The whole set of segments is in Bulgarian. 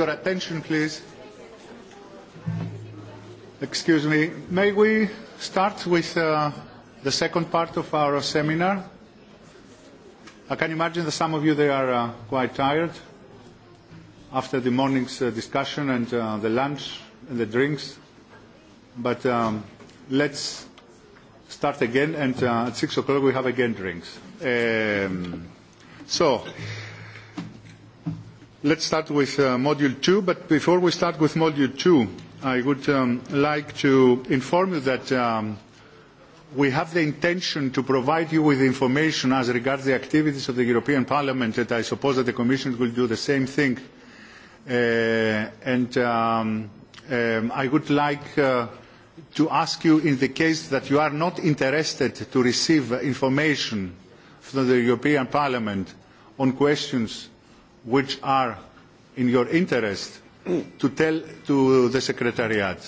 your attention, please. Excuse me. May we start with uh, the second part of our seminar? I can imagine that some of you they are uh, quite tired after the morning's uh, discussion and uh, the lunch and the drinks. But um, let's start again, and uh, at six o'clock we have again drinks. Um, so. Let's start with module two, but before we start with module two, I would like to inform you that we have the intention to provide you with information as regards the activities of the European Parliament, and I suppose that the Commission will do the same thing. and I would like to ask you, in the case that you are not interested to receive information from the European Parliament on questions which are in your interest to tell to the Secretariat.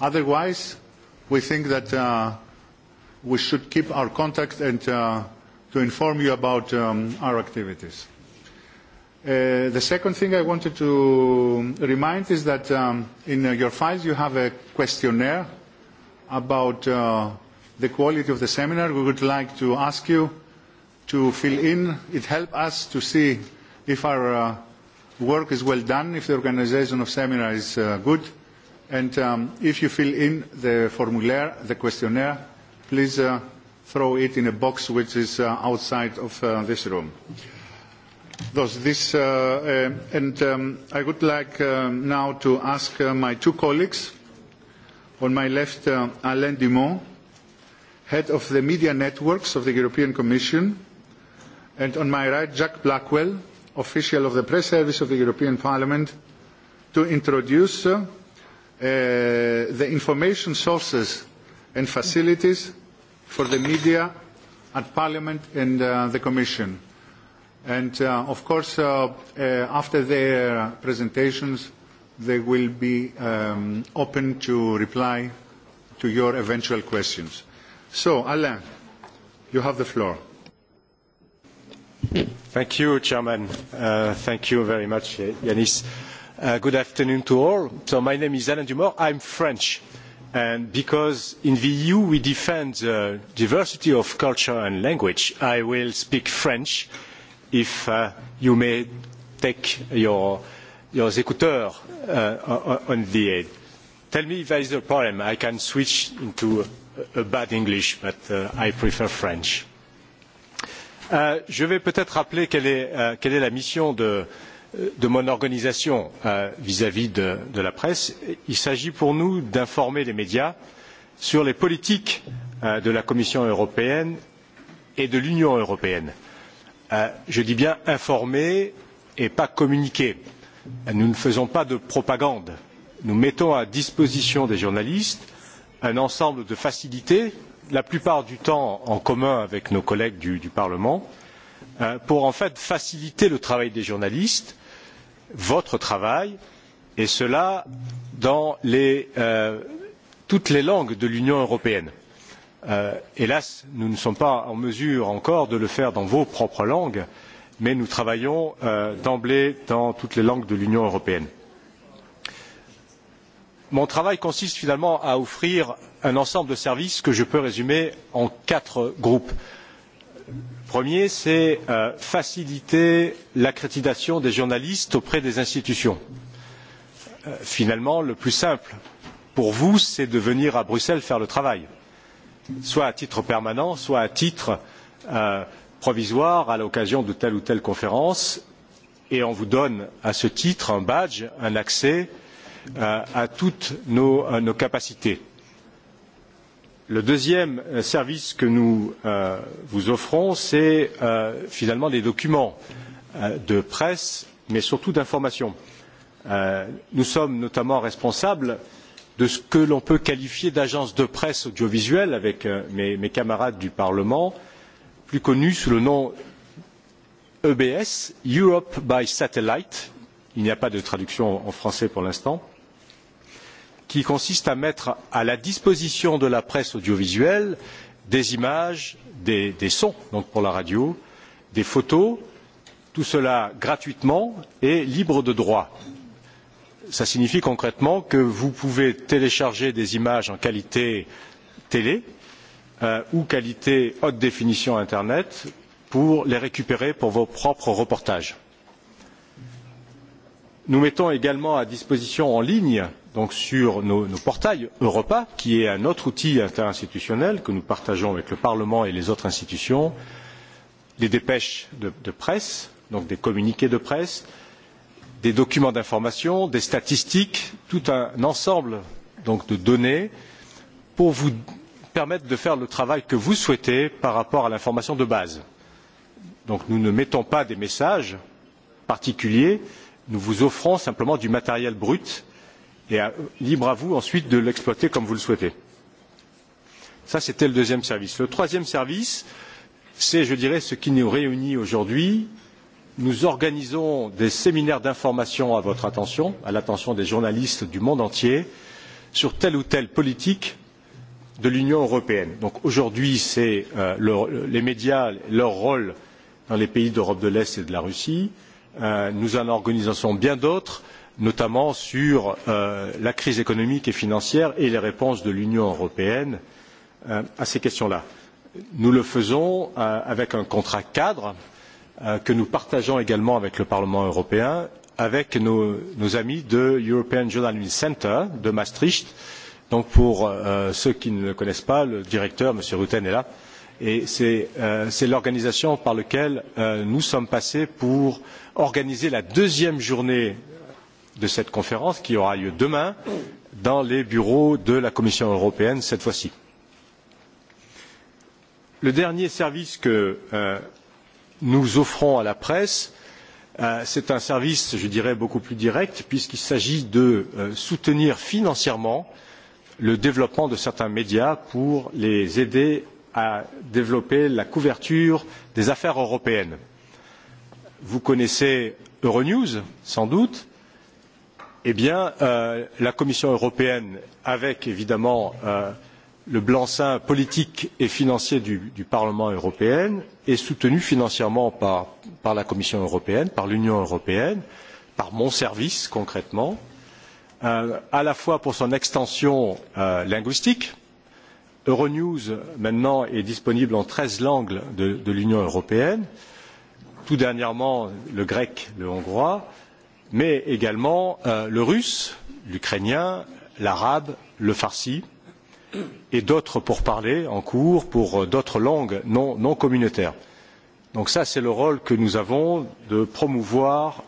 Otherwise, we think that uh, we should keep our contact and uh, to inform you about um, our activities. Uh, the second thing I wanted to remind is that um, in uh, your files you have a questionnaire about uh, the quality of the seminar. We would like to ask you to fill in. It helps us to see if our work is well done, if the organisation of seminar is good, and if you fill in the formulaire, the questionnaire, please throw it in a box which is outside of this room. I would like now to ask my two colleagues. On my left, Alain Dumont, head of the media networks of the European Commission, and on my right, Jack Blackwell, official of the press service of the European Parliament to introduce the information sources and facilities for the media at Parliament and the Commission. And of course, after their presentations, they will be open to reply to your eventual questions. So, Alain, you have the floor. Thank you, Chairman. Uh, thank you very much, Yanis. Uh, good afternoon to all. So my name is Alain Dumas. I'm French. And because in the EU we defend the diversity of culture and language, I will speak French if uh, you may take your, your écouteurs uh, on the aid. Tell me if there is a problem. I can switch into a bad English, but uh, I prefer French je vais peut-être rappeler quelle est, la mission de, mon organisation vis-à-vis de, la presse. Il s'agit pour nous d'informer les médias sur les politiques de la Commission européenne et de l'Union européenne. je dis bien informer et pas communiquer. Nous ne faisons pas de propagande. Nous mettons à disposition des journalistes un ensemble de facilités la plupart du temps en commun avec nos collègues du parlement pour en fait faciliter le travail des journalistes votre travail et cela dans toutes les langues de l'union européenne. hélas nous ne sommes pas en mesure encore de le faire dans vos propres langues mais nous travaillons d'emblée dans toutes les langues de l'union européenne. mon travail consiste finalement à offrir un ensemble de services que je peux résumer en quatre groupes. Le premier, c'est faciliter l'accréditation des journalistes auprès des institutions. finalement, le plus simple pour vous, c'est de venir à Bruxelles faire le travail, soit à titre permanent, soit à titre provisoire à l'occasion de telle ou telle conférence, et on vous donne à ce titre un badge, un accès à toutes nos capacités Le deuxième service que nous vous offrons, c'est finalement des documents de presse, mais surtout d'information. nous sommes notamment responsables de ce que l'on peut qualifier d'agence de presse audiovisuelle avec mes, camarades du Parlement, plus connue sous le nom EBS, Europe by Satellite. Il n'y a pas de traduction en français pour l'instant qui consiste à mettre à la disposition de la presse audiovisuelle des images, des, sons, donc pour la radio, des photos, tout cela gratuitement et libre de droit. Cela signifie concrètement que vous pouvez télécharger des images en qualité télé ou qualité haute définition Internet pour les récupérer pour vos propres reportages. Nous mettons également à disposition en ligne donc sur nos, portails Europa, qui est un autre outil interinstitutionnel que nous partageons avec le Parlement et les autres institutions, des dépêches de, presse, donc des communiqués de presse, des documents d'information, des statistiques, tout un ensemble de données pour vous permettre de faire le travail que vous souhaitez par rapport à l'information de base. Donc nous ne mettons pas des messages particuliers, nous vous offrons simplement du matériel brut et libre à vous ensuite de l'exploiter comme vous le souhaitez. Ça, c'était le deuxième service. Le troisième service, c'est, je dirais, ce qui nous réunit aujourd'hui. Nous organisons des séminaires d'information à votre attention, à l'attention des journalistes du monde entier, sur telle ou telle politique de l'Union européenne. Donc aujourd'hui, c'est les médias, leur rôle dans les pays d'Europe de l'Est et de la Russie. nous en organisons bien d'autres notamment sur la crise économique et financière et les réponses de l'Union européenne à ces questions-là. Nous le faisons avec un contrat cadre que nous partageons également avec le Parlement européen, avec nos, amis de European Journalism Centre de Maastricht. Donc pour ceux qui ne le connaissent pas, le directeur, M. Rutten, est là. Et c'est l'organisation par laquelle nous sommes passés pour organiser la deuxième journée de cette conférence qui aura lieu demain dans les bureaux de la Commission européenne cette fois-ci. Le dernier service que nous offrons à la presse, c'est un service, je dirais, beaucoup plus direct, puisqu'il s'agit de soutenir financièrement le développement de certains médias pour les aider à développer la couverture des affaires européennes. Vous connaissez Euronews, sans doute, eh bien, la Commission européenne, avec évidemment le blanc-seing politique et financier du, Parlement européen, est soutenue financièrement par, la Commission européenne, par l'Union européenne, par mon service concrètement, à la fois pour son extension linguistique. Euronews maintenant est disponible en treize langues de, l'Union européenne, tout dernièrement le grec, le hongrois, mais également le russe, l'ukrainien, l'arabe, le farsi et d'autres pourparlers en cours pour d'autres langues non, communautaires. Donc ça, c'est le rôle que nous avons de promouvoir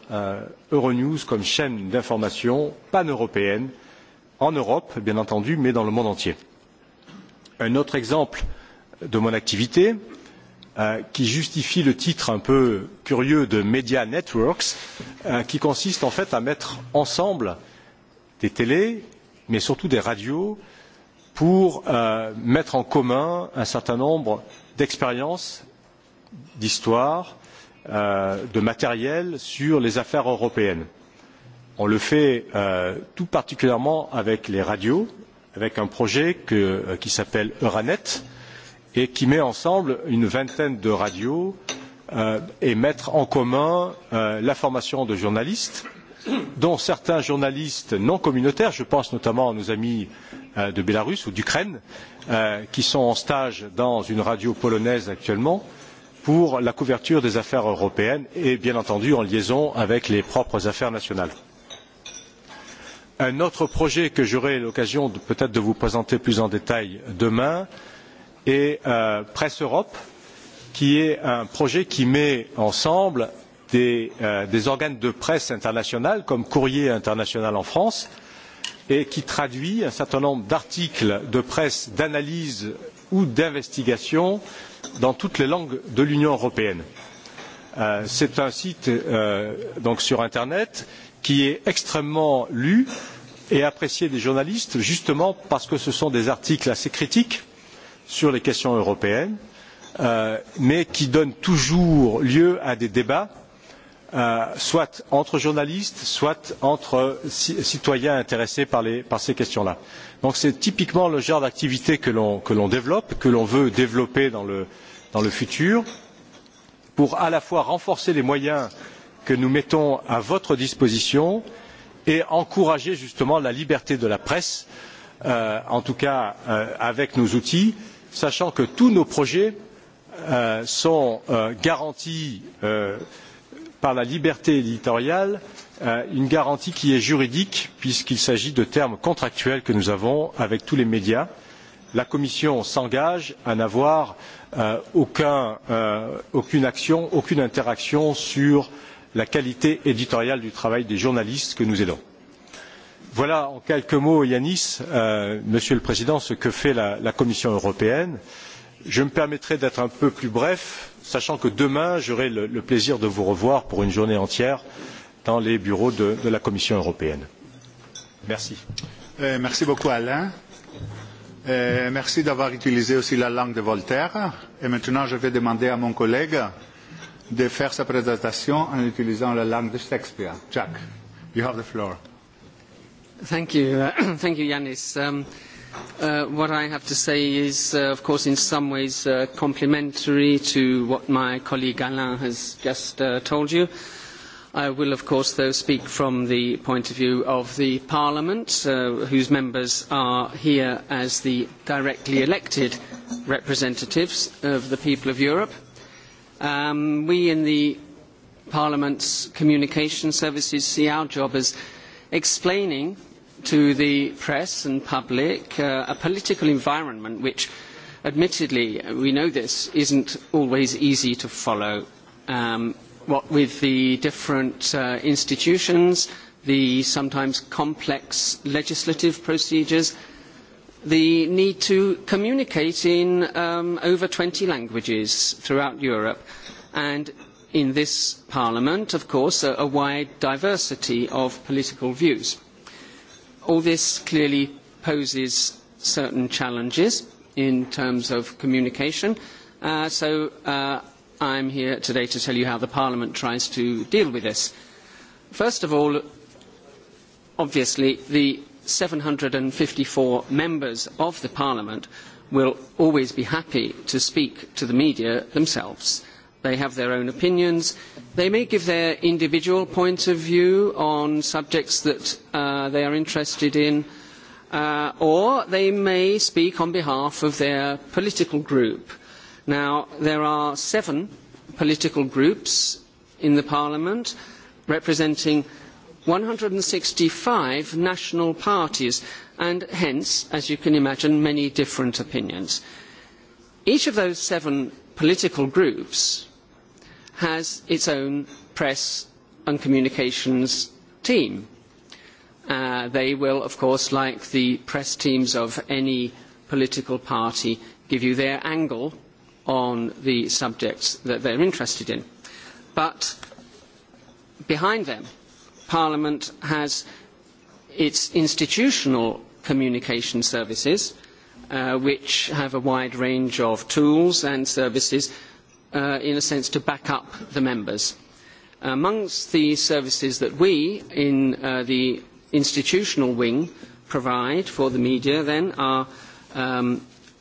Euronews comme chaîne d'information paneuropéenne en Europe, bien entendu, mais dans le monde entier. Un autre exemple de mon activité, qui justifie le titre un peu curieux de Media Networks, qui consiste en fait à mettre ensemble des télés, mais surtout des radios, pour mettre en commun un certain nombre d'expériences, d'histoires, de matériel sur les affaires européennes. On le fait tout particulièrement avec les radios, avec un projet qui s'appelle Euranet, et qui met ensemble une vingtaine de radios et mettre en commun la formation de journalistes, dont certains journalistes non communautaires, je pense notamment à nos amis de Bélarus ou d'Ukraine, qui sont en stage dans une radio polonaise actuellement, pour la couverture des affaires européennes et bien entendu en liaison avec les propres affaires nationales. Un autre projet que j'aurai l'occasion peut-être de vous présenter plus en détail demain, euh, et Presse Europe, qui est un projet qui met ensemble des, organes de presse internationale comme Courrier international en France et qui traduit un certain nombre d'articles de presse d'analyse ou d'investigation dans toutes les langues de l'Union européenne. C'est un site sur Internet qui est extrêmement lu et apprécié des journalistes justement parce que ce sont des articles assez critiques sur les questions européennes, mais qui donne toujours lieu à des débats, soit entre journalistes, soit entre citoyens intéressés par, ces questions-là. Donc c'est typiquement le genre d'activité que l'on développe, que l'on veut développer dans le futur, pour à la fois renforcer les moyens que nous mettons à votre disposition et encourager justement la liberté de la presse, en tout cas avec nos outils, sachant que tous nos projets sont garantis par la liberté éditoriale, une garantie qui est juridique puisqu'il s'agit de termes contractuels que nous avons avec tous les médias. La Commission s'engage à n'avoir aucune action, aucune interaction sur la qualité éditoriale du travail des journalistes que nous aidons. Voilà en quelques mots, Yanis, Monsieur le Président, ce que fait la, Commission européenne. Je me permettrai d'être un peu plus bref, sachant que demain, j'aurai le, plaisir de vous revoir pour une journée entière dans les bureaux de, la Commission européenne. Merci. merci beaucoup, Alain. merci d'avoir utilisé aussi la langue de Voltaire. Et maintenant, je vais demander à mon collègue de faire sa présentation en utilisant la langue de Shakespeare. Jack, you have the floor. Thank you. Thank you, Yanis. What I have to say is, of course, in some ways, complementary to what my colleague Alain has just told you. I will, of course, though, speak from the point of view of the Parliament, whose members are here as the directly elected representatives of the people of Europe. We in the Parliament's communication services see our job as explaining to the press and public a political environment which, admittedly, we know this, isn't always easy to follow. what with the different institutions, the sometimes complex legislative procedures, the need to communicate in over twenty languages throughout Europe, and in this Parliament, of course, a, wide diversity of political views All this clearly poses certain challenges in terms of communication. so I am here today to tell you how Parliament tries to deal with this. First of all, obviously, the seven hundred and fifty four members of Parliament will always be happy to speak to the media themselves They have their own opinions. They may give their individual point of view on subjects that they are interested in, or they may speak on behalf of their political group. Now, there are seven political groups in the Parliament representing one hundred and sixty five national parties and hence, as you can imagine, many different opinions. Each of those seven political groups has its own press and communications team. they will, of course, like the press teams of any political party, give you their angle on the subjects that they are interested in. But behind them, Parliament has its institutional communication services, which have a wide range of tools and services in a sense, to back up the members. Amongst the services that we in the institutional wing provide for the media then are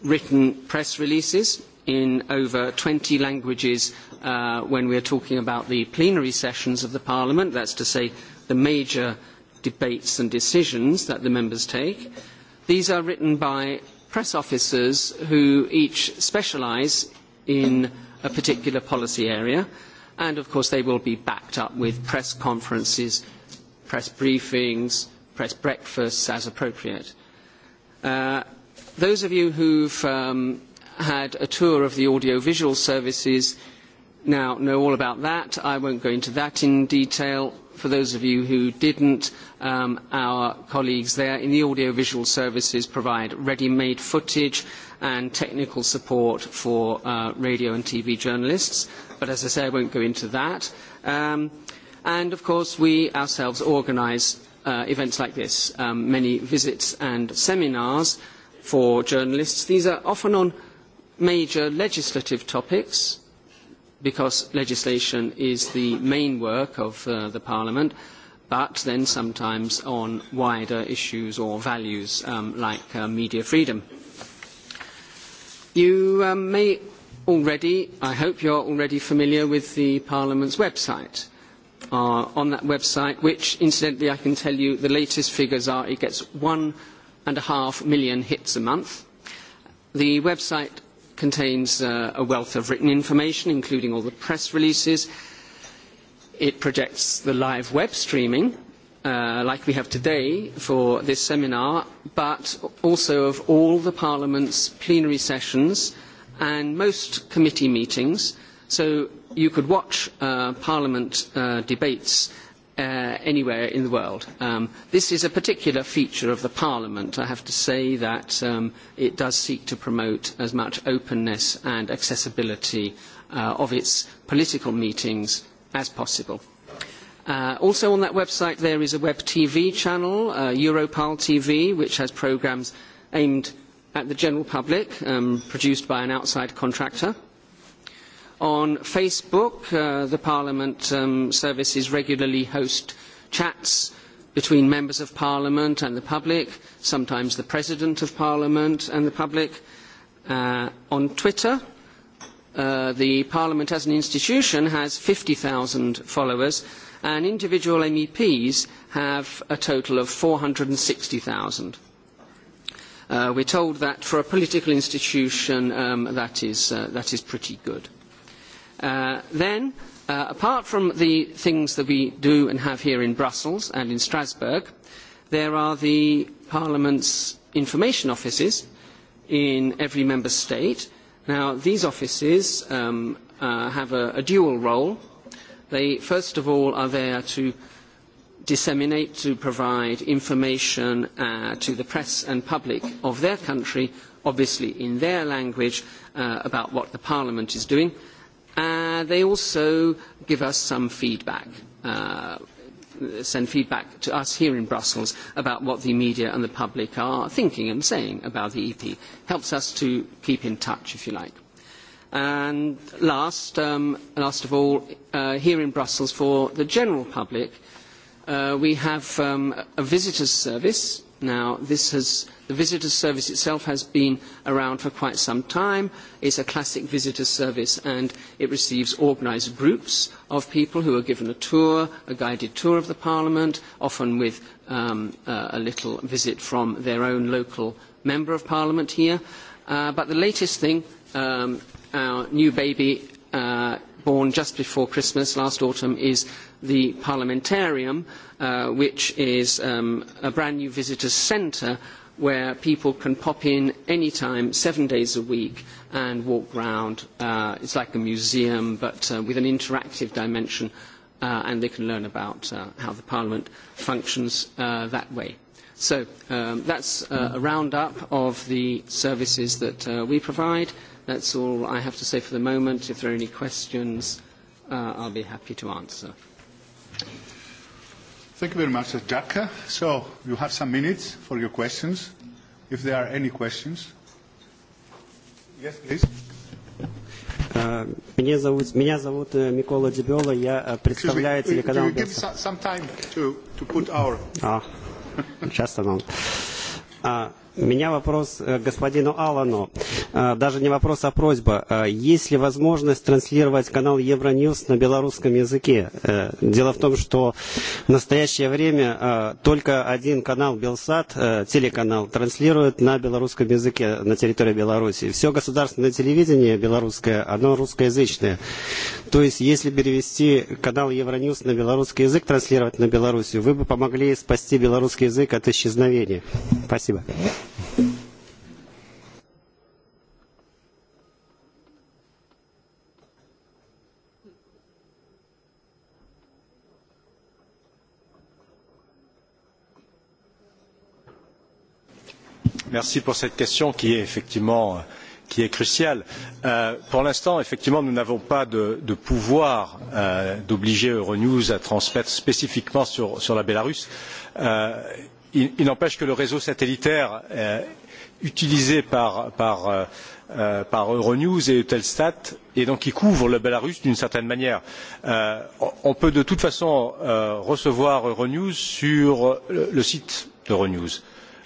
written press releases in over twenty languages when we are talking about the plenary sessions of the Parliament, that is to say the major debates and decisions that the members take. These are written by press officers who each specialise in a particular policy area. And of course, they will be backed up with press conferences, press briefings, press breakfasts as appropriate. those of you who've um, had a tour of the audiovisual services now know all about that. I won't go into that in detail for those of you who didn't, our colleagues there in the audiovisual services provide ready-made footage and technical support for radio and TV journalists. But as I say, I won't go into that. and of course, we ourselves organise events like this, many visits and seminars for journalists. These are often on major legislative topics because legislation is the main work of the Parliament, but then sometimes on wider issues or values like media freedom. You may already, I hope you are already familiar with the Parliament's website. on that website, which incidentally I can tell you the latest figures are it gets one and a half million hits a month. The website contains a wealth of written information, including all the press releases. It projects the live web streaming, like we have today for this seminar, but also of all the Parliament's plenary sessions and most committee meetings. So you could watch Parliament debates anywhere in the world. this is a particular feature of the Parliament. I have to say that it does seek to promote as much openness and accessibility of its political meetings as possible. also on that website there is a web TV channel, Europal TV, which has programmes aimed at the general public, produced by an outside contractor On Facebook, the Parliament services regularly host chats between members of Parliament and the public, sometimes the President of Parliament and the public. on Twitter, the Parliament as an institution has fifty 50,000 followers and individual MEPs have a total of four hundred and sixty 460,000. Uh, we're told that for a political institution um, that, is, that is pretty good then, apart from the things that we do and have here in Brussels and in Strasbourg, there are the Parliament's information offices in every member state. Now, these offices have a, dual role. They, first of all, are there to disseminate, to provide information to the press and public of their country, obviously in their language, about what the Parliament is doing they also give us some feedback, send feedback to us here in Brussels about what the media and the public are thinking and saying about the EP. Helps us to keep in touch, if you like. And last, of all, here in Brussels for the general public, we have a visitors service Now, this has, the visitor service itself has been around for quite some time. It's a classic visitor service and it receives organised groups of people who are given a tour, a guided tour of the Parliament, often with um, uh, a little visit from their own local member of Parliament here. Uh, but the latest thing, um, our new baby, uh, born just before Christmas last autumn is the Parliamentarium, which is a brand new visitor centre where people can pop in any time, seven days a week, and walk round. Uh, it's like a museum, but with an interactive dimension, and they can learn about how the Parliament functions that way. So um, that's a round-up of the services that we provide That's all I have to say for the moment. If there are any questions, uh, I'll be happy to answer. Thank you very much, Jack. So you have some minutes for your questions, if there are any questions. Yes, please. Меня зовут, меня зовут Микола Дебело, я представляю телеканал Сейчас, меня вопрос к э, господину Алану. Э, даже не вопрос, а просьба. Э, есть ли возможность транслировать канал Евроньюз на белорусском языке? Дело в том, что в настоящее время только один канал Белсад, телеканал, транслирует на белорусском языке на территории Беларуси. Все государственное телевидение белорусское, оно русскоязычное. То есть, если перевести канал Евроньюз на белорусский язык, транслировать на Беларуси, вы бы помогли спасти белорусский язык от исчезновения. Спасибо. Merci pour cette question qui est effectivement qui est cruciale. pour l'instant, effectivement, nous n'avons pas de, pouvoir d'obliger Euronews à transmettre spécifiquement sur, la Bélarus il n'empêche que le réseau satellitaire utilisé par, Euronews et Eutelstat et donc qui couvre le Belarus d'une certaine manière. on peut de toute façon recevoir Euronews sur le site d'Euronews,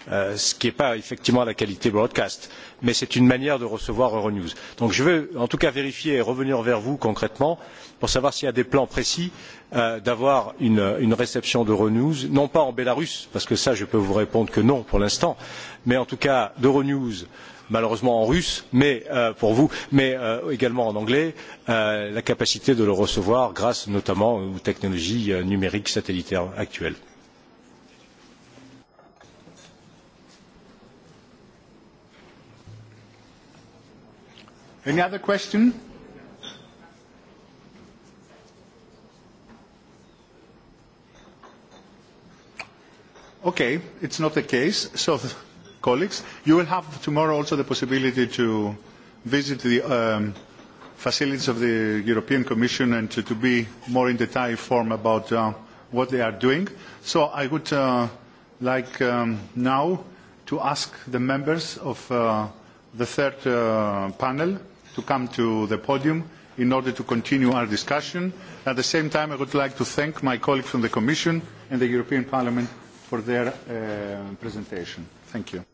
ce qui n'est pas effectivement la qualité broadcast, mais c'est une manière de recevoir Euronews. Donc je veux en tout cas vérifier et revenir vers vous concrètement pour savoir s'il y a des plans précis d'avoir une, réception d'Euronews, non pas en Bélarus, parce que ça je peux vous répondre que non pour l'instant, mais en tout cas d'Euronews malheureusement en russe, mais pour vous, mais également en anglais, la capacité de le recevoir grâce notamment aux technologies numériques satellitaires actuelles. Any other question? Okay, it's not the case. So, colleagues, you will have tomorrow also the possibility to visit the um, facilities of the European Commission and to, to be more in detail form about uh, what they are doing. So I would uh, like um, now to ask the members of uh, the third uh, panel to come to the podium in order to continue our discussion. At the same time, I would like to thank my colleagues from the Commission and the European Parliament for their uh, presentation. Thank you.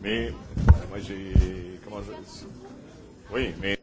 Mais moi j'ai. Comment Oui, mais.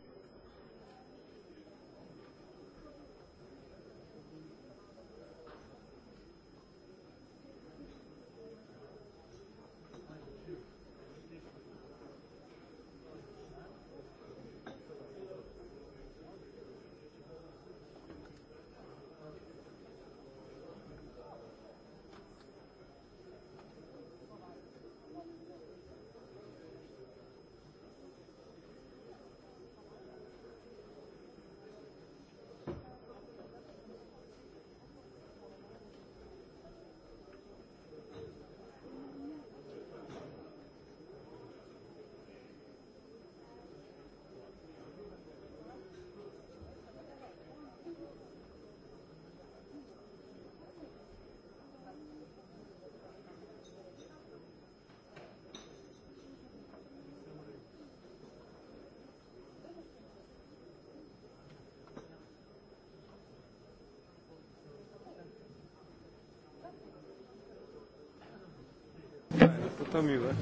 to to miłe.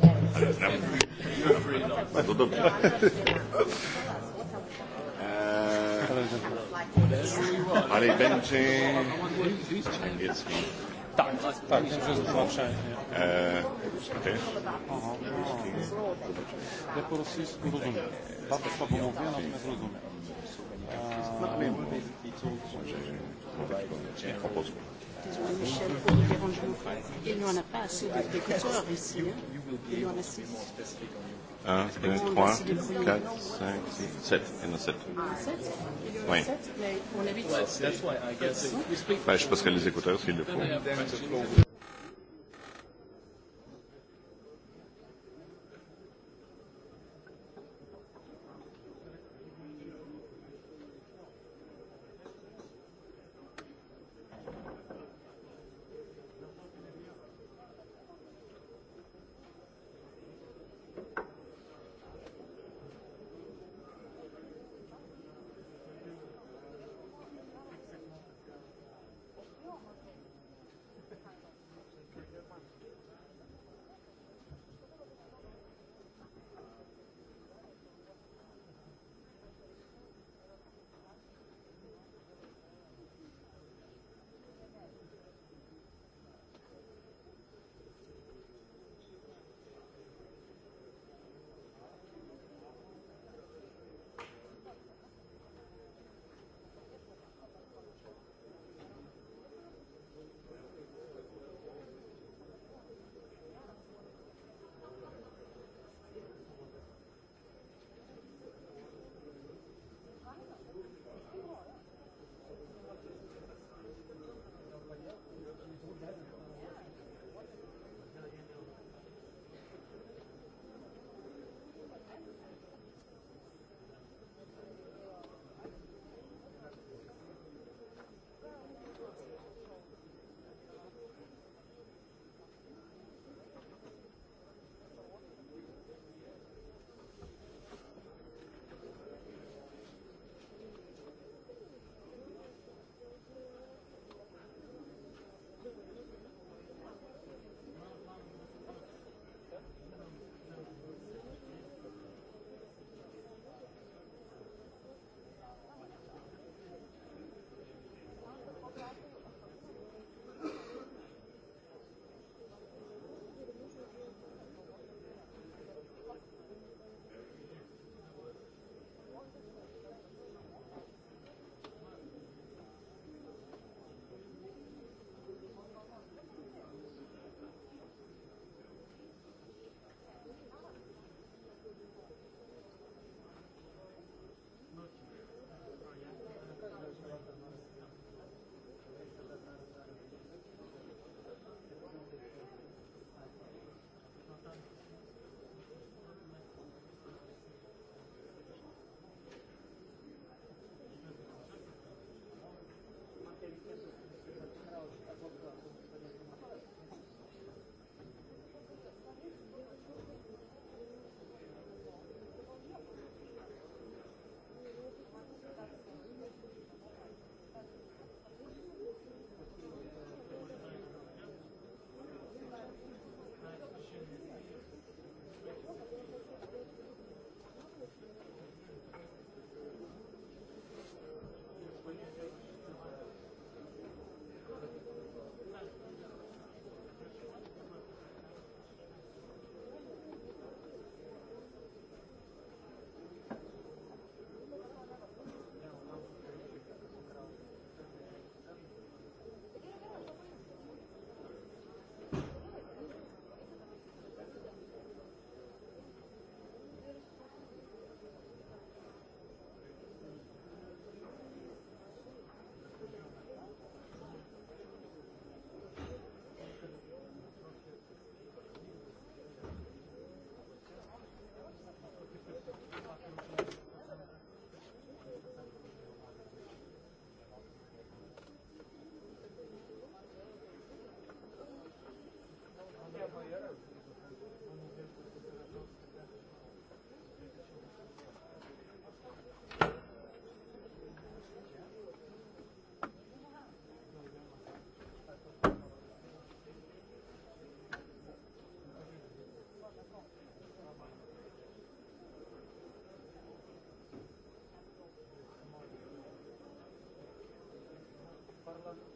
No dobrze. Ale będzie angielski. Tak, tak, to jest tłumaczenie. Ruski też? Ja po rosyjsku rozumiem. Bardzo słabo mówię, natomiast rozumiem. No, ale Je propose. Désolé Michel pour le dérangement. Il n'y en a pas assez d'écouteurs ici. Il y en a six. 1, 2, 3, 4, 5, 6, 7. Il y en a 7. Oui. Ben, je passerai les écouteurs s'il le faut.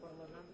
парламент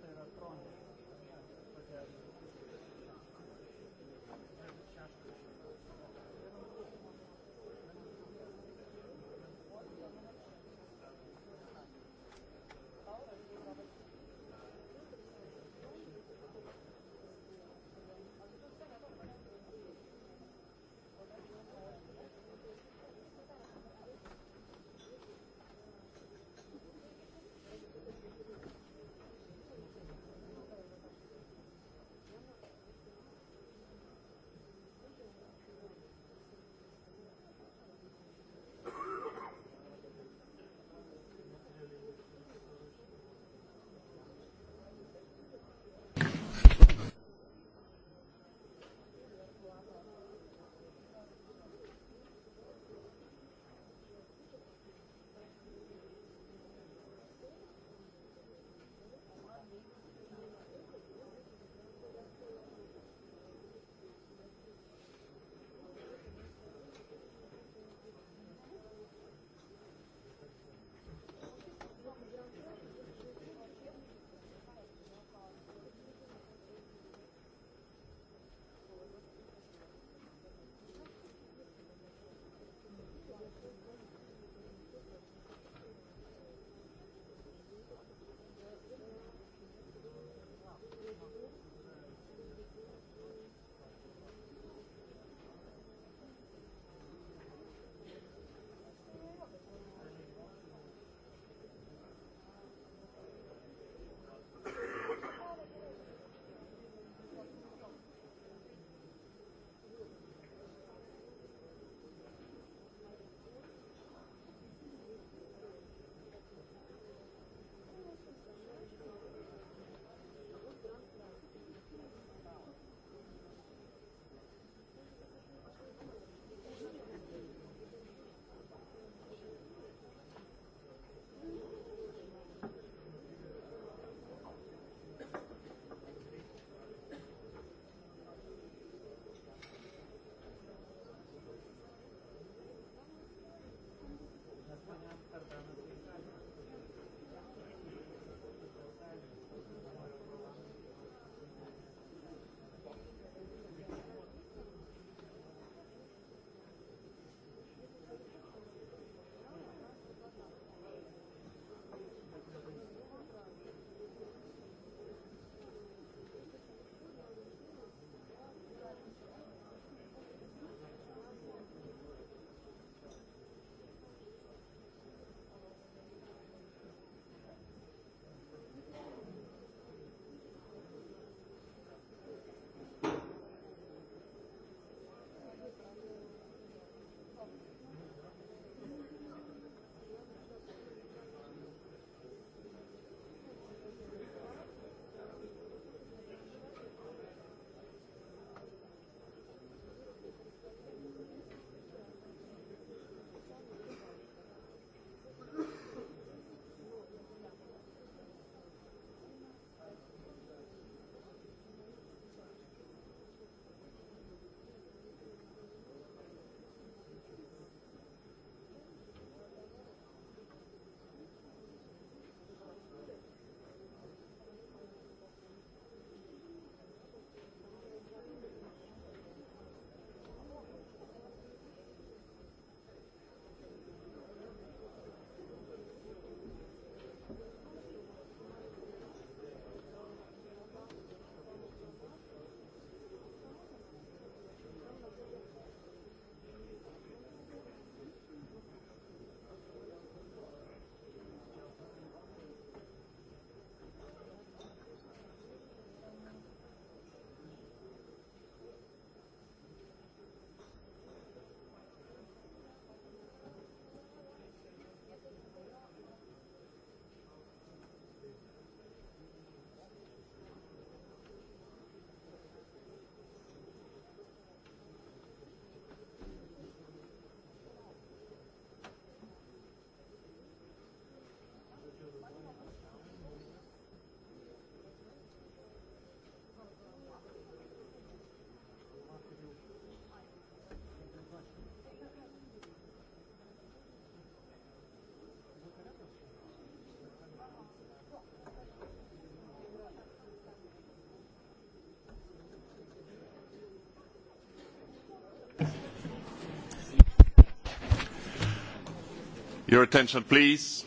Your attention, please.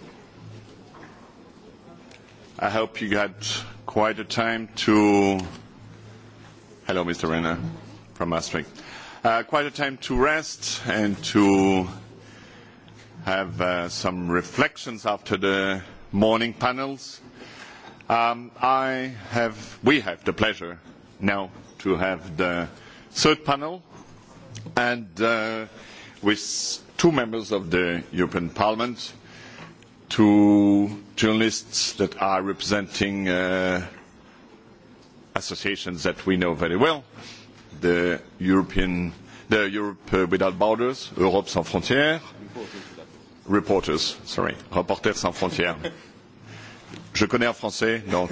I hope you had quite a time to. Hello, Mr. Renner from Maastricht. quite a time to rest and to have some reflections after the morning panels. I have, we have the pleasure now to have the third panel, and with two members of the European Parliament, two journalists that are representing associations that we know very well, the European, the Europe Without Borders, Europe Sans Frontières, reporters, sorry, Reporters Sans Frontières. Je connais en français, donc,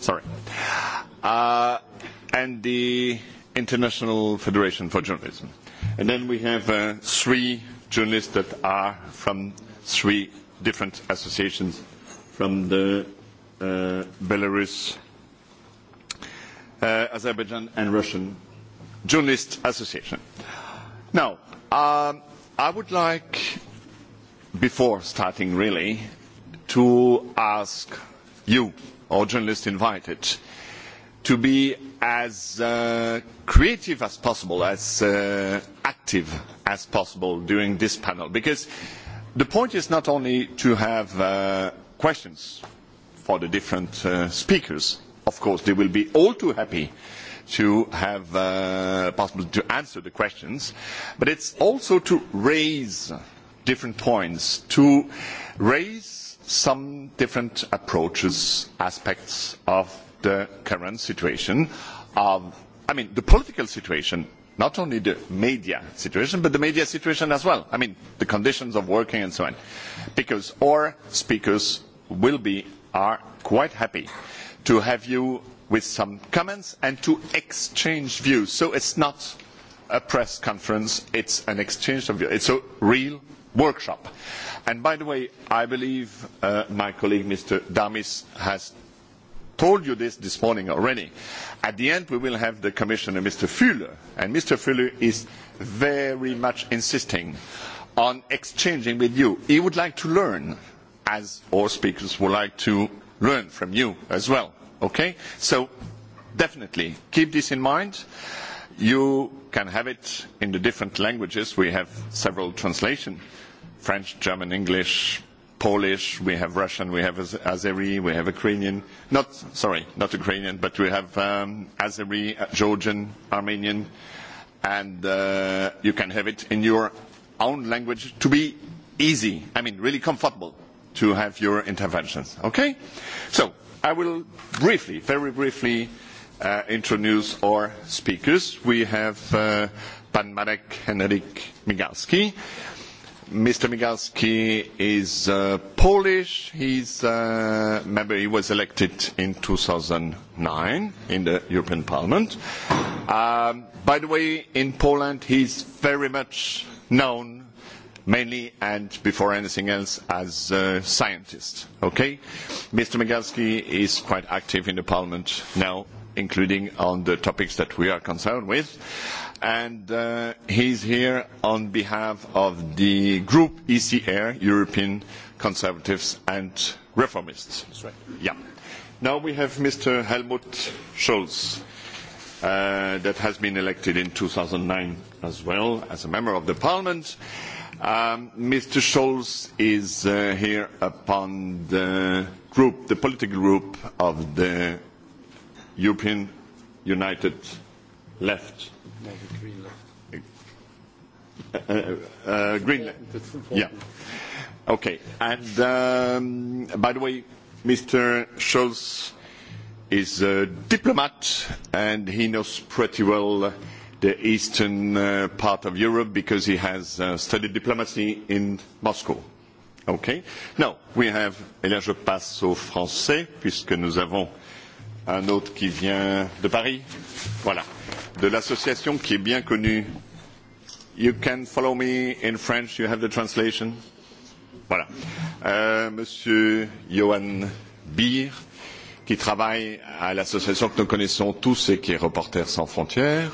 sorry. and the International Federation for Journalism. And then we have three journalists that are from three different associations from the uh, Belarus, uh, Azerbaijan and Russian Journalist Association. Now, um, I would like, before starting really, to ask you, or journalists invited, to be as creative as possible, as active as possible during this panel, because the point is not only to have questions for the different speakers. Of course, they will be all too happy to have possible to answer the questions, but it's also to raise different points, to raise some different approaches, aspects of the current situation. of I mean, the political situation, not only the media situation, but the media situation as well. I mean, the conditions of working and so on. Because our speakers will be, are quite happy to have you with some comments and to exchange views. So it's not a press conference, it's an exchange of views. It's a real workshop. And by the way, I believe my colleague Mr. Damis has told you this this morning already. At the end, we will have the Commissioner, Mr. Füle, and Mr. Füle is very much insisting on exchanging with you. He would like to learn, as all speakers would like to learn from you as well. Okay? So definitely keep this in mind. You can have it in the different languages. We have several translations French, German, English, Polish, we have Russian, we have Azeri, we have Ukrainian, not, sorry, not Ukrainian, but we have um, Azeri, Georgian, Armenian, and uh, you can have it in your own language to be easy, I mean, really comfortable to have your interventions. Okay? So, I will briefly, very briefly, uh, introduce our speakers. We have uh, Pan Marek Henryk Migalski Mr. Migalski is uh, Polish. He's uh, member. He was elected in 2009 in the European Parliament. Um, by the way, in Poland, he's very much known, mainly and before anything else, as a scientist. Okay, Mr. Migalski is quite active in the Parliament now, including on the topics that we are concerned with and uh, he's here on behalf of the group ECR, European Conservatives and Reformists. That's right. Yeah. Now we have Mr. Helmut Scholz, uh, that has been elected in 2009 as well as a member of the parliament. Um, Mr. Scholz is uh, here upon the group, the political group of the European United Left No, the green left. Yeah. Okay. And by the way, Mr. Scholz is a diplomat and he knows pretty well the eastern uh, part of Europe because he has uh, studied diplomacy in Moscow. Okay. Now, we have, et là je passe au français puisque nous avons un autre qui vient de Paris, voilà, de l'association qui est bien connue. You can follow me in French, you have the translation. Voilà. Euh, monsieur Johan Beer, qui travaille à l'association que nous connaissons tous et qui est Reporters sans frontières.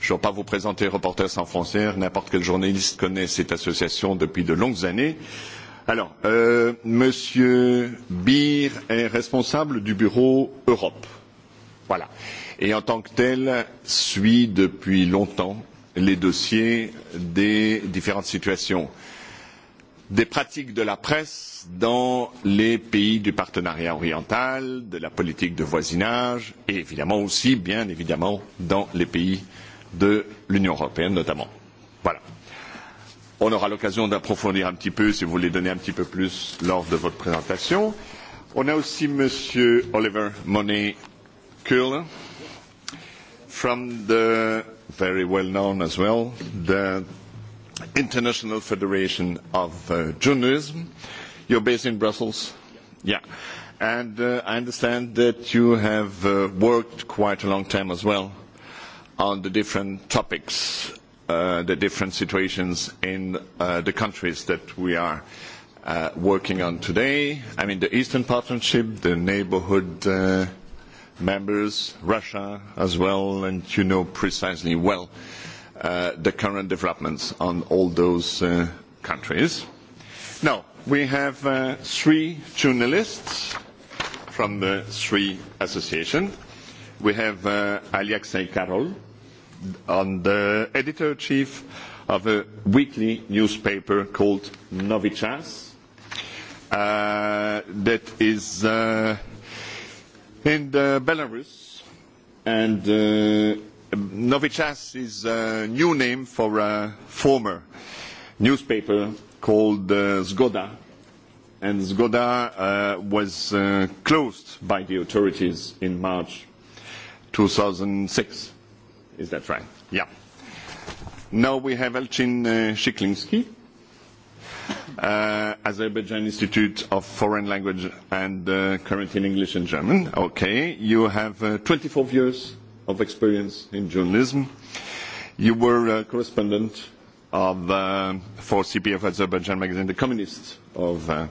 Je ne vais pas vous présenter Reporters sans frontières, n'importe quel journaliste connaît cette association depuis de longues années. Alors, euh, Monsieur Beer est responsable du bureau Europe. Voilà. Et en tant que tel, suit depuis longtemps les dossiers des différentes situations des pratiques de la presse dans les pays du partenariat oriental, de la politique de voisinage et évidemment aussi, bien évidemment, dans les pays de l'Union européenne notamment. Voilà. On aura l'occasion d'approfondir un petit peu si vous voulez donner un petit peu plus lors de votre présentation. On a aussi M. Oliver Monet Curler from the very well known as well, the International Federation of Journalism. You're based in Brussels? Yeah. And I understand that you have worked quite a long time as well on the different topics the different situations in the countries that we are working on today. I mean, the Eastern Partnership, the neighbourhood members, Russia as well, and you know precisely well the current developments on all those countries. Now, we have three journalists from the three associations. We have Alexei Karol, on the editor-chief of a weekly newspaper called Novi Čas that is in Belarus. And Novi Čas is a new name for a former newspaper called Zgoda. And Zgoda was closed by the authorities in March two thousand six Is that right? Yeah. Now we have Elchin Shiklinsky, Azerbaijan Institute of Foreign Language and uh current in English and German. Okay. You have uh 24 years of experience in journalism. You were a correspondent of uh for CP of Azerbaijan magazine, The Communists of uh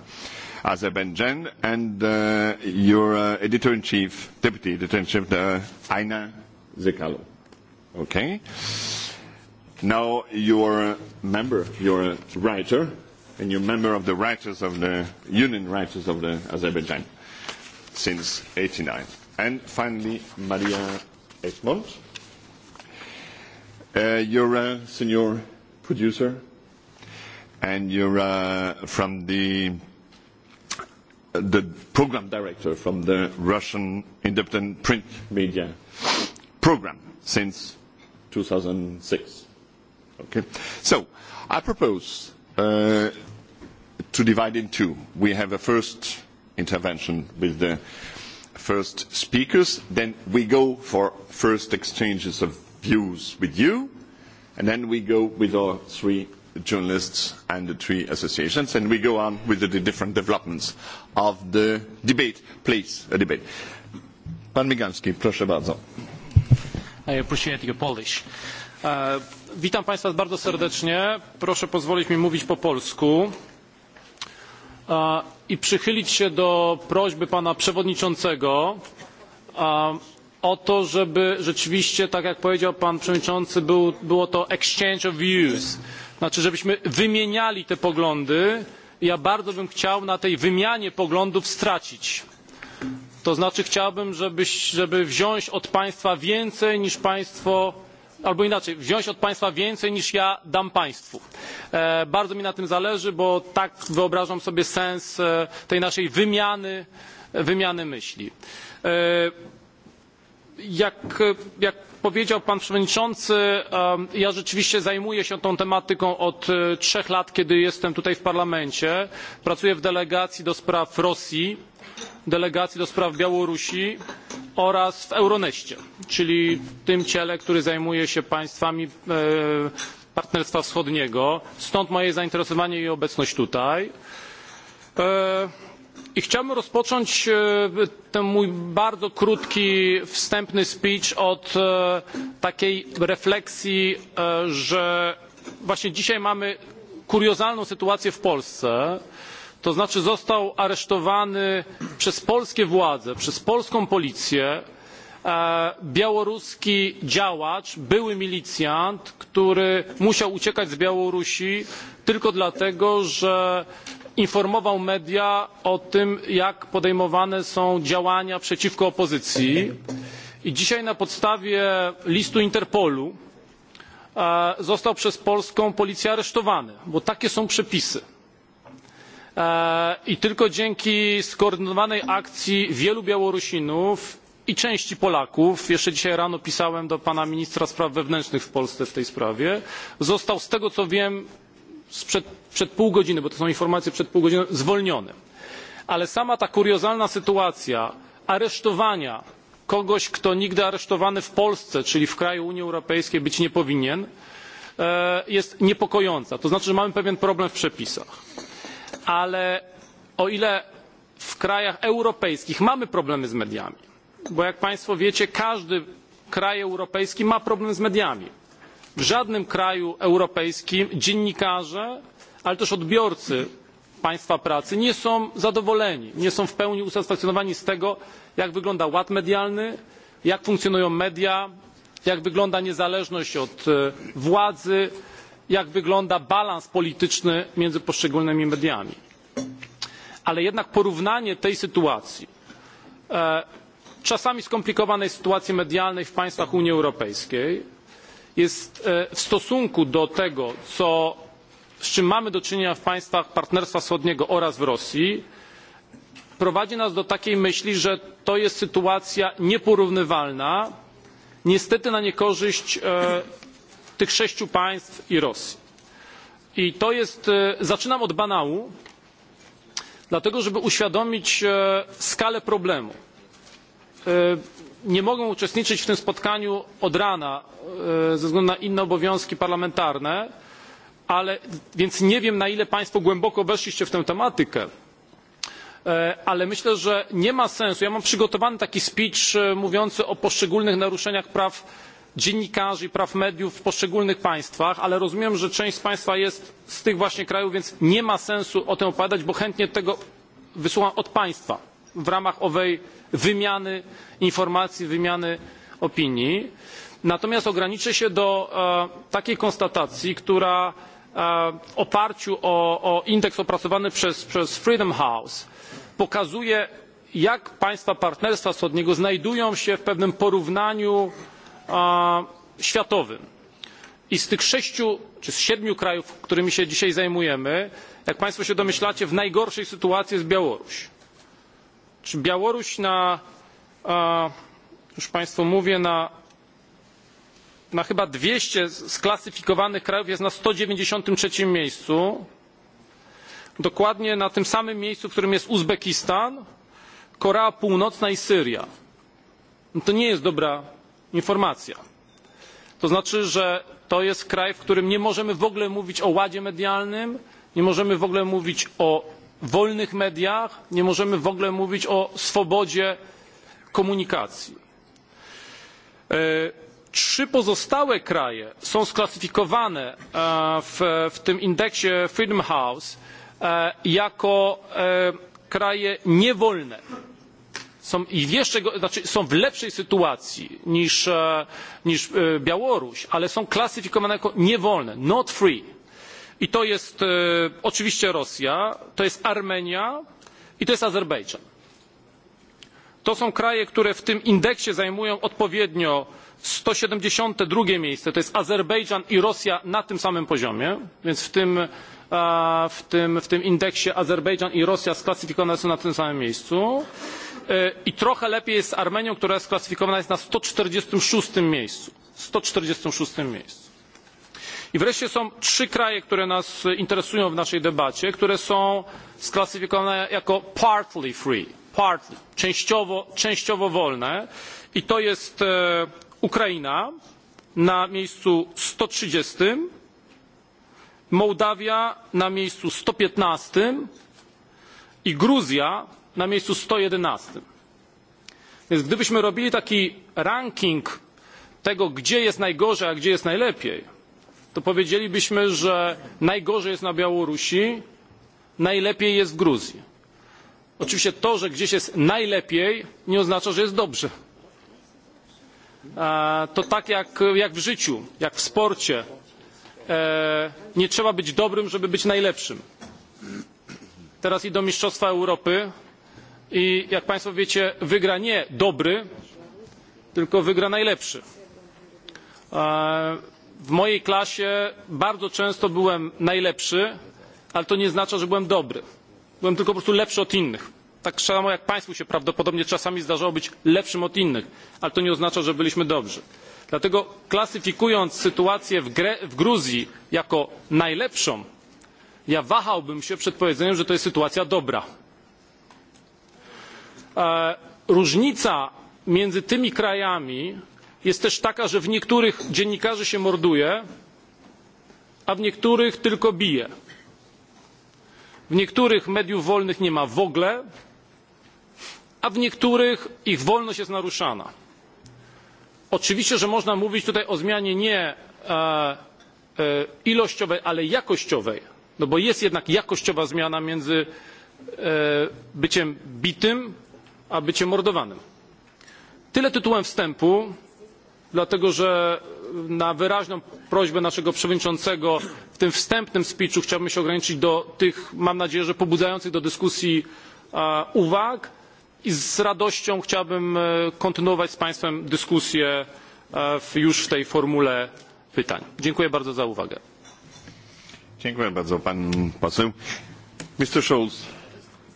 Azerbaijan, and uh your editor-in-chief, deputy editor-in-chief, Aina Zekalo Okay. Now you're a member, you're a writer, and you're a member of the writers of the Union Writers of the Azerbaijan since 89. And finally, Maria Esmond. Uh, you're a senior producer, and you're uh, from the the program director from the Russian independent print media program since 2006. Okay? So, I propose to divide in two. We have a first intervention with the first speakers, then we go for first exchanges of views with you, and then we go with our three journalists and the three associations, and we go on with the different developments of the debate. Please, a debate. Pan Migalski, proszę bardzo appreciate your Polish. Witam Państwa bardzo serdecznie. Proszę pozwolić mi mówić po polsku i przychylić się do prośby pana przewodniczącego o to, żeby rzeczywiście, tak jak powiedział pan przewodniczący, było to exchange of views. Znaczy, żebyśmy wymieniali te poglądy. Ja bardzo bym chciał na tej wymianie poglądów stracić To znaczy chciałbym, żeby wziąć od państwa więcej niż państwo albo inaczej wziąć od państwa więcej niż ja dam państwu. bardzo mi na tym zależy bo tak wyobrażam sobie sens tej naszej wymiany myśli. jak powiedział pan przewodniczący ja rzeczywiście zajmuję się tą tematyką od trzech lat kiedy jestem tutaj w parlamencie pracuję w delegacji do spraw rosji delegacji do spraw Białorusi oraz w Euroneście, czyli w tym ciele, który zajmuje się państwami Partnerstwa Wschodniego. Stąd moje zainteresowanie i obecność tutaj. I chciałbym rozpocząć ten mój bardzo krótki, wstępny speech od takiej refleksji, że właśnie dzisiaj mamy kuriozalną sytuację w Polsce, to znaczy został aresztowany przez polskie władze przez polską policję białoruski działacz były milicjant który musiał uciekać z białorusi tylko dlatego że informował media o tym jak podejmowane są działania przeciwko opozycji i dzisiaj na podstawie listu interpolu został przez polską policję aresztowany bo takie są przepisy i tylko dzięki skoordynowanej akcji wielu Białorusinów i części Polaków jeszcze dzisiaj rano pisałem do pana ministra spraw wewnętrznych w Polsce w tej sprawie został z tego co wiem sprzed pół godziny bo to są informacje przed pół godziną zwolniony. Ale sama ta kuriozalna sytuacja aresztowania kogoś kto nigdy aresztowany w Polsce czyli w kraju Unii Europejskiej być nie powinien jest niepokojąca. To znaczy, że mamy pewien problem w przepisach ale o ile w krajach europejskich mamy problemy z mediami bo jak państwo wiecie każdy kraj europejski ma problem z mediami w żadnym kraju europejskim dziennikarze ale też odbiorcy państwa pracy nie są zadowoleni nie są w pełni usatysfakcjonowani z tego jak wygląda ład medialny jak funkcjonują media jak wygląda niezależność od władzy jak wygląda balans polityczny między poszczególnymi mediami. Ale jednak porównanie tej sytuacji, czasami skomplikowanej sytuacji medialnej w państwach Unii Europejskiej jest w stosunku do tego, z czym mamy do czynienia w państwach Partnerstwa Wschodniego oraz w Rosji, prowadzi nas do takiej myśli, że to jest sytuacja nieporównywalna, niestety na niekorzyść tych sześciu państw i Rosji. I to jest, zaczynam od banału, dlatego żeby uświadomić skalę problemu. Nie mogę uczestniczyć w tym spotkaniu od rana ze względu na inne obowiązki parlamentarne, więc nie wiem na ile Państwo głęboko weszliście w tę tematykę, ale myślę, że nie ma sensu. Ja mam przygotowany taki speech mówiący o poszczególnych naruszeniach praw dziennikarzy, i praw mediów w poszczególnych państwach, ale rozumiem, że część z Państwa jest z tych właśnie krajów, więc nie ma sensu o tym opowiadać, bo chętnie tego wysłucham od Państwa w ramach owej wymiany informacji, wymiany opinii. Natomiast ograniczę się do takiej konstatacji, która w oparciu o, indeks opracowany przez Freedom House pokazuje, jak państwa partnerstwa wschodniego znajdują się w pewnym porównaniu światowym. I z tych sześciu czy z siedmiu krajów, którymi się dzisiaj zajmujemy, jak Państwo się domyślacie, w najgorszej sytuacji jest Białoruś. Czy Białoruś na, już Państwu mówię, na, na chyba 200 sklasyfikowanych krajów jest na 193 miejscu. Dokładnie na tym samym miejscu, w którym jest Uzbekistan, Korea Północna i Syria. to nie jest dobra informacja. To znaczy, że to jest kraj, w którym nie możemy w ogóle mówić o ładzie medialnym, nie możemy w ogóle mówić o wolnych mediach, nie możemy w ogóle mówić o swobodzie komunikacji. Trzy pozostałe kraje są sklasyfikowane w, tym indeksie Freedom House jako kraje niewolne są w lepszej sytuacji niż, Białoruś, ale są klasyfikowane jako niewolne, not free. I to jest oczywiście Rosja, to jest Armenia i to jest Azerbejdżan. To są kraje, które w tym indeksie zajmują odpowiednio sto siedemdziesiąt dwa miejsce to jest azerbejdżan i rosja na tym samym poziomie więc w tym indeksie azerbejdżan i rosja sklasyfikowane są na tym samym miejscu i trochę lepiej jest z Armenią, która sklasyfikowana jest na 146 miejscu. 146 miejscu. I wreszcie są trzy kraje, które nas interesują w naszej debacie, które są sklasyfikowane jako partly free, partly, częściowo, częściowo wolne i to jest Ukraina na miejscu 130, Mołdawia na miejscu 115 i Gruzja na miejscu sto Więc gdybyśmy robili taki ranking tego, gdzie jest najgorzej, a gdzie jest najlepiej, to powiedzielibyśmy, że najgorzej jest na Białorusi, najlepiej jest w Gruzji. Oczywiście to, że gdzieś jest najlepiej, nie oznacza, że jest dobrze. To tak jak, w życiu, jak w sporcie. Nie trzeba być dobrym, żeby być najlepszym. Teraz idą Mistrzostwa Europy i jak Państwo wiecie, wygra nie dobry, tylko wygra najlepszy. W mojej klasie bardzo często byłem najlepszy, ale to nie znaczy, że byłem dobry. Byłem tylko po prostu lepszy od innych. Tak samo jak Państwu się prawdopodobnie czasami zdarzało być lepszym od innych, ale to nie oznacza, że byliśmy dobrzy. Dlatego klasyfikując sytuację w Gruzji jako najlepszą, ja wahałbym się przed powiedzeniem, że to jest sytuacja dobra różnica między tymi krajami jest też taka, że w niektórych dziennikarzy się morduje, a w niektórych tylko bije. W niektórych mediów wolnych nie ma w ogóle, a w niektórych ich wolność jest naruszana. Oczywiście, że można mówić tutaj o zmianie nie ilościowej, ale jakościowej, no bo jest jednak jakościowa zmiana między byciem bitym a bycie mordowanym. Tyle tytułem wstępu, dlatego że na wyraźną prośbę naszego przewodniczącego w tym wstępnym speechu chciałbym się ograniczyć do tych, mam nadzieję, że pobudzających do dyskusji uwag i z radością chciałbym kontynuować z Państwem dyskusję już w tej formule pytań. Dziękuję bardzo za uwagę. Dziękuję bardzo pan poseł. Mr. Scholz,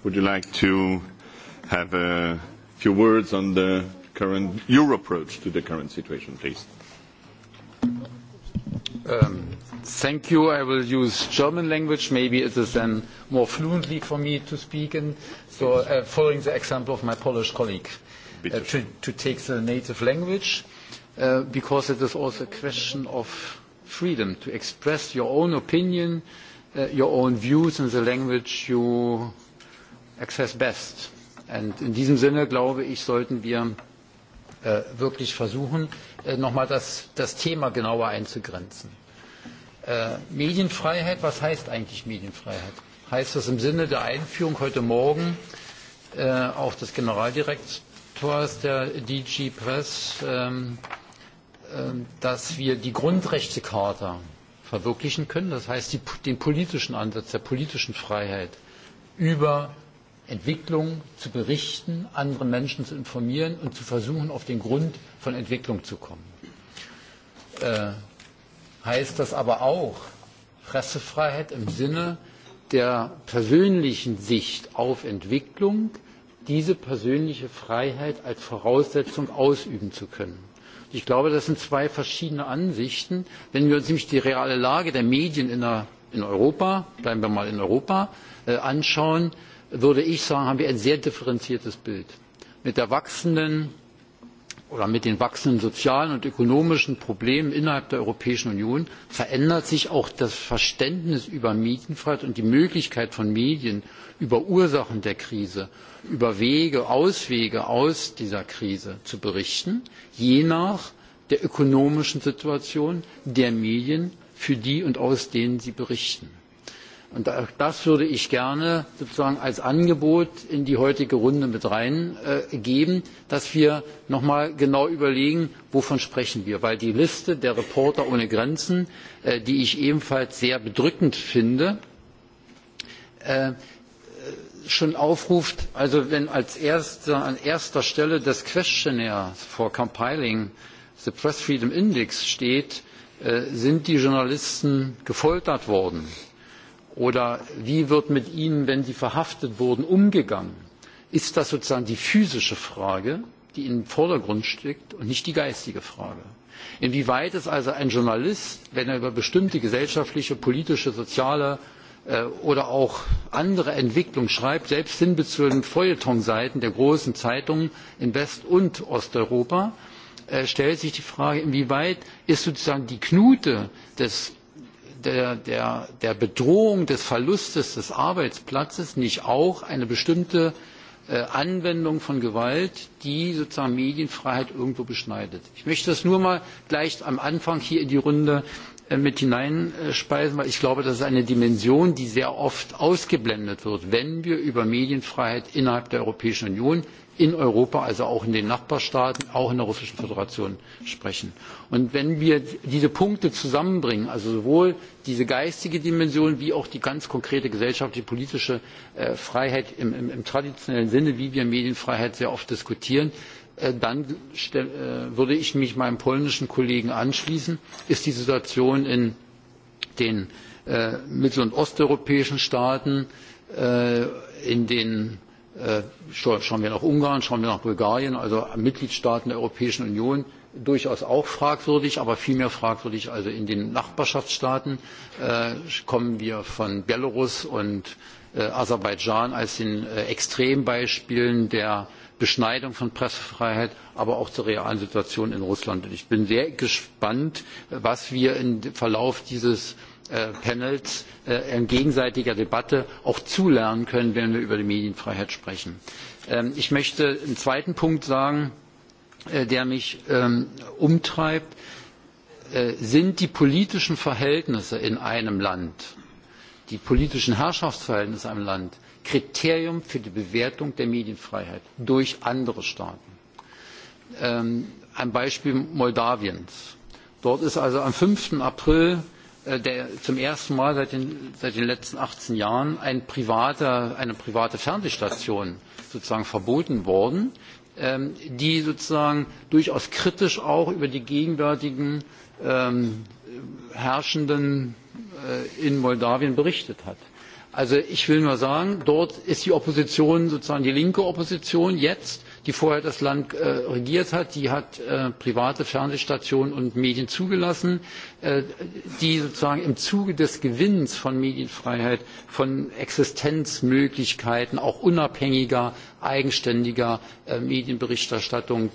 would you like to have a few words on the current your approach to the current situation, please. Thank you. I will use German language. Maybe it is then more fluently for me to speak in, so following the example of my Polish colleague, to take the native language, because it is also a question of freedom to express your own opinion, your own views in the language you access best in diesem Sinne, glaube ich, sollten wir wirklich versuchen, nochmal das, das Thema genauer einzugrenzen. Medienfreiheit, was heißt eigentlich Medienfreiheit? Heißt das im Sinne der Einführung heute Morgen auch des Generaldirektors der DG Press, dass wir die Grundrechtecharta verwirklichen können, das heißt den politischen Ansatz der politischen Freiheit über Entwicklung zu berichten, andere Menschen zu informieren und zu versuchen, auf den Grund von Entwicklung zu kommen. heißt das aber auch Pressefreiheit im Sinne der persönlichen Sicht auf Entwicklung, diese persönliche Freiheit als Voraussetzung ausüben zu können. Ich glaube, das sind zwei verschiedene Ansichten. Wenn wir uns nämlich die reale Lage der Medien in Europa, bleiben wir mal in Europa, anschauen, würde ich sagen, haben wir ein sehr differenziertes Bild. Mit der wachsenden oder mit den wachsenden sozialen und ökonomischen Problemen innerhalb der Europäischen Union verändert sich auch das Verständnis über Mietenfreiheit und die Möglichkeit von Medien über Ursachen der Krise, über Wege, Auswege aus dieser Krise zu berichten, je nach der ökonomischen Situation der Medien, für die und aus denen sie berichten. Und auch das würde ich gerne sozusagen als Angebot in die heutige Runde mit hineingeben, dass wir noch einmal genau überlegen, wovon sprechen wir. die Liste der Reporter ohne Grenzen, die ich ebenfalls sehr bedrückend finde, schon aufruft, also wenn an erster Stelle des Questionnaires for Compiling the Press Freedom Index steht, sind die Journalisten gefoltert worden Oder wie wird mit ihnen, wenn sie verhaftet wurden, umgegangen? Ist das sozusagen die physische Frage, die im Vordergrund steht und nicht die geistige Frage? Inwieweit ist also ein Journalist, wenn er über bestimmte gesellschaftliche, politische, soziale oder auch andere Entwicklungen schreibt, selbst hin bis zu den Feuilletonseiten der großen Zeitungen in West- und Osteuropa, stellt sich die Frage, inwieweit ist sozusagen die Knute des der bedrohung des verlustes des arbeitsplatzes nicht auch eine bestimmte anwendung von gewalt die sozusagen medienfreiheit irgendwo beschneidet? ich möchte das nur mal gleich am anfang hier in die runde mit hineinspeisen weil ich glaube das ist eine dimension die sehr oft ausgeblendet wird wenn wir über medienfreiheit innerhalb der europäischen union in europa also auch in den nachbarstaaten auch in der russischen föderation sprechen und wenn wir diese punkte zusammenbringen also sowohl diese geistige dimension wie auch die ganz konkrete gesellschaftliche politische freiheit im traditionellen sinne wie wir medienfreiheit sehr oft diskutieren dann würde ich mich meinem polnischen kollegen anschließen ist die situation in den mittel und osteuropäischen staaten in den schauen wir nach ungarn schauen wir nach bulgarien also mitgliedstaaten der europäischen union durchaus auch fragwürdig, aber viel mehr fragwürdig. Also in den Nachbarschaftsstaaten kommen wir von Belarus und Aserbaidschan als den Extrembeispielen der Beschneidung von Pressefreiheit, aber auch zur realen Situation in Russland. ich bin sehr gespannt, was wir im Verlauf dieses Panels in gegenseitiger Debatte auch zulernen können, wenn wir über die Medienfreiheit sprechen. Ich möchte einen zweiten Punkt sagen, der mich umtreibt sind die politischen Verhältnisse in einem Land, die politischen Herrschaftsverhältnisse in einem Land, Kriterium für die Bewertung der Medienfreiheit durch andere Staaten. Ein Beispiel Moldawiens. Dort ist also am fünf April zum ersten Mal seit den, letzten achtzehn Jahren eine private Fernsehstation sozusagen verboten worden, die sozusagen durchaus kritisch auch über die gegenwärtigen Herrschenden in Moldau berichtet hat. Also ich will nur sagen, dort ist die Opposition sozusagen die linke Opposition jetzt, die vorher das Land regiert hat, die hat private Fernsehstationen und Medien zugelassen, die sozusagen im Zuge des Gewinns von Medienfreiheit, von Existenzmöglichkeiten auch unabhängiger eigenständiger medienberichterstattung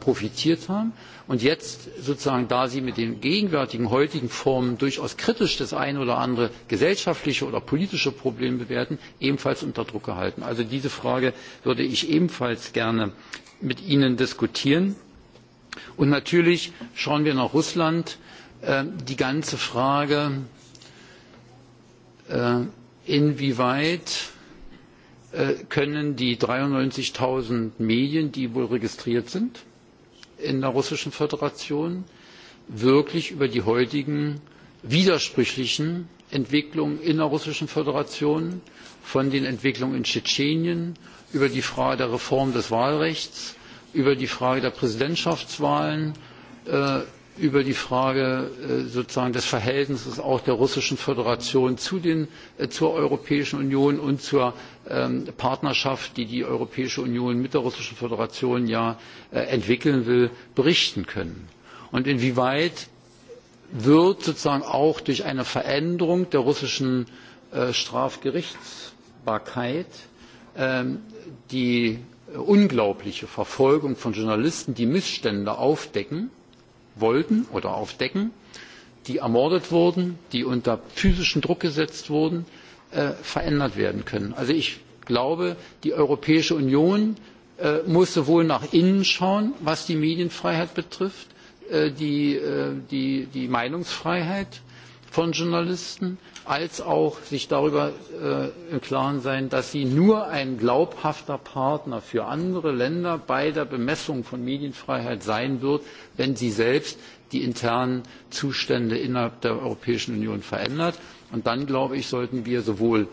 profitiert haben und jetzt sozusagen da sie mit den gegenwärtigen heutigen formen durchaus kritisch das eine oder andere gesellschaftliche oder politische problem bewerten ebenfalls unter druck geraten. also diese frage würde ich ebenfalls gerne mit ihnen diskutieren. und natürlich schauen wir nach russland die ganze frage inwieweit können die dreiundneunzig null medien die wohl registriert sind in der russischen föderation wirklich über die heutigen widersprüchlichen entwicklungen in der russischen föderation von den entwicklungen in tschetschenien über die frage der reform des wahlrechts über die frage der präsidentschaftswahlen über die Frage des Verhältnisses auch der Russischen Föderation zur Europäischen Union und zur Partnerschaft, die die Europäische Union mit der Russischen Föderation ja entwickeln will, berichten können. Und inwieweit wird sozusagen auch durch eine Veränderung der russischen Strafgerichtsbarkeit die unglaubliche Verfolgung von Journalisten, die Missstände aufdecken, wollten oder aufdecken die ermordet wurden die unter physischen druck gesetzt wurden verändert werden können. also ich glaube die europäische union muss sowohl nach innen schauen was die medienfreiheit betrifft die meinungsfreiheit von Journalisten als auch sich darüber im Klaren sein, dass sie nur ein glaubhafter Partner für andere Länder bei der Bemessung von Medienfreiheit sein wird, wenn sie selbst die internen Zustände innerhalb der Europäischen Union verändert. Und dann, glaube ich, sollten wir sowohl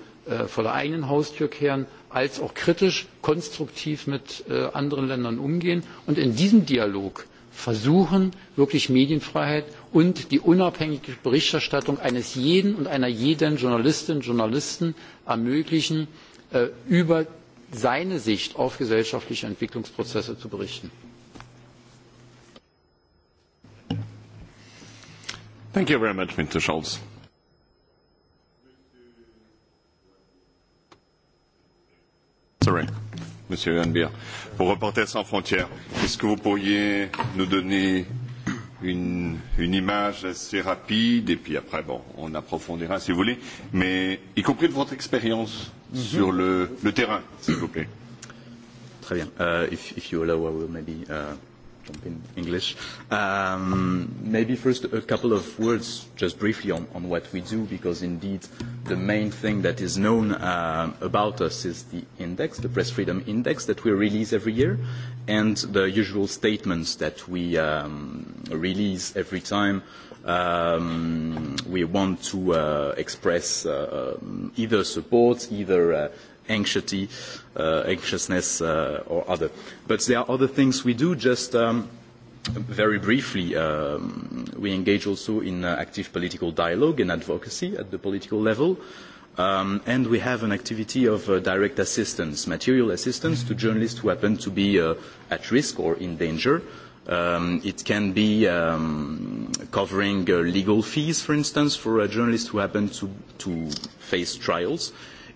vor der eigenen Haustür kehren, als auch kritisch, konstruktiv mit anderen Ländern umgehen und in diesem Dialog versuchen, wirklich Medienfreiheit und die unabhängige berichterstattung eines jeden und einer jeden journalistin und journalisten ermöglichen über seine sicht auf gesellschaftliche entwicklungsprozesse zu berichten. Monsieur Pour Reporters sans frontières, vous nous donner une, une image assez rapide, et puis après, bon, on approfondira si vous voulez, mais y compris de votre expérience sur le, le terrain, s'il vous plaît. Très bien. Uh, if, if you allow, I will maybe uh, in English. Um, maybe first a couple of words just briefly on, on what we do, because indeed the main thing that is known um, about us is the index, the Press Freedom Index that we release every year, and the usual statements that we um, release every time um, we want to uh, express uh, either support, either uh, anxiety, uh, anxiousness, uh, or other. But there are other things we do. Just um, very briefly, um, we engage also in uh, active political dialogue and advocacy at the political level. Um, and we have an activity of uh, direct assistance, material assistance to journalists who happen to be uh, at risk or in danger. Um, it can be um, covering uh, legal fees, for instance, for a journalist who happen to, to face trials.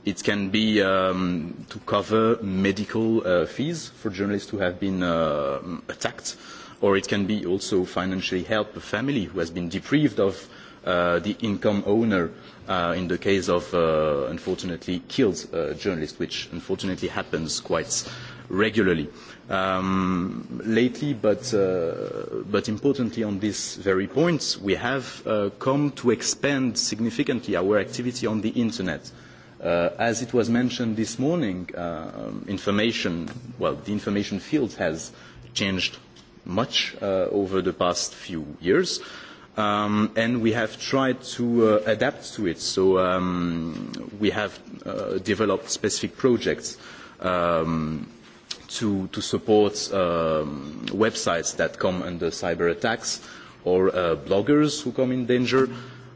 It can be um, to cover medical uh, fees for journalists who have been uh, attacked, or it can be also financially help a family who has been deprived of uh, the income owner uh, in the case of, uh, unfortunately, killed uh, journalists, which unfortunately happens quite regularly. Um, lately, but, uh, but importantly on this very point, we have uh, come to expand significantly our activity on the Internet as it was mentioned this morning, information, well, the information field has changed much over the past few years, and we have tried to adapt to it. So we have developed specific projects to support websites that come under cyber attacks or bloggers who come in danger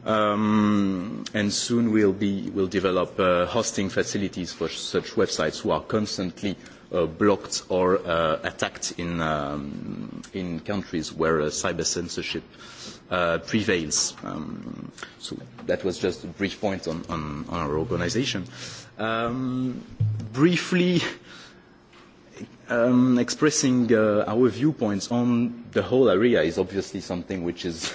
and soon we'll, be, we'll develop uh, hosting facilities for such websites who are constantly uh, blocked or uh, attacked in, um, in countries where uh, cyber censorship uh, prevails. Um, so that was just a brief point on, on, on our organization. Um, briefly, um, expressing uh, our viewpoints on the whole area is obviously something which is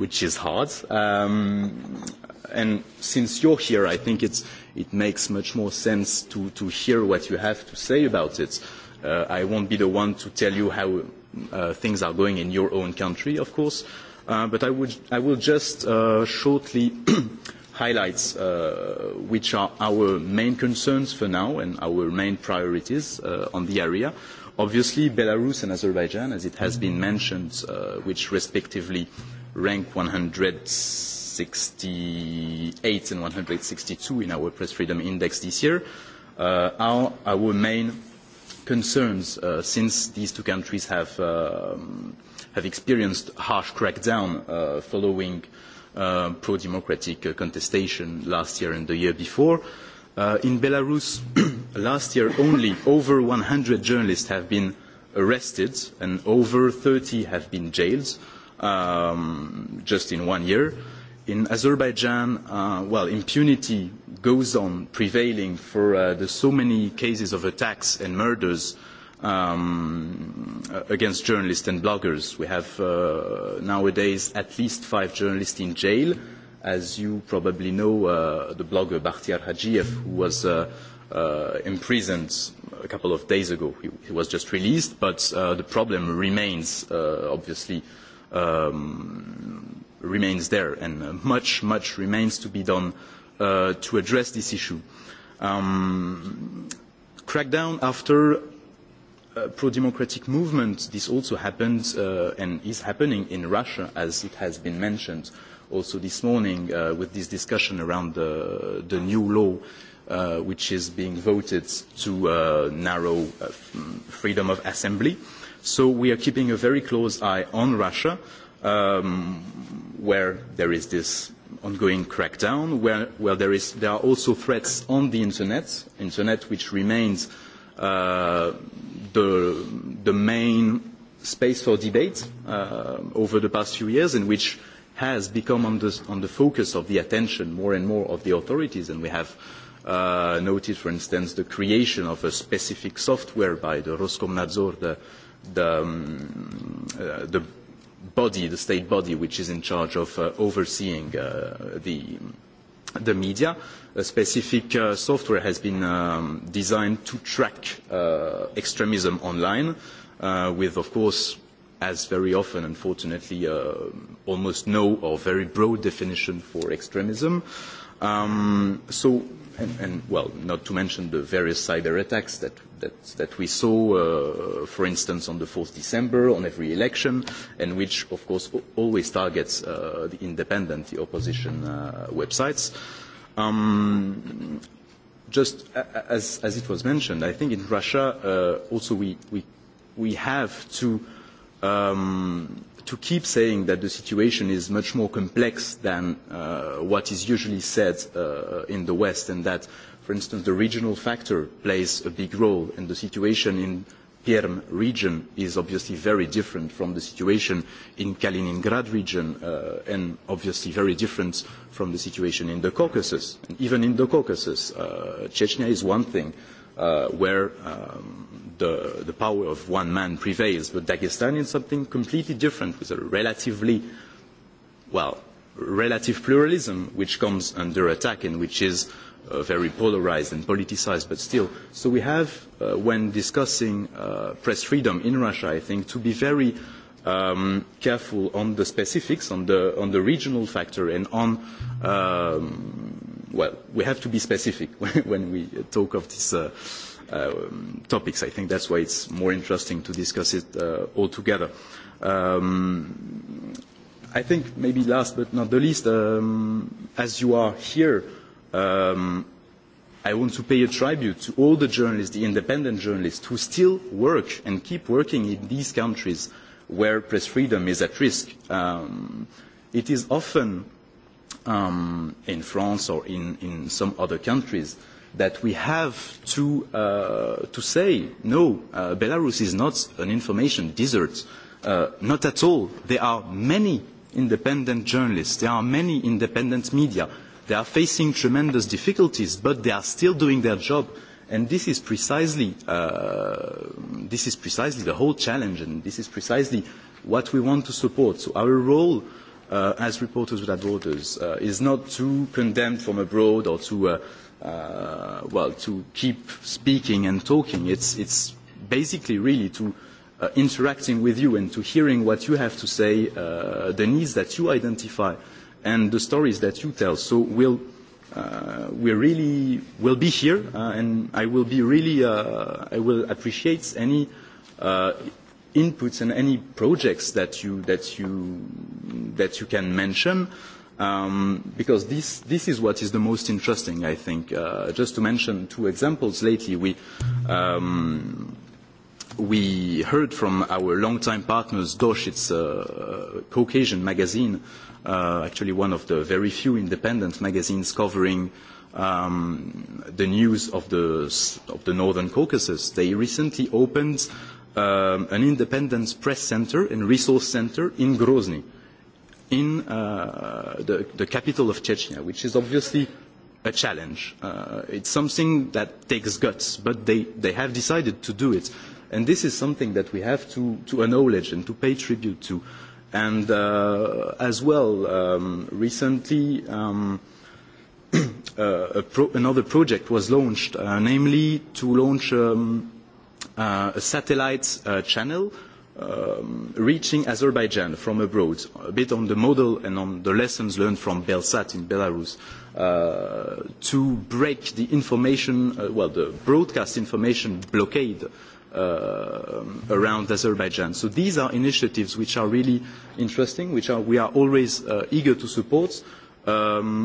which is hard. Um, and since you're here, I think it's, it makes much more sense to, to hear what you have to say about it. Uh, I won't be the one to tell you how uh, things are going in your own country, of course, uh, but I, would, I will just uh, shortly uh which are our main concerns for now and our main priorities on the area. Obviously, Belarus and Azerbaijan, as it has been mentioned, which respectively rank 168 and 162 in our press freedom index this year, uh, are our main concerns uh, since these two countries have, um, have experienced harsh crackdown uh, following uh, pro-democratic uh, contestation last year and the year before. Uh, in Belarus, last year only over 100 journalists have been arrested and over 30 have been jailed. Uh, just in one year. In Azerbaijan, well, impunity goes on prevailing for the so many cases of attacks and murders against journalists and bloggers. We have nowadays at least five journalists in jail. As you probably know, the blogger Bakhtiar Hajiev, who was imprisoned a couple of days ago, he was just released, but the problem remains, obviously remains there, and much, much remains to be done to address this issue. crackdown after pro-democratic movement, this also happened and is happening in Russia, as it has been mentioned also this morning with this discussion around the, new law which is being voted to narrow freedom of assembly. Uh, So we are keeping a very close eye on Russia, where there is this ongoing crackdown, where, where there, is, there are also threats on the internet, internet which remains uh, the, the main space for debate uh, over the past few years and which has become on the, on the focus of the attention more and more of the authorities. And we have uh, noted, for instance, the creation of a specific software by the Roskomnadzor, the the body, the state body, which is in charge of overseeing the the media. A specific software has been designed to track extremism online, with, of course, as very often, unfortunately, almost no or very broad definition for extremism. so and, and well, not to mention the various cyber attacks that, that, that we saw, uh, for instance, on the 4th December, on every election, and which, of course, always targets uh, the independent, the opposition uh, websites. Um, just as, as it was mentioned, I think in Russia uh, also we, we, we have to um, to keep saying that the situation is much more complex than what is usually said in the West and that, for instance, the regional factor plays a big role and the situation in Perm region is obviously very different from the situation in Kaliningrad region and obviously very different from the situation in the Caucasus. And even in the Caucasus, Chechnya is one thing where the, the power of one man prevails, but Dagestan is something completely different with a relatively, well, relative pluralism which comes under attack and which is uh, very polarized and politicized, but still. So we have, uh, when discussing uh, press freedom in Russia, I think, to be very um, careful on the specifics, on the, on the regional factor, and on, um, well, we have to be specific when we talk of this. Uh, topics. I think that's why it's more interesting to discuss it all together. I think maybe last but not the least, as you are here, I want to pay a tribute to all the journalists, the independent journalists, who still work and keep working in these countries where press freedom is at risk. it is often in France or in, in some other countries that we have to, say, no, Belarus is not an information desert. not at all. There are many independent journalists. There are many independent media. They are facing tremendous difficulties, but they are still doing their job. And this is precisely, this is precisely the whole challenge, and this is precisely what we want to support. So our role as Reporters Without Borders is not to condemn from abroad or to uh, well, to keep speaking and talking. It's, it's basically really to uh, interacting with you and to hearing what you have to say, uh, the needs that you identify, and the stories that you tell. So we'll, uh, we're really, we'll be here, uh, and I will be really, uh, I will appreciate any uh, inputs and any projects that you, that you, that you can mention um, because this, this is what is the most interesting, I think. Uh, just to mention two examples lately, we, um, we heard from our longtime partners, Dosh, it's a, Caucasian magazine, uh, actually one of the very few independent magazines covering um, the news of the, of the Northern Caucasus. They recently opened um, an independent press center and resource center in Grozny in uh, the, the capital of Chechnya, which is obviously a challenge. Uh, it's something that takes guts, but they, they have decided to do it. And this is something that we have to, to acknowledge and to pay tribute to. And uh, as well, um, recently, um, uh, a pro- another project was launched, uh, namely to launch um, uh, a satellite uh, channel uh, reaching Azerbaijan from abroad, a bit on the model and on the lessons learned from Belsat in Belarus, to break the information, well, the broadcast information blockade around Azerbaijan. So these are initiatives which are really interesting, which we are always eager to support.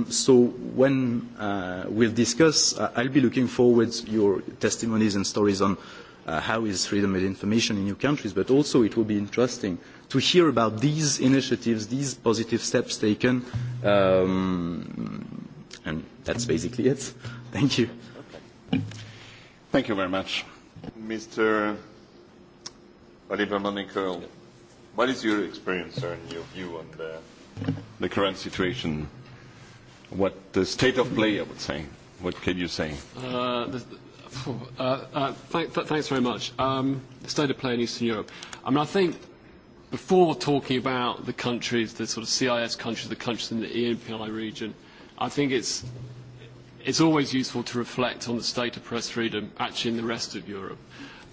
so when we we'll discuss, I I'll be looking forward to your testimonies and stories on how is freedom of information in new countries, but also it will be interesting to hear about these initiatives, these positive steps taken. Um, and that's basically it. Thank you. Thank you very much. Mr. Oliver Monicol, what is your experience and your view on the, the current situation? What the state of play, I would say. What can you say? Uh, the, Thanks very much. State of play in Eastern Europe. I mean, I think before talking about the countries, the sort of CIS countries, the countries in the ENPI region, I think it's it's always useful to reflect on the state of press freedom actually in the rest of Europe.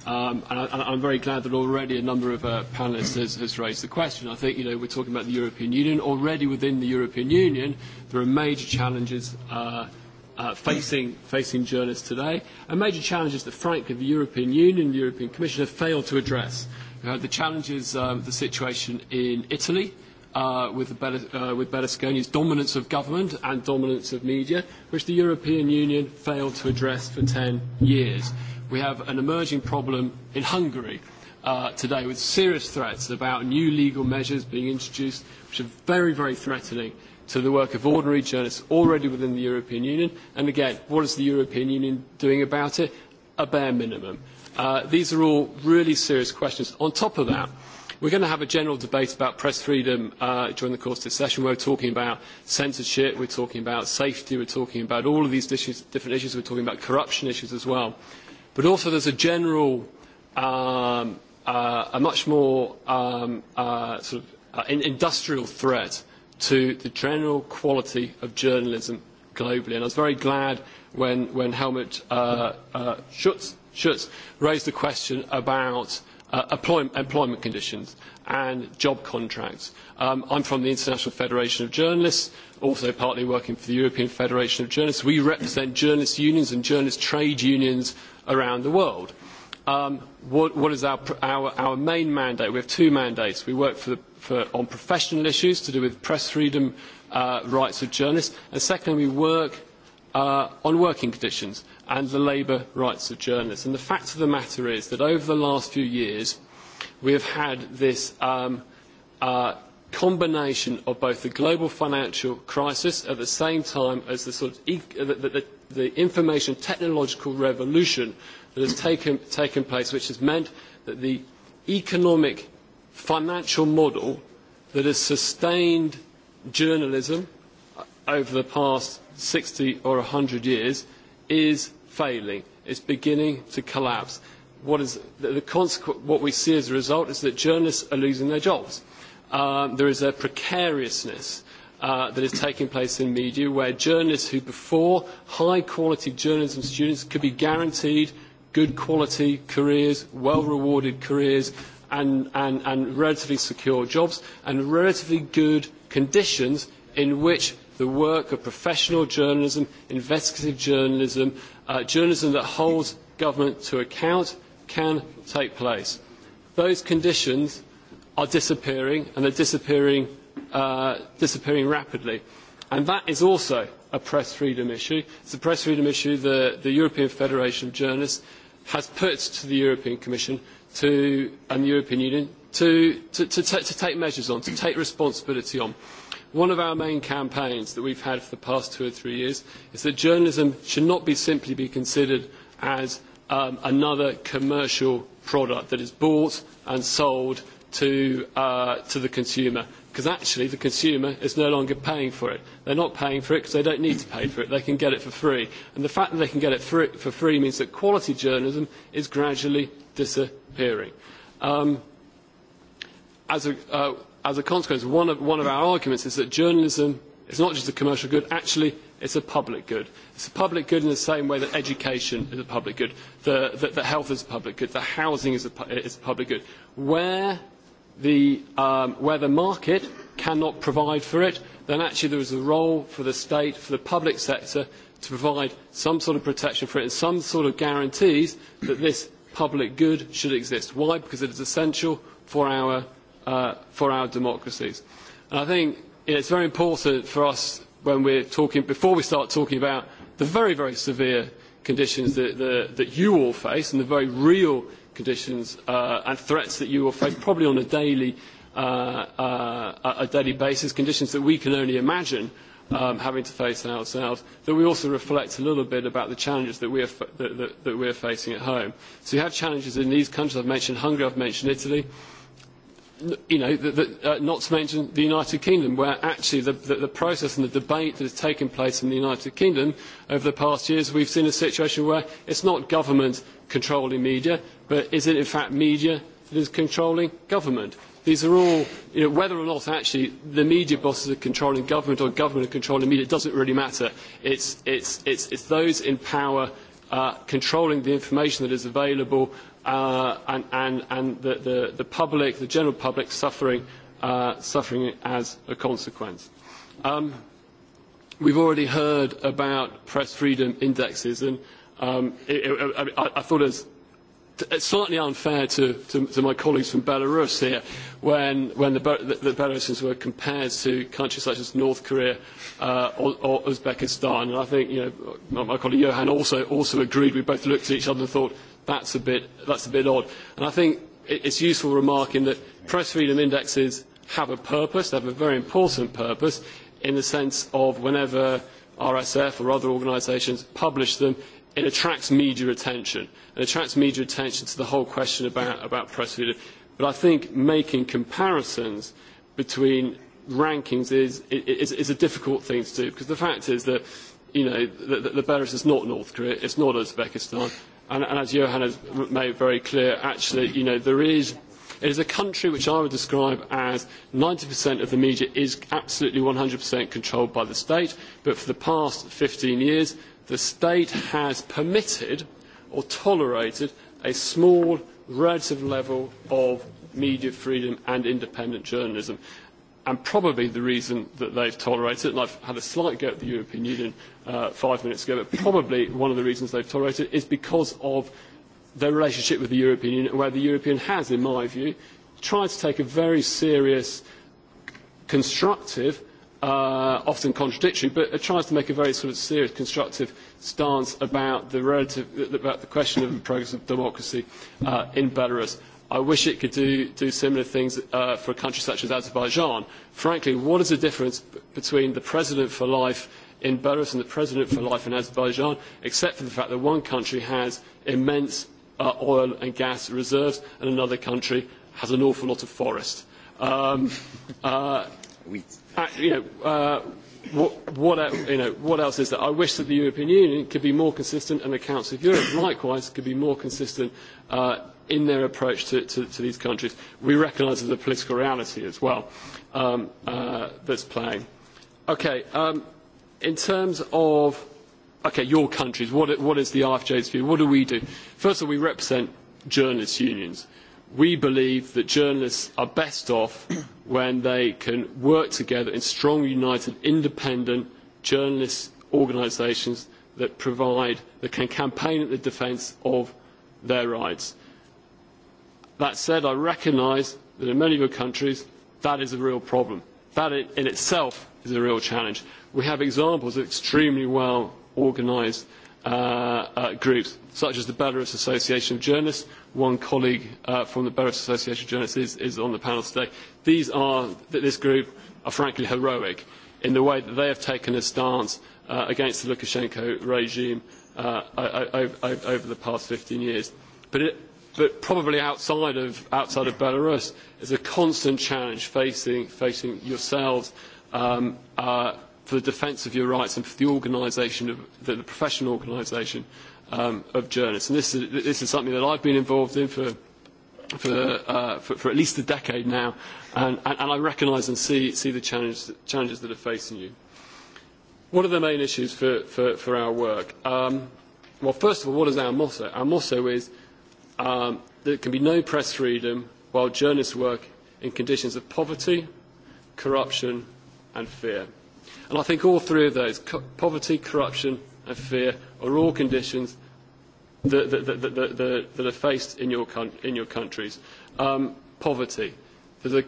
Um, and I, I'm very glad that already a number of uh, panelists has, has raised the question. I think, you know, we're talking about the European Union. Already within the European Union, there are major challenges uh, uh, facing, facing journalists today, and major challenges that, frankly, the European Union and the European Commission have failed to address. We had the challenges, um, the situation in Italy, uh, with, the uh, with Berlusconi's dominance of government and dominance of media, which the European Union failed to address for 10 years. We have an emerging problem in Hungary uh, today with serious threats about new legal measures being introduced, which are very, very threatening to the work of ordinary journalists already within the European Union. And again, what is the European Union doing about it? A bare minimum. these are all really serious questions. On top of that, we're going to have a general debate about press freedom during the course of this session. We're talking about censorship, we're talking about safety, we're talking about all of these issues, different issues, we're talking about corruption issues as well. But also there's a general, a much more sort of industrial threat to the general quality of journalism globally. And I was very glad when, when Helmut uh, uh, Schutz, Schutz raised the question about uh, employment, employment conditions and job contracts. Um, I'm from the International Federation of Journalists, also partly working for the European Federation of Journalists. We represent journalist unions and journalist trade unions around the world what, is our, our, our main mandate? We have two mandates. We work for the, for, on professional issues to do with press freedom, uh, rights of journalists, and secondly, we work uh, on working conditions and the labour rights of journalists. And the fact of the matter is that over the last few years, we have had this um, uh, combination of both the global financial crisis at the same time as the, sort of, the, the, the information technological revolution that has taken, taken place which has meant that the economic financial model that has sustained journalism over the past 60 or 100 years is failing. It's beginning to collapse. What, is, the, the consequ what we see as a result is that journalists are losing their jobs. Um, there is a precariousness that is taking place in media where journalists who before high quality journalism students could be guaranteed good quality careers, well-rewarded careers, and, relatively secure jobs, and relatively good conditions in which the work of professional journalism, investigative journalism, journalism that holds government to account can take place. Those conditions are disappearing, and they're disappearing, disappearing rapidly. that is also a press freedom issue. It's a press freedom issue the, the European Federation of Journalists has put to the European Commission to, and the European Union to, to, to, to take measures on, to take responsibility on. One of our main campaigns that we have had for the past two or three years is that journalism should not be simply be considered as another commercial product that is bought and sold to, the consumer because actually the consumer is no longer paying for it. They're not paying for it because they don't need to pay for it. They can get it for free. And the fact that they can get it for, for free means that quality journalism is gradually disappearing. Um, as, a, uh, as a consequence, one of, one of our arguments is that journalism is not just a commercial good, actually it's a public good. It's a public good in the same way that education is a public good, that, that health is a public good, that housing is a, is a public good. Where where the market cannot provide for it, then actually there is a role for the state, for the public sector, to provide some sort of protection for it and some sort of guarantees that this public good should exist. Why? Because it is essential for our, uh, for our democracies. And I think it's very important for us when we're talking, before we start talking about the very, very severe conditions that, that, that you all face and the very real conditions uh, and threats that you will face probably on a daily, uh, uh, a daily basis, conditions that we can only imagine um, having to face ourselves, that we also reflect a little bit about the challenges that we are, that, that, that we are facing at home. So you have challenges in these countries. I've mentioned Hungary, I've mentioned Italy. You know, the, the, uh, not to mention the United Kingdom, where actually the, the, the process and the debate that has taken place in the United Kingdom over the past years, we've seen a situation where it's not government controlling media, but is it in fact media that is controlling government? These are all, you know, whether or not actually the media bosses are controlling government or government are controlling media, it doesn't really matter. It's, it's, it's, it's those in power uh, controlling the information that is available uh, and, and, and the, the, the public, the general public suffering, uh, suffering as a consequence. Um, we've already heard about press freedom indexes and Um, it, it, I, I thought it was it's slightly unfair to, to, to my colleagues from Belarus here when, when the, the, the Belarusians were compared to countries such as North Korea uh, or, or Uzbekistan. And I think you know, my colleague Johan also, also agreed. We both looked at each other and thought, that's a bit, that's a bit odd. And I think it, it's useful remarking that press freedom indexes have a purpose, they have a very important purpose in the sense of whenever RSF or other organisations publish them, it attracts media attention. It attracts media attention to the whole question about, about press freedom. But I think making comparisons between rankings is, is, is a difficult thing to do because the fact is that you know, the, the Belarus is not North Korea, it's not Uzbekistan. And, and as Johan has made very clear, actually, you know, there is, it is a country which I would describe as 90% of the media is absolutely 100% controlled by the state, but for the past 15 years, the state has permitted or tolerated a small relative level of media freedom and independent journalism. And probably the reason that they've tolerated it, and I've had a slight go at the European Union uh, five minutes ago, but probably one of the reasons they've tolerated it is because of their relationship with the European Union, where the European has, in my view, tried to take a very serious, constructive, often contradictory, but it tries to make a very sort of serious, constructive stance about the, relative, about the question of the progress of democracy in Belarus. I wish it could do, do similar things uh, for a country such as Azerbaijan. Frankly, what is the difference between the president for life in Belarus and the president for life in Azerbaijan, except for the fact that one country has immense uh, oil and gas reserves and another country has an awful lot of forest? Um, uh, you know, what, else is there? I wish that the European Union could be more consistent and the Council of Europe, likewise, could be more consistent in their approach to, these countries. We recognise there's a political reality as well um, uh, that's playing. Okay, um in terms of okay, your countries, what, what is the IFJ's view? What do we do? First of all, we represent journalist unions we believe that journalists are best off when they can work together in strong, united, independent journalist organisations that provide, that can campaign at the defence of their rights. That said, I recognise that in many of your countries, that is a real problem. That in itself is a real challenge. We have examples of extremely well organised groups, such as the Belarus Association of Journalists. One colleague from the Belarus Association of Journalists is, is on the panel today. These are, this group are frankly heroic in the way that they have taken a stance against the Lukashenko regime over the past fifteen years. But, probably outside of, outside of Belarus is a constant challenge facing, facing yourselves for the defence of your rights and for the organisation, of, the, the professional organisation um, of journalists. And this is, this is something that I've been involved in for, for, uh, for, for at least a decade now, and, and, and I recognise and see, see the challenges, challenges that are facing you. What are the main issues for, for, for our work? Um, well, first of all, what is our motto? Our motto is um, there can be no press freedom while journalists work in conditions of poverty, corruption, and fear. And I think all three of those, poverty, corruption and fear, are all conditions that, that, that, that, that, that are faced in your, con- in your countries. Um, poverty. The,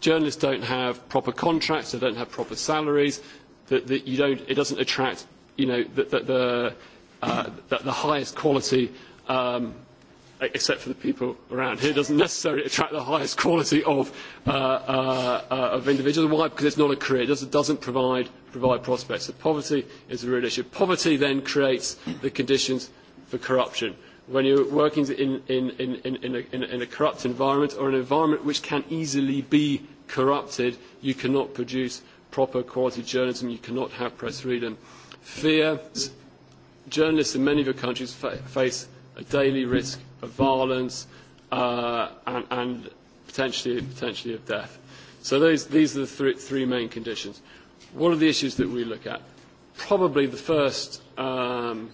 journalists don't have proper contracts, they don't have proper salaries, that, that you don't, it doesn't attract you know, the, the, the, uh, the, the highest quality um, except for the people around here, doesn't necessarily attract the highest quality of, uh, uh, uh of individuals. Why? Because it's not a career. It doesn't, doesn't provide, provide prospects. So poverty is a real issue. Poverty then creates the conditions for corruption. When you're working in, in, in, in, in, a, in, in a corrupt environment or an environment which can easily be corrupted, you cannot produce proper quality journalism. You cannot have press freedom. Fear. Journalists in many of your countries fa- face a daily risk of violence, uh, and, and potentially, potentially of death. So those, these are the three, three main conditions. What are the issues that we look at? Probably the first, um,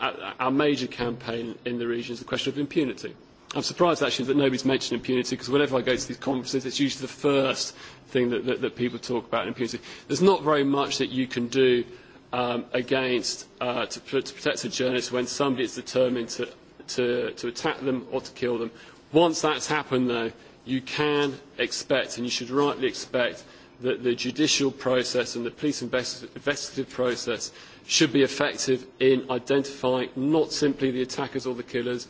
our major campaign in the region is the question of impunity. I'm surprised actually that nobody's mentioned impunity because whenever I go to these conferences, it's usually the first thing that, that, that people talk about impunity. There's not very much that you can do um, against uh, to, to protect a journalist when somebody is determined to to, to attack them or to kill them. Once that's happened, though, you can expect, and you should rightly expect, that the judicial process and the police investigative process should be effective in identifying not simply the attackers or the killers,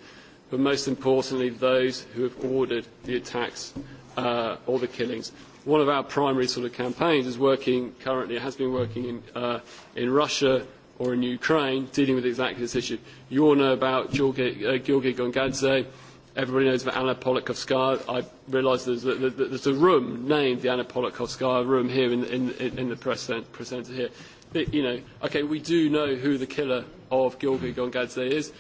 but most importantly, those who have ordered the attacks or the killings. One of our primary sort of campaigns is working currently, has been working in, Russia, or in Ukraine dealing with exactly this issue. You all know about Georgi Gongadze. Everybody knows about Anna Politkovskaya. I realise there's, there's a room named the Anna Politkovskaya room here in, in, in the press presenter here. But, you know, okay, we do know who the killer of Georgi Gongadze is.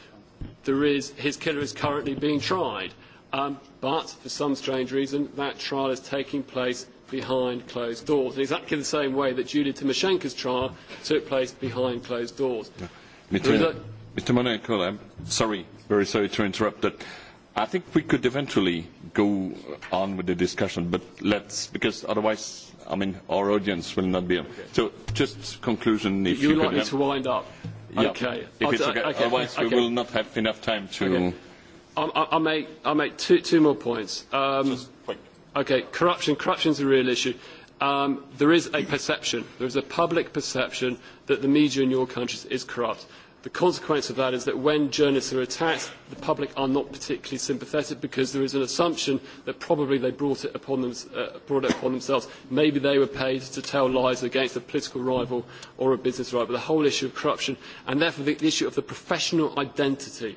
There is his killer is currently being tried, um, but for some strange reason, that trial is taking place behind closed doors, in exactly the same way that Julia Timoshenko's trial took place behind closed doors. Mr. Monaco, I'm sorry, very sorry to interrupt, but I think we could eventually go on with the discussion, but let's, because otherwise, I mean, our audience will not be able. So just conclusion, if you could... like me to wind up. Okay. If it's okay. Otherwise, we will not have enough time to... I'll make two more points. Just quick. Okay, corruption. Corruption is a real issue. Um, there is a perception, there is a public perception that the media in your countries is corrupt. The consequence of that is that when journalists are attacked, the public are not particularly sympathetic because there is an assumption that probably they brought it upon, them, uh, brought it upon themselves. Maybe they were paid to tell lies against a political rival or a business rival. The whole issue of corruption and therefore the issue of the professional identity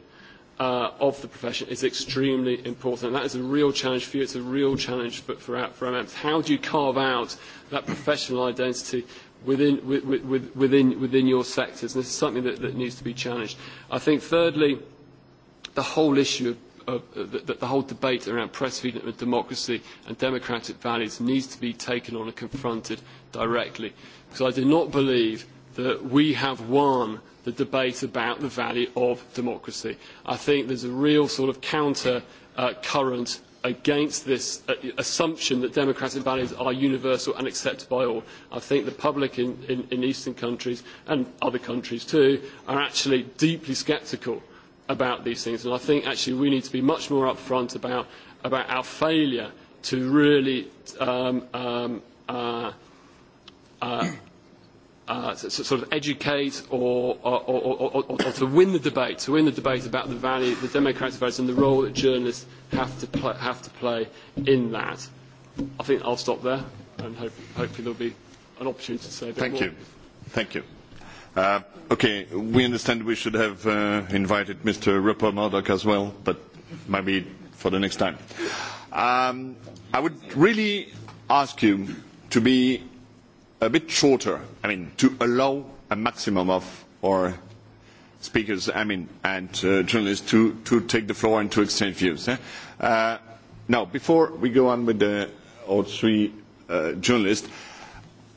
uh, of the profession is extremely important. That is a real challenge for you. It's a real challenge for, for, for MMs. How do you carve out that professional identity within, with with within, within your sectors? And this is something that, that needs to be challenged. I think, thirdly, the whole issue of the, the whole debate around press freedom and democracy and democratic values needs to be taken on and confronted directly. Because I do not believe that we have won the debate about the value of democracy. I think there's a real sort of counter current against this assumption that democratic values are universal and accepted by all. I think the public in, in, in Eastern countries and other countries too are actually deeply sceptical about these things. And I think actually we need to be much more upfront about, about our failure to really um, um, uh, uh, sort of educate or, or, or, or, to win the debate, to win the debate about the value, the democratic values and the role that journalists have to, play, have to play in that. I think I'll stop there and hope, hopefully there'll be an opportunity to say a bit Thank more. You. Thank you. Uh, okay, we understand we should have uh, invited Mr. Rupert Murdoch as well, but maybe for the next time. Um, I would really ask you to be a bit shorter, I mean, to allow a maximum of our speakers, I mean, and journalists to, to take the floor and to exchange views. Eh? now, before we go on with the, all three journalists,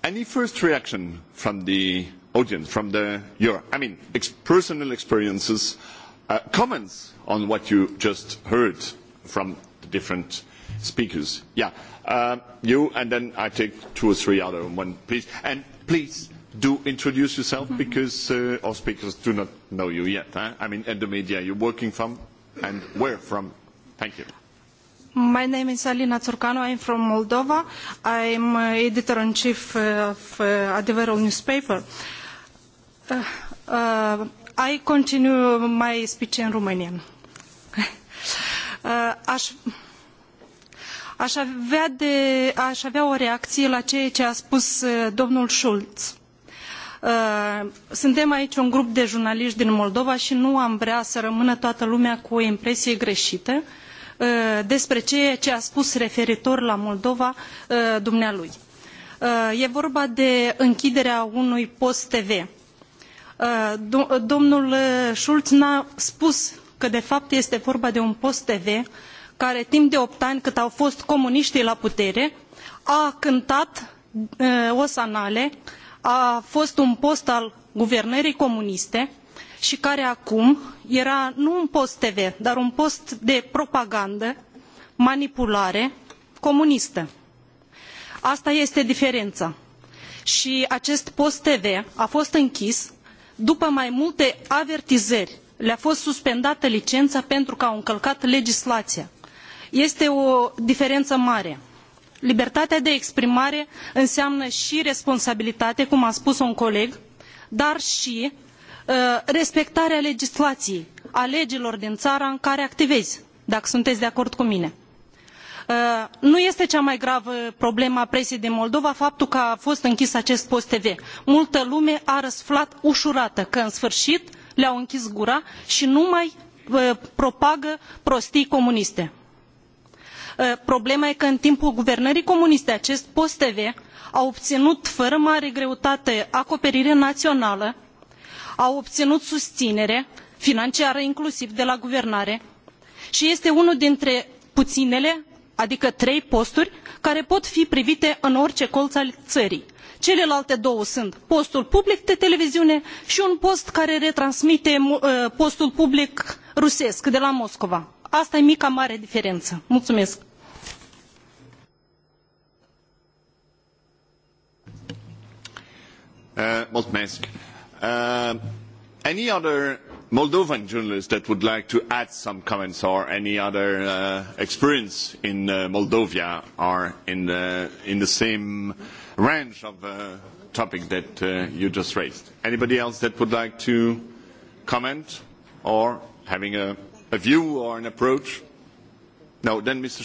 any first reaction from the audience, from the your, I mean, ex- personal experiences, uh comments on what you just heard from the different speakers? Yeah, you, and then I take two or three other one, please. And please do introduce yourself because our speakers do not know you yet. I mean, and the media you're working from and where from. Thank you. My name is Alina Turcanu. I'm from Moldova. I'm editor-in-chief of Adevărul newspaper. I continue my speech in Romanian aș avea, de, aș avea o reacție la ceea ce a spus domnul Schulz. Suntem aici un grup de jurnaliști din Moldova și nu am vrea să rămână toată lumea cu o impresie greșită despre ceea ce a spus referitor la Moldova dumnealui. E vorba de închiderea unui post TV. Domnul Schulz n-a spus că de fapt este vorba de un post TV care timp de opt ani cât au fost comuniștii la putere a cântat osanale, a fost un post al guvernării comuniste și care acum era nu un post TV, dar un post de propagandă, manipulare comunistă. Asta este diferența. Și acest post TV a fost închis după mai multe avertizări le a fost suspendată licența pentru că au încălcat legislația este o diferență mare. Libertatea de exprimare înseamnă și responsabilitate, cum a spus un coleg, dar și respectarea legislației, a legilor din țara în care activezi, dacă sunteți de acord cu mine. nu este cea mai gravă problemă a presiei din Moldova faptul că a fost închis acest post TV. Multă lume a răsflat ușurată că în sfârșit le-au închis gura și nu mai propagă prostii comuniste problema e că în timpul guvernării comuniste acest post tv a obținut fără mare greutate acoperire națională, a obținut susținere financiară inclusiv de la guvernare și este unul dintre puținele, adică trei posturi, care pot fi privite în orice colț al țării. Celelalte două sunt postul public de televiziune și un post care retransmite postul public rusesc de la Moscova Asta e mica mare diferență. Mulțumesc! Mulțumesc. any other Moldovan journalist that would like to add some comments or any other experience in Moldova or in the, same range of uh, topic that you just raised? Anybody else that would like to comment or having a a view or an approach? No, then Mr.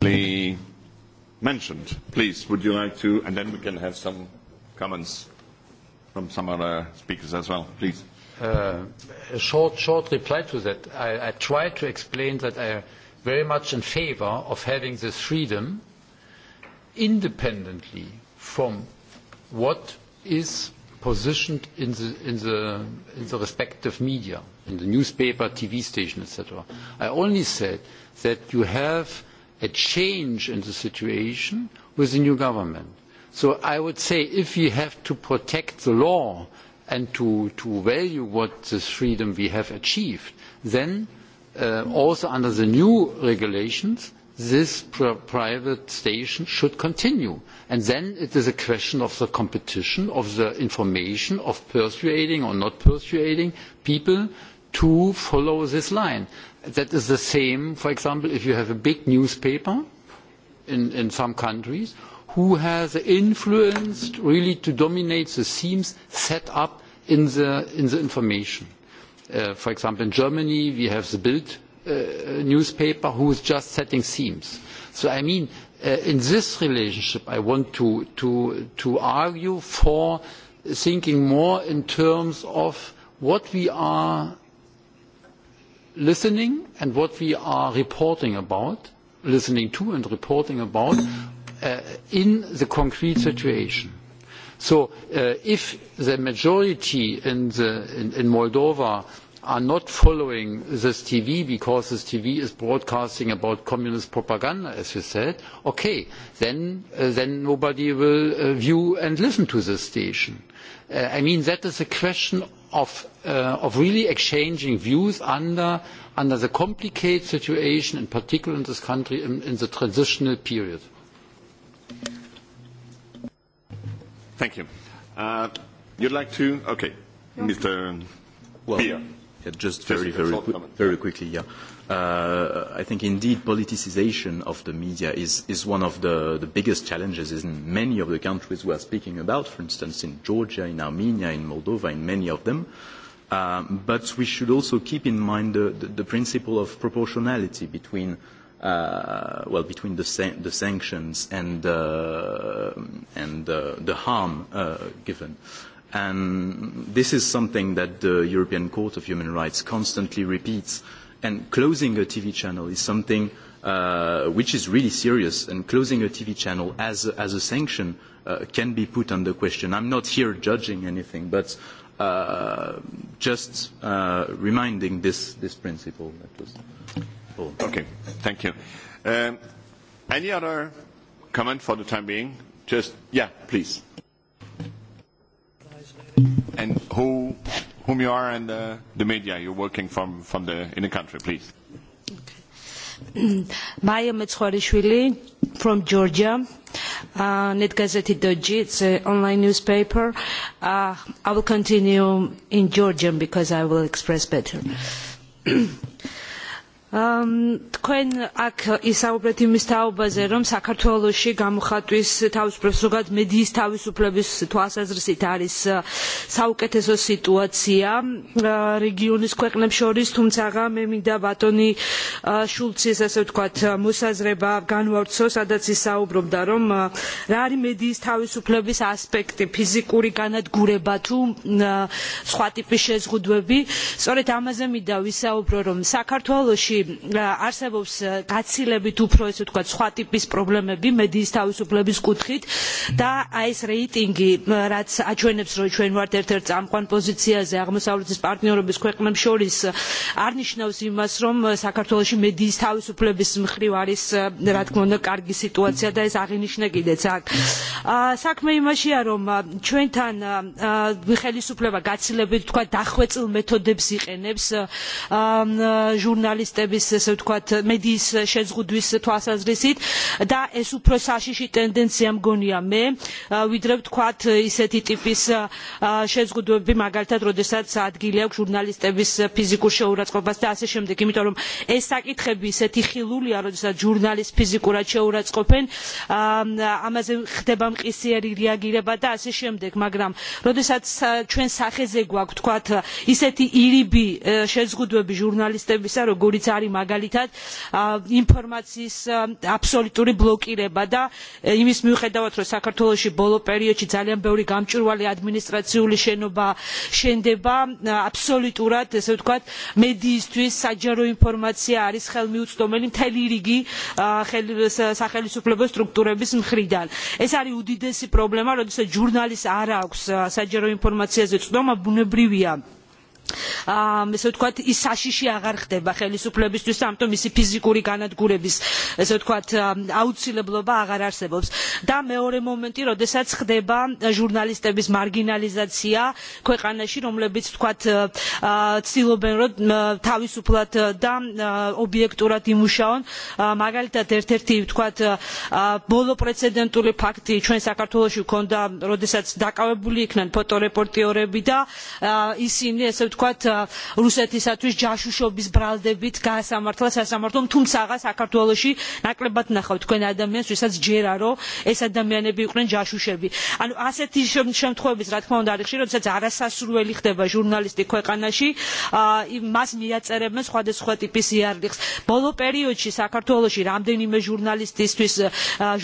Schäuble mentioned. Please, would you like to, and then we can have some comments from some other speakers as well, please. Uh, a short, short reply to that. I, I tried to explain that I am very much in favor of having this freedom independently from what is positioned in the, in the, in the respective media, in the newspaper, TV station, etc. I only said that you have a change in the situation with the new government. So I would say if we have to protect the law and to, to value what this freedom we have achieved, then also under the new regulations, this private station should continue and then it is a question of the competition of the information of persuading or not persuading people to follow this line that is the same for example if you have a big newspaper in some countries who has the influence really to dominate the themes set up in the information for example in germany we have the bild newspaper which is just setting themes so i mean in this relationship, I want to, argue for thinking more in terms of what we are listening and what we are reporting about, listening to and reporting about in the concrete situation. So if the majority in, Moldova are not following this tv because this tv is broadcasting about communist propaganda as you said okay then nobody will view and listen to this station. i mean that is a question of really exchanging views under the complicated situation in particular in this country in the transitional period. Thank you. you'd like to? Okay. Mr. Well, Just very, very, very quickly, yeah. Uh, I think indeed politicization of the media is, is one of the, the biggest challenges in many of the countries we are speaking about, for instance, in Georgia, in Armenia, in Moldova, in many of them. Um, but we should also keep in mind the, the, the principle of proportionality between uh, well, between the, san- the sanctions and, uh, and uh, the harm uh, given. Uh, And this is something that the European Court of Human Rights constantly repeats. And closing a TV channel is something which is really serious, and closing a TV channel as, a sanction can be put under question. I'm not here judging anything, but just reminding this, this principle. That was all. Okay, thank you. any other comment for the time being? Just, yeah, please. And who, whom you are and the, the media you're working from, from the, in the country, please. Maya Metzwarishvili from Georgia, uh, Netgazeti Doji, it's an online newspaper. Uh, I will continue in Georgian because I will express better თქვენ აქ ისაუბრეთ იმის თაობაზე, რომ საქართველოში გამოხატვის თავისუფლებას, ზოგად მედიის თავისუფლების თვალსაზრისით არის საუკეთესო სიტუაცია რეგიონის ქვეყნებს შორის, თუმცაღა მე მინდა ბატონი შულცის ასე ვთქვათ მოსაზრება განვავრცო, სადაც ისაუბრობდა, რომ რა არის მედიის თავისუფლების ასპექტი, ფიზიკური განადგურება თუ სხვა ტიპის შეზღუდვები. სწორედ ამაზე მინდა ვისაუბრო, რომ საქართველოში არსებობს გაცილებით უფრო ესე ვთქვათ სხვა ტიპის პრობლემები მედიის თავისუფლების კუთხით და აი ეს რეიტინგი რაც აჩვენებს რომ ჩვენ ვართ ერთ-ერთ წამყვან პოზიციაზე აღმოსავლეთის პარტნიორობის ქვეყნებს შორის არნიშნავს იმას რომ საქართველოში მედიის თავისუფლების მხრივ არის რა თქმა უნდა კარგი სიტუაცია და ეს აღინიშნა კიდეც აქ. საქმე იმაშია რომ ჩვენთან ხელისუფლება გაცილებით თქვა დახვეწილ მეთოდებს იყენებს ჟურნალისტებს ხარჯების ესე ვთქვათ მედის შეზღუდვის თვალსაზრისით და ეს უფრო საშიში ტენდენცია მგონია მე ვიდრე ვთქვათ ისეთი ტიპის შეზღუდვები მაგალითად როდესაც ადგილი აქვს ჟურნალისტების ფიზიკურ შეურაცხყოფას და ასე შემდეგ იმიტომ რომ ეს საკითხები ისეთი ხილულია როდესაც ჟურნალისტს ფიზიკურად შეურაცხყოფენ ამაზე ხდება მყისიერი რეაგირება და ასე შემდეგ მაგრამ როდესაც ჩვენ სახეზე გვაქვს ვთქვათ ისეთი ირიბი შეზღუდვები ჟურნალისტებისა როგორიც არის არის მაგალითად ინფორმაციის აბსოლუტური ბლოკირება და იმის მიუხედავად რომ საქართველოში ბოლო პერიოდში ძალიან ბევრი გამჭვირვალე ადმინისტრაციული შენობა შენდება აბსოლუტურად ესე ვთქვათ მედიისთვის საჯარო ინფორმაცია არის ხელმიუწვდომელი მთელი რიგი სახელისუფლებო სტრუქტურების მხრიდან ეს არის უდიდესი პრობლემა როდესაც ჟურნალისტს არ აქვს საჯარო ინფორმაციაზე წვდომა ბუნებრივია ესე ვთქვათ ის საშიში აღარ ხდება ხელისუფლებისთვის ამიტომ მისი ფიზიკური განადგურების ესე ვთქვათ აუცილებლობა აღარ არსებობს და მეორე მომენტი როდესაც ხდება ჟურნალისტების მარგინალიზაცია ქვეყანაში რომლებიც ვთქვათ ცდილობენ რომ თავისუფლად და ობიექტურად იმუშაონ მაგალითად ერთ-ერთი ვთქვათ ბოლო პრეცედენტული ფაქტი ჩვენ საქართველოში გვქონდა როდესაც დაკავებული იქნენ ფოტორეპორტიორები და ისინი ესე ვთქვათ ვთქვათ რუსეთისათვის ჯაშუშობის ბრალდებით გასამართლა სასამართლომ თუმცაღა საქართველოში ნაკლებად ნახავთ თქვენ ადამიანს ვისაც ჯერა რომ ეს ადამიანები იყვნენ ჯაშუშები ანუ ასეთი შემთხვევების რა თქმა უნდა არის ხშირი როდესაც არასასურველი ხდება ჟურნალისტი ქვეყანაში მას მიაწერებენ სხვადასხვა ტიპის იარლიხს ბოლო პერიოდში საქართველოში რამდენიმე ჟურნალისტისთვის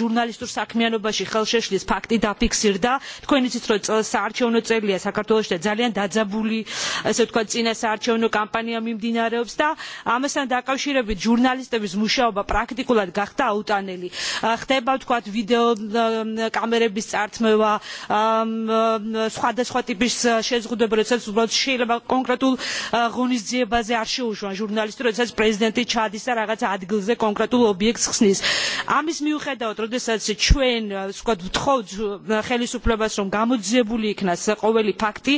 ჟურნალისტურ საქმიანობაში ხელშეშლის ფაქტი დაფიქსირდა თქვენ იცით რომ საარჩევნო წელია საქართველოში და ძალიან დაძაბული ესე თქვა წინა საარჩევნო კამპანია მიმდინარეობს და ამასთან დაკავშირებით ჟურნალისტების მუშაობა პრაქტიკულად გახდა აუტანელი. ხდება თქვა ვიდეო კამერების წართმევა სხვადასხვა ტიპის შეზღუდვები როდესაც უბრალოდ შეიძლება კონკრეტულ ღონისძიებაზე არ შეუშვან ჟურნალისტი როდესაც პრეზიდენტი ჩადის და რაღაც ადგილზე კონკრეტულ ობიექტს ხსნის. ამის მიუხედავად როდესაც ჩვენ ვთქვა ვთხოვთ ხელისუფლებას რომ გამოძიებული იქნას ყოველი ფაქტი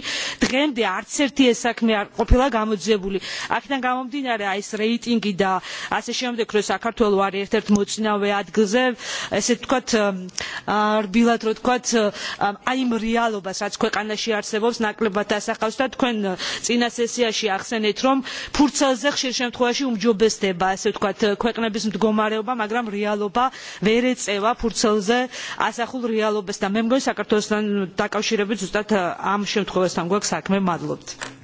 დღემდე არც ერთი ეს საქმე საქმე არ ყოფილა გამოძიებული. აქედან გამომდინარე აი ეს რეიტინგი და ასე შემდეგ რომ საქართველო არის ერთ-ერთ მოწინავე ადგილზე, ესე ვთქვათ რბილად რო ვთქვათ აი იმ რეალობას რაც ქვეყანაში არსებობს ნაკლებად დასახავს და თქვენ წინა სესიაში ახსენეთ რომ ფურცელზე ხშირ შემთხვევაში უმჯობესდება ასე ვთქვათ ქვეყნების მდგომარეობა, მაგრამ რეალობა ვერ ეწევა ფურცელზე ასახულ რეალობას და მე მგონი საქართველოსთან დაკავშირებით ზუსტად ამ შემთხვევასთან გვაქვს საქმე. მადლობთ.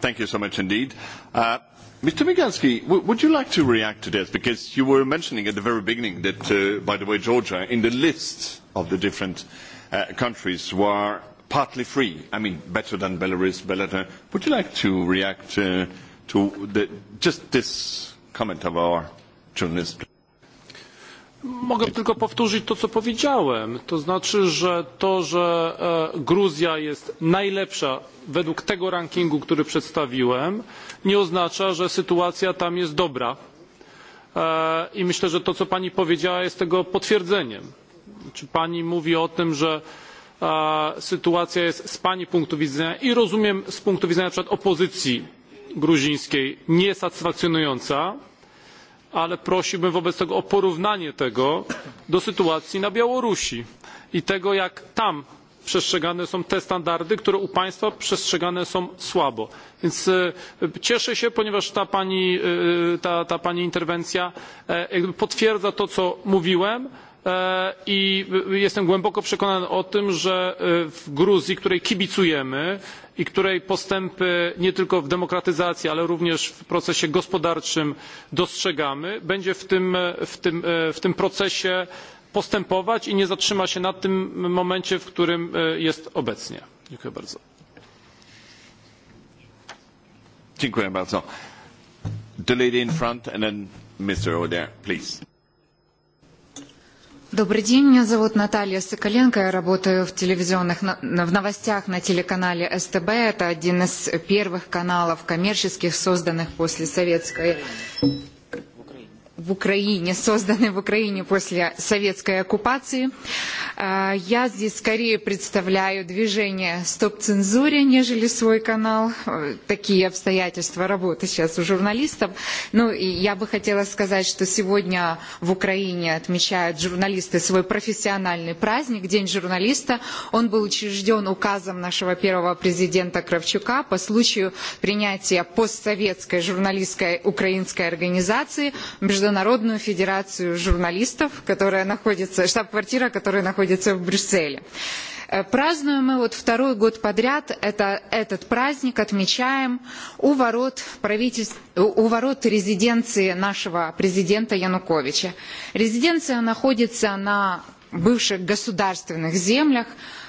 Thank you so much indeed. Uh, Mr. Migalski, w- would you like to react to this? Because you were mentioning at the very beginning that, uh, by the way, Georgia, in the list of the different uh, countries, were partly free. I mean, better than Belarus, Belarus. Would you like to react uh, to the, just this comment of our journalist? Mogę tylko powtórzyć to, co powiedziałem. To znaczy, że to, że Gruzja jest najlepsza według tego rankingu, który przedstawiłem, nie oznacza, że sytuacja tam jest dobra. I myślę, że to, co pani powiedziała, jest tego potwierdzeniem. Czy pani mówi o tym, że sytuacja jest z pani punktu widzenia i rozumiem z punktu widzenia na przykład opozycji gruzińskiej niesatysfakcjonująca, ale prosiłbym wobec tego o porównanie tego do sytuacji na Białorusi i tego, jak tam przestrzegane są te standardy, które u państwa przestrzegane są słabo. Więc cieszę się, ponieważ ta pani, ta, pani interwencja potwierdza to, co mówiłem i jestem głęboko przekonany o tym, że w Gruzji, której kibicujemy i której postępy nie tylko w demokratyzacji, ale również w procesie gospodarczym dostrzegamy, będzie w tym procesie postępować i nie zatrzyma się na tym momencie, w którym e, jest obecnie. Dziękuję bardzo. Dziękuję bardzo. The lady in front and then Mr. O'Dare, please. Добрый день, меня зовут Наталья Соколенко, я работаю в телевизионных, в новостях на телеканале СТБ. Это один из первых каналов коммерческих, созданных после советской в Украине, созданной в Украине после советской оккупации. Я здесь скорее представляю движение «Стоп цензуре», нежели свой канал. Э, такие обстоятельства работы сейчас у журналистов. Ну, и я бы хотела сказать, что сегодня в Украине отмечают журналисты свой профессиональный праздник, День журналиста. Он был учрежден указом нашего первого президента Кравчука по случаю принятия постсоветской журналистской украинской организации между Международную федерацию журналистов, которая находится, штаб-квартира, которая находится в Брюсселе. Э, празднуем мы вот второй год подряд это, этот праздник, отмечаем у ворот, у ворот резиденции нашего президента Януковича. Резиденция находится на бывших государственных землях,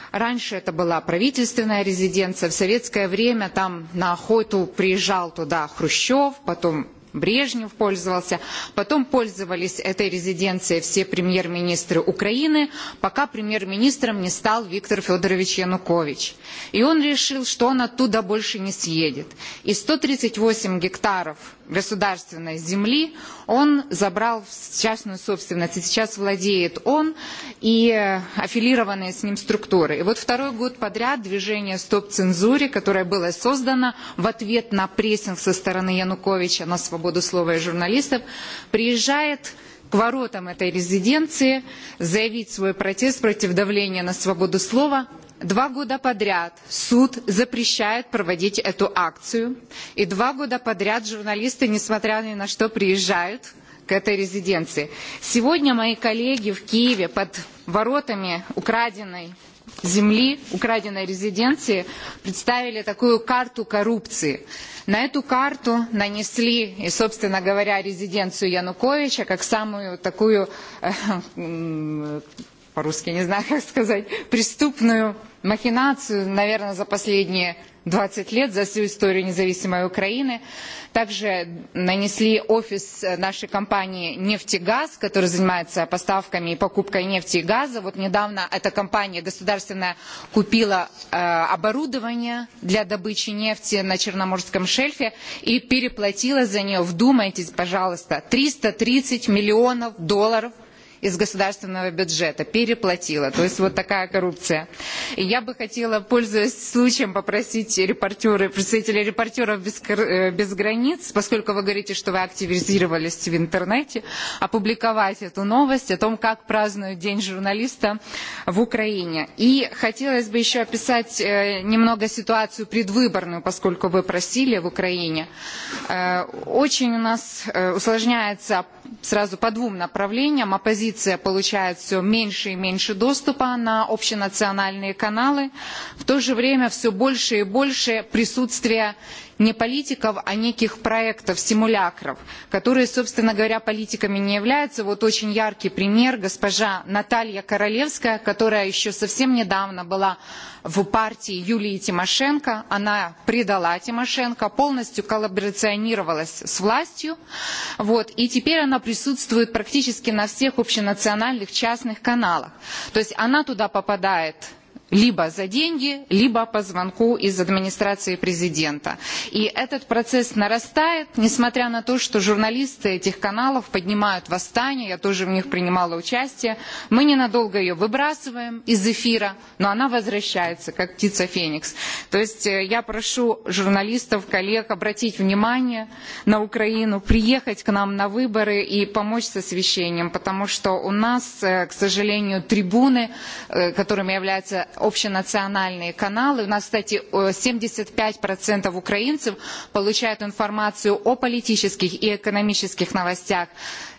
Раньше это была правительственная резиденция. В советское время там на охоту приезжал туда Хрущев, потом Брежнев пользовался. Потом пользовались этой резиденцией все премьер-министры Украины, пока премьер-министром не стал Виктор Федорович Янукович. И он решил, что он оттуда больше не съедет. И 138 гектаров государственной земли он забрал в частную собственность. И сейчас владеет он и аффилированные с ним структуры. И вот второй год подряд движение «Стоп цензуре», которое было создано в ответ на прессинг со стороны Януковича на свободу свободу слова и журналистов, приезжает к воротам этой резиденции заявить свой протест против давления на свободу слова. Два года подряд суд запрещает проводить эту акцию. И два года подряд журналисты, несмотря ни на что, приезжают к этой резиденции. Сегодня мои коллеги в Киеве под воротами украденной земли, украденной резиденции, представили такую карту коррупции. На эту карту нанесли, и, собственно говоря, резиденцию Януковича как самую такую, э, по-русски не знаю, как сказать, преступную махинацию, наверное, за последние 20 лет, за всю историю независимой Украины. Также нанесли офис нашей компании «Нефтегаз», который занимается поставками и покупкой нефти и газа. Вот недавно эта компания государственная купила э, оборудование для добычи нефти на Черноморском шельфе и переплатила за нее, вдумайтесь, пожалуйста, 330 миллионов долларов – из государственного бюджета, переплатила. То есть вот такая коррупция. И я бы хотела, пользуясь случаем, попросить репортеры, представителей репортеров без, э, без границ, поскольку вы говорите, что вы активизировались в интернете, опубликовать эту новость о том, как празднуют День журналиста в Украине. И хотелось бы еще описать э, немного ситуацию предвыборную, поскольку вы просили в Украине. Э, очень у нас усложняется сразу по двум направлениям. Оппозиция оппозиция получает все меньше и меньше доступа на общенациональные каналы, в то же время все больше и больше присутствия не политиков, а неких проектов, симулякров, которые, собственно говоря, политиками не являются. Вот очень яркий пример госпожа Наталья Королевская, которая еще совсем недавно была в партии Юлии Тимошенко. Она предала Тимошенко, полностью коллаборационировалась с властью. Вот, и теперь она присутствует практически на всех общенациональных частных каналах. То есть она туда попадает либо за деньги, либо по звонку из администрации президента. И этот процесс нарастает, несмотря на то, что журналисты этих каналов поднимают восстание, я тоже в них принимала участие. Мы ненадолго ее выбрасываем из эфира, но она возвращается, как птица Феникс. То есть э, я прошу журналистов, коллег обратить внимание на Украину, приехать к нам на выборы и помочь с освещением, потому что у нас, э, к сожалению, трибуны, э, которыми является общенациональные каналы. У нас, кстати, 75% э, украинцев получают информацию о политических и экономических новостях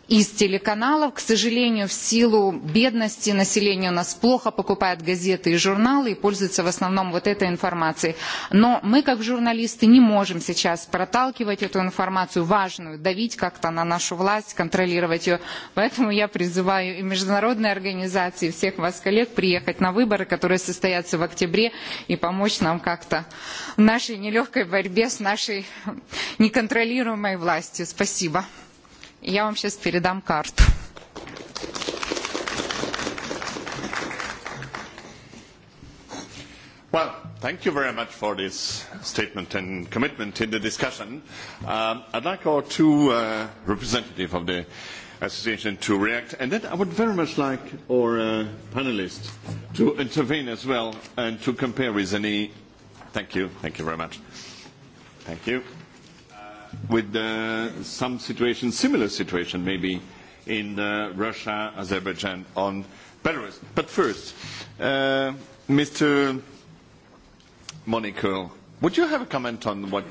из телеканалов. К сожалению, в силу бедности населения у нас плохо покупают газеты и журналы и пользуются в основном вот этой информацией. Но мы, как журналисты, не можем сейчас проталкивать эту информацию важную, давить как-то на нашу власть, контролировать ее. Поэтому я призываю и международные организации, и всех вас коллег приехать на выборы, которые состоятся в октябре, и помочь нам как-то в нашей нелегкой борьбе с нашей неконтролируемой властью. Спасибо. Я вам сейчас передам карту. Well, thank you very much for this statement and commitment in the discussion. Um, I'd like our two uh, representatives of the association to react, and then I would very much like our uh, panelists to intervene as well and to compare with any. Thank you. Thank you very much. Thank you with some situation, similar situation maybe, in Russia, Azerbaijan, on Belarus. But first, Mr. Monaco, would you have a comment on what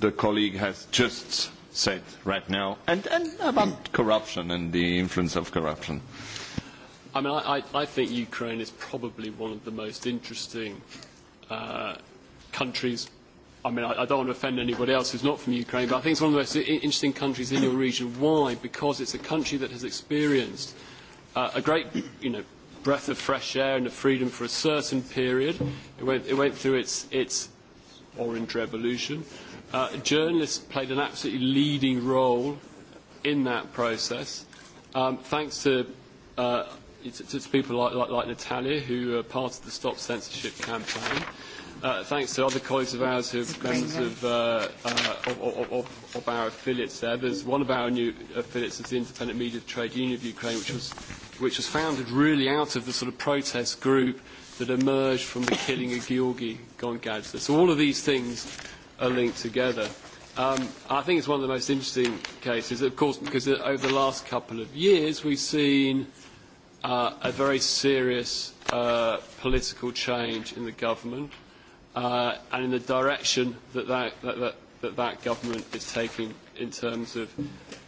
the colleague has just said right now, and, and about corruption and the influence of corruption? I mean, I, I think Ukraine is probably one of the most interesting uh, countries I mean, I, I don't want to offend anybody else who's not from Ukraine, but I think it's one of the most interesting countries in your region. Why? Because it's a country that has experienced uh, a great, you know, breath of fresh air and of freedom for a certain period. It went, it went through its, its orange revolution. Uh, journalists played an absolutely leading role in that process, um, thanks to, uh, to, to people like, like, like Natalia, who are part of the Stop Censorship campaign Uh, thanks to other colleagues of ours who are members of, uh, uh, of, of, of our affiliates there. There's one of our new affiliates is the Independent Media Trade Union of Ukraine, which was, which was founded really out of the sort of protest group that emerged from the killing of Georgi Gongadze. So all of these things are linked together. Um, I think it's one of the most interesting cases, of course, because over the last couple of years we've seen uh, a very serious uh, political change in the government uh, and in the direction that that, that, that, that that government is taking in terms of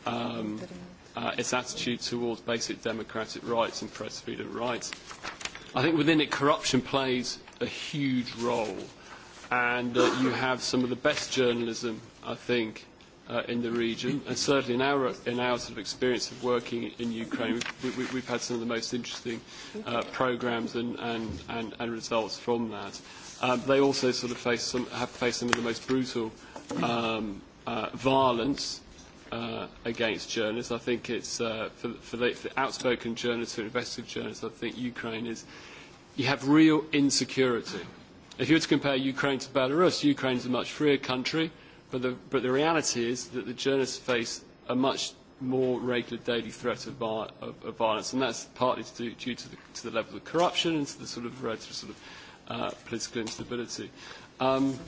um, uh, its attitude towards basic democratic rights and press freedom rights. I think within it, corruption plays a huge role, and uh, you have some of the best journalism, I think, uh, in the region, and certainly in our, in our sort of experience of working in Ukraine, we've, we, we've had some of the most interesting uh, programs and, and, and, and results from that. Um, they also sort of face some, have faced some of the most brutal um, uh, violence uh, against journalists. I think it's uh, for, for, the, for the outspoken journalists, for investigative journalists. I think Ukraine is you have real insecurity. If you were to compare Ukraine to Belarus, Ukraine is a much freer country, but the, but the reality is that the journalists face a much more regular daily threat of, of, of violence, and that's partly to do, due to the, to the level of corruption and to the sort of, uh, to sort of uh, political instability. Um,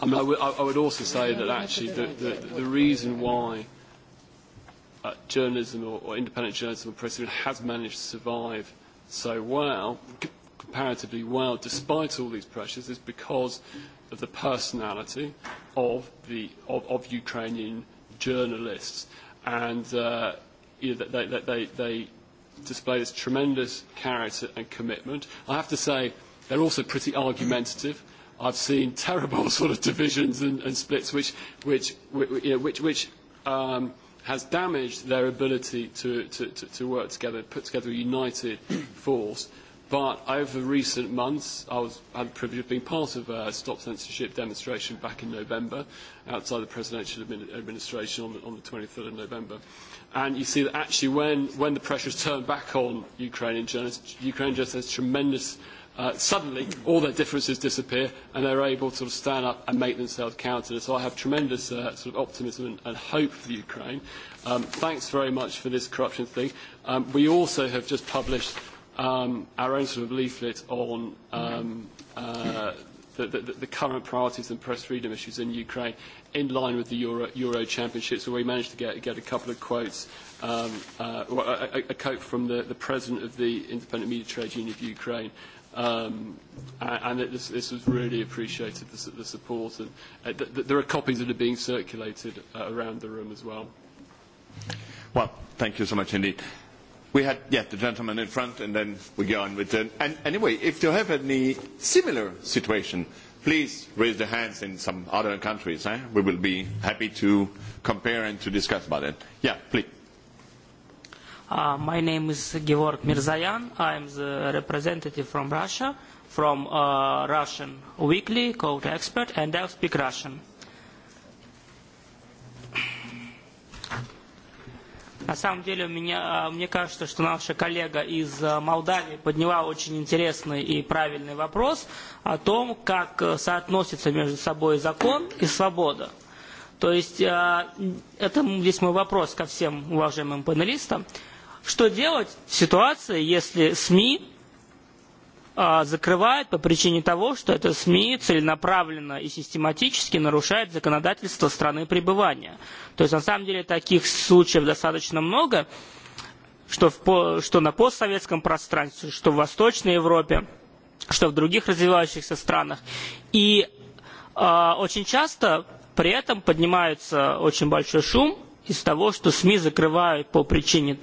I, mean, I, w- I would also say that actually the, the, the reason why uh, journalism or, or independent journalism or press has managed to survive so well, c- comparatively well, despite all these pressures, is because of the personality of the of, of Ukrainian journalists, and uh, you know, they, they, they, they display this tremendous character and commitment. I have to say, they're also pretty argumentative. I've seen terrible sort of divisions and, and splits, which, which, you know, which, which um, has damaged their ability to, to, to, to work together, put together a united force. But over recent months, I was, had the privilege of being part of a stop censorship demonstration back in November outside the presidential administration on the, on the 23rd of November and you see that actually when, when the pressure is turned back on Ukrainian journalists, Ukrainian journalists has tremendous, uh, suddenly all their differences disappear and they're able to sort of stand up and make themselves counted. So I have tremendous uh, sort of optimism and, and hope for Ukraine. Um, thanks very much for this corruption thing. Um, we also have just published um, our own sort of leaflet on um, uh, the, the, the current priorities and press freedom issues in Ukraine in line with the Euro, Euro Championships, where we managed to get, get a couple of quotes, um, uh, a, a quote from the, the president of the Independent Media Trade Union of Ukraine. Um, and it, this, this was really appreciated, the, the support. And, uh, th th there are copies that are being circulated uh, around the room as well. Well, thank you so much indeed we had yeah, the gentleman in front, and then we go on with the. And anyway, if you have any similar situation, please raise the hands in some other countries. Eh? We will be happy to compare and to discuss about it. Yeah, please. Uh, my name is Georg Mirzayan. I am the representative from Russia, from a Russian weekly called Expert, and I speak Russian На самом деле, меня, мне кажется, что наша коллега из Молдавии подняла очень интересный и правильный вопрос о том, как э, соотносится между собой закон и свобода. То есть, это здесь мой вопрос ко всем уважаемым панелистам. Что делать в ситуации, если СМИ закрывает по причине того, что это СМИ целенаправленно и систематически нарушает законодательство страны пребывания. То есть на самом деле таких случаев достаточно много, что, в, что на постсоветском пространстве, что в Восточной Европе, что в других развивающихся странах. И э, очень часто при этом поднимается очень большой шум из того, что СМИ закрывают по причине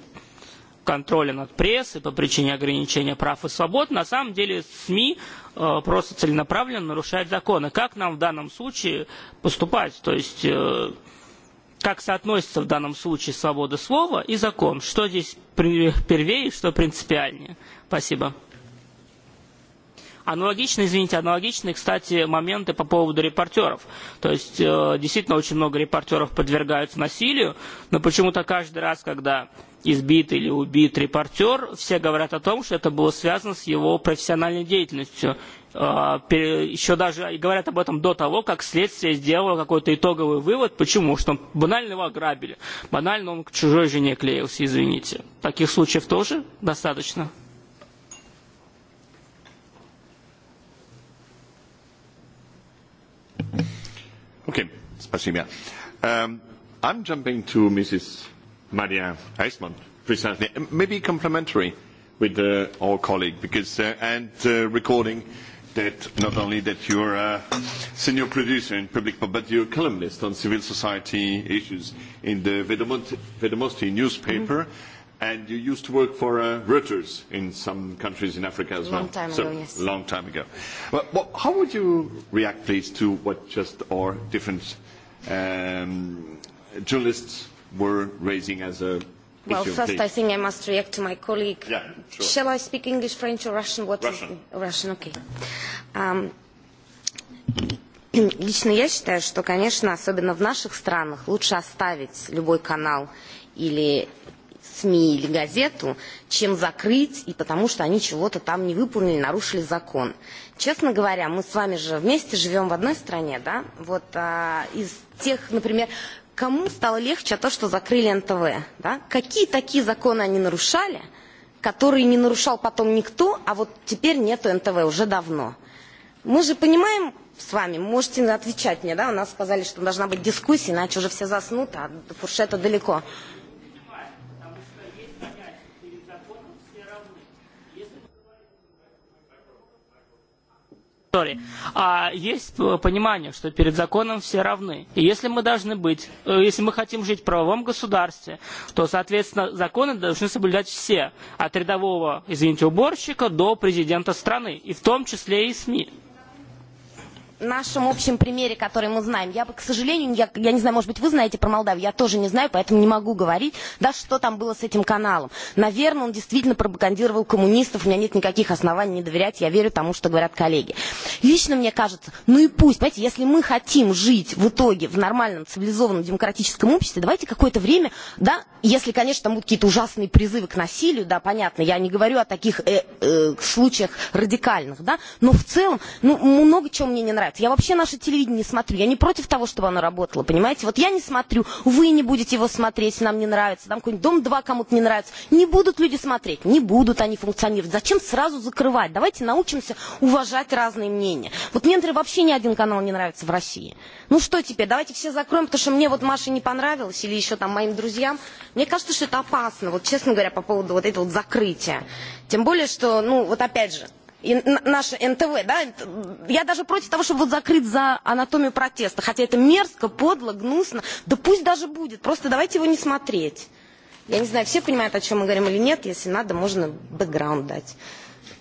контроля над прессой по причине ограничения прав и свобод, на самом деле СМИ э, просто целенаправленно нарушают законы. Как нам в данном случае поступать? То есть э, как соотносится в данном случае свобода слова и закон? Что здесь первее, что принципиальнее? Спасибо. Аналогичные, извините, аналогичные, кстати, моменты по поводу репортеров. То есть, э, действительно, очень много репортеров подвергаются насилию, но почему-то каждый раз, когда избит или убит репортер, все говорят о том, что это было связано с его профессиональной деятельностью. Еще даже говорят об этом до того, как следствие сделало какой-то итоговый вывод. Почему? Что банально его ограбили. Банально он к чужой жене клеился, извините. Таких случаев тоже достаточно. Okay, спасибо. Um, I'm jumping to Mrs. Maria Heisman, precisely. Maybe complementary with uh, our colleague, because uh, and uh, recording that not only that you're a senior producer in public, but you're a columnist on civil society issues in the Vedomosti newspaper, and you used to work for uh, Reuters in some countries in Africa as well. Long time so, ago, yes. Long time ago. Well, well, how would you react, please, to what just our different um, journalists were raising as a Well, first I think I must react to my colleague. Yeah, sure. Shall I speak English, French or Russian? What Russian. Is Russian, okay. Um, лично я считаю, что, конечно, особенно в наших странах лучше оставить любой канал или СМИ или газету, чем закрыть, и потому что они чего-то там не выполнили, нарушили закон. Честно говоря, мы с вами же вместе живем в одной стране, да? Вот а, из тех, например, кому стало легче то, что закрыли НТВ. Да? Какие такие законы они нарушали, которые не нарушал потом никто, а вот теперь нету НТВ уже давно. Мы же понимаем с вами, можете отвечать мне, да, у нас сказали, что должна быть дискуссия, иначе уже все заснут, а до фуршета далеко. А есть э, понимание, что перед законом все равны. И если мы должны быть, э, если мы хотим жить в правовом государстве, то, соответственно, законы должны соблюдать все, от рядового, извините, уборщика до президента страны, и в том числе и СМИ нашем общем примере, который мы знаем. Я, бы, к сожалению, я, я не знаю, может быть, вы знаете про Молдавию, я тоже не знаю, поэтому не могу говорить, да, что там было с этим каналом. Наверное, он действительно пропагандировал коммунистов, у меня нет никаких оснований не доверять, я верю тому, что говорят коллеги. Лично мне кажется, ну и пусть, понимаете, если мы хотим жить в итоге в нормальном, цивилизованном, демократическом обществе, давайте какое-то время, да, если, конечно, там будут какие-то ужасные призывы к насилию, да, понятно, я не говорю о таких э, э, случаях радикальных, да, но в целом, ну, много чего мне не нравится выбирать. Я вообще наше телевидение не смотрю. Я не против того, чтобы оно работало, понимаете? Вот я не смотрю, вы не будете его смотреть, нам не нравится. Там какой-нибудь «Дом-2» кому-то не нравится. Не будут люди смотреть, не будут они функционировать. Зачем сразу закрывать? Давайте научимся уважать разные мнения. Вот мне, например, вообще ни один канал не нравится в России. Ну что теперь, давайте все закроем, потому что мне вот Маше не понравилось, или еще там моим друзьям. Мне кажется, что это опасно, вот честно говоря, по поводу вот этого вот закрытия. Тем более, что, ну, вот опять же, наше нтв да я даже против того чтобы вот закрыть за анатомию протеста хотя это мерзко подло гнусно да пусть даже будет просто давайте его не смотреть я не знаю все понимают о чем мы говорим или нет если надо можно бэкграунд дать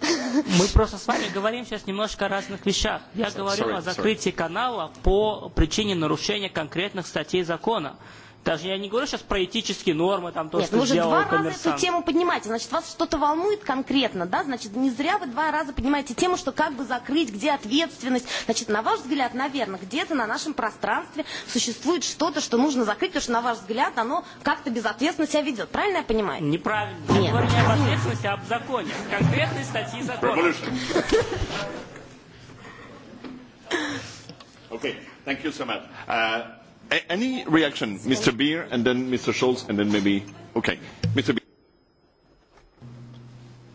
мы просто с вами говорим сейчас немножко о разных вещах. Я говорю о закрытии канала по причине нарушения конкретных статей закона. Даже я не говорю сейчас про этические нормы, там то, Нет, что вы же два коммерсант. раза эту тему поднимаете, значит, вас что-то волнует конкретно, да, значит, не зря вы два раза поднимаете тему, что как бы закрыть, где ответственность, значит, на ваш взгляд, наверное, где-то на нашем пространстве существует что-то, что нужно закрыть, потому что, на ваш взгляд, оно как-то безответственно себя ведет, правильно я понимаю? Неправильно, Нет. я говорю не об ответственности, а об законе, конкретной статьи закона. Okay, thank you so much. Uh, any reaction, Mr. Beer, and then Mr. Scholz, and then maybe okay, Mr. Beer.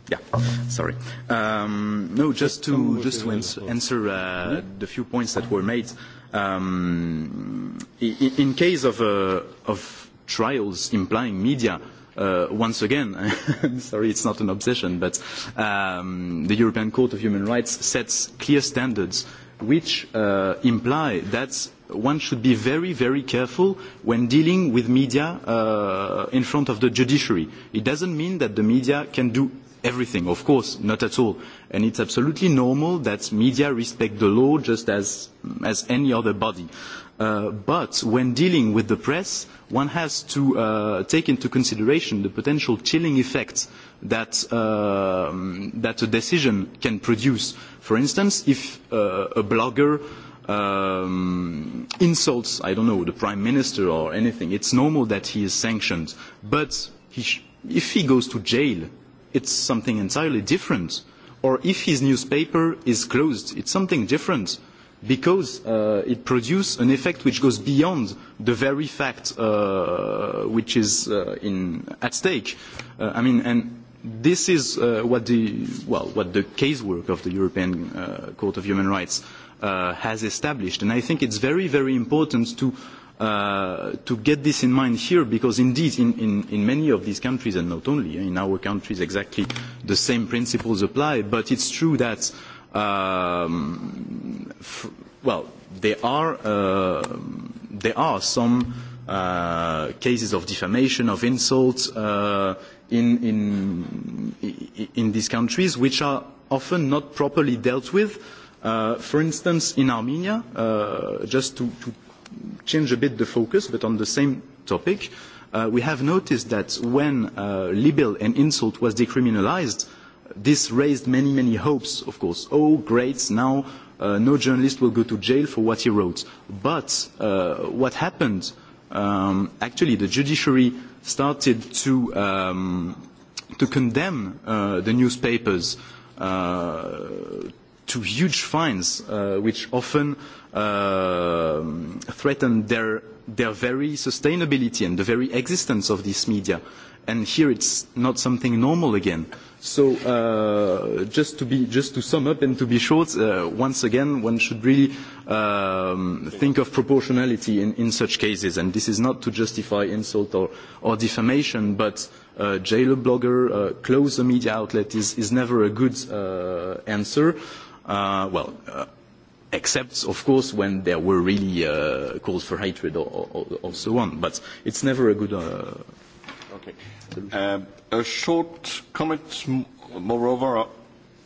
Yeah, sorry. Um, no, just to just to answer uh, the few points that were made. Um, in case of uh, of trials implying media, uh, once again, sorry, it's not an obsession, but um, the European Court of Human Rights sets clear standards which uh, imply that one should be very, very careful when dealing with media in front of the judiciary. It doesn't mean that the media can do everything, of course, not at all. And it's absolutely normal that media respect the law just as, as any other body. but when dealing with the press, one has to take into consideration the potential chilling effects that, a decision can produce. For instance, if a blogger insults, I don't know, the prime minister or anything, it's normal that he is sanctioned. But if he goes to jail, it's something entirely different. Or if his newspaper is closed, it's something different because it produces an effect which goes beyond the very fact which is at stake. I mean, and this is what the well, what the casework of the European Court of Human Rights has established. And I think it's very, very important to to get this in mind here because indeed in, in, in many of these countries and not only in our countries exactly the same principles apply but it's true that um, f well there are uh, there are some uh, cases of defamation of insults uh, in, in in these countries which are often not properly dealt with uh, for instance, in Armenia, just to, change a bit the focus, but on the same topic, we have noticed that when libel and insult was decriminalised, this raised many, many hopes, of course. Oh, great, now no journalist will go to jail for what he wrote. But what happened, actually, the judiciary started to, condemn the newspapers to huge fines, which often threaten their, their very sustainability and the very existence of these media. And here it's not something normal again. So uh, just, to be, just to sum up and to be short, uh, once again, one should really um, think of proportionality in, in such cases. And this is not to justify insult or, or defamation, but uh, jail a blogger, uh, close a media outlet is, is never a good uh, answer uh, well, uh, except, of course, when there were really uh, calls for hatred or, or, or so on. But it's never a good. Uh, okay. Um, a short comment, moreover.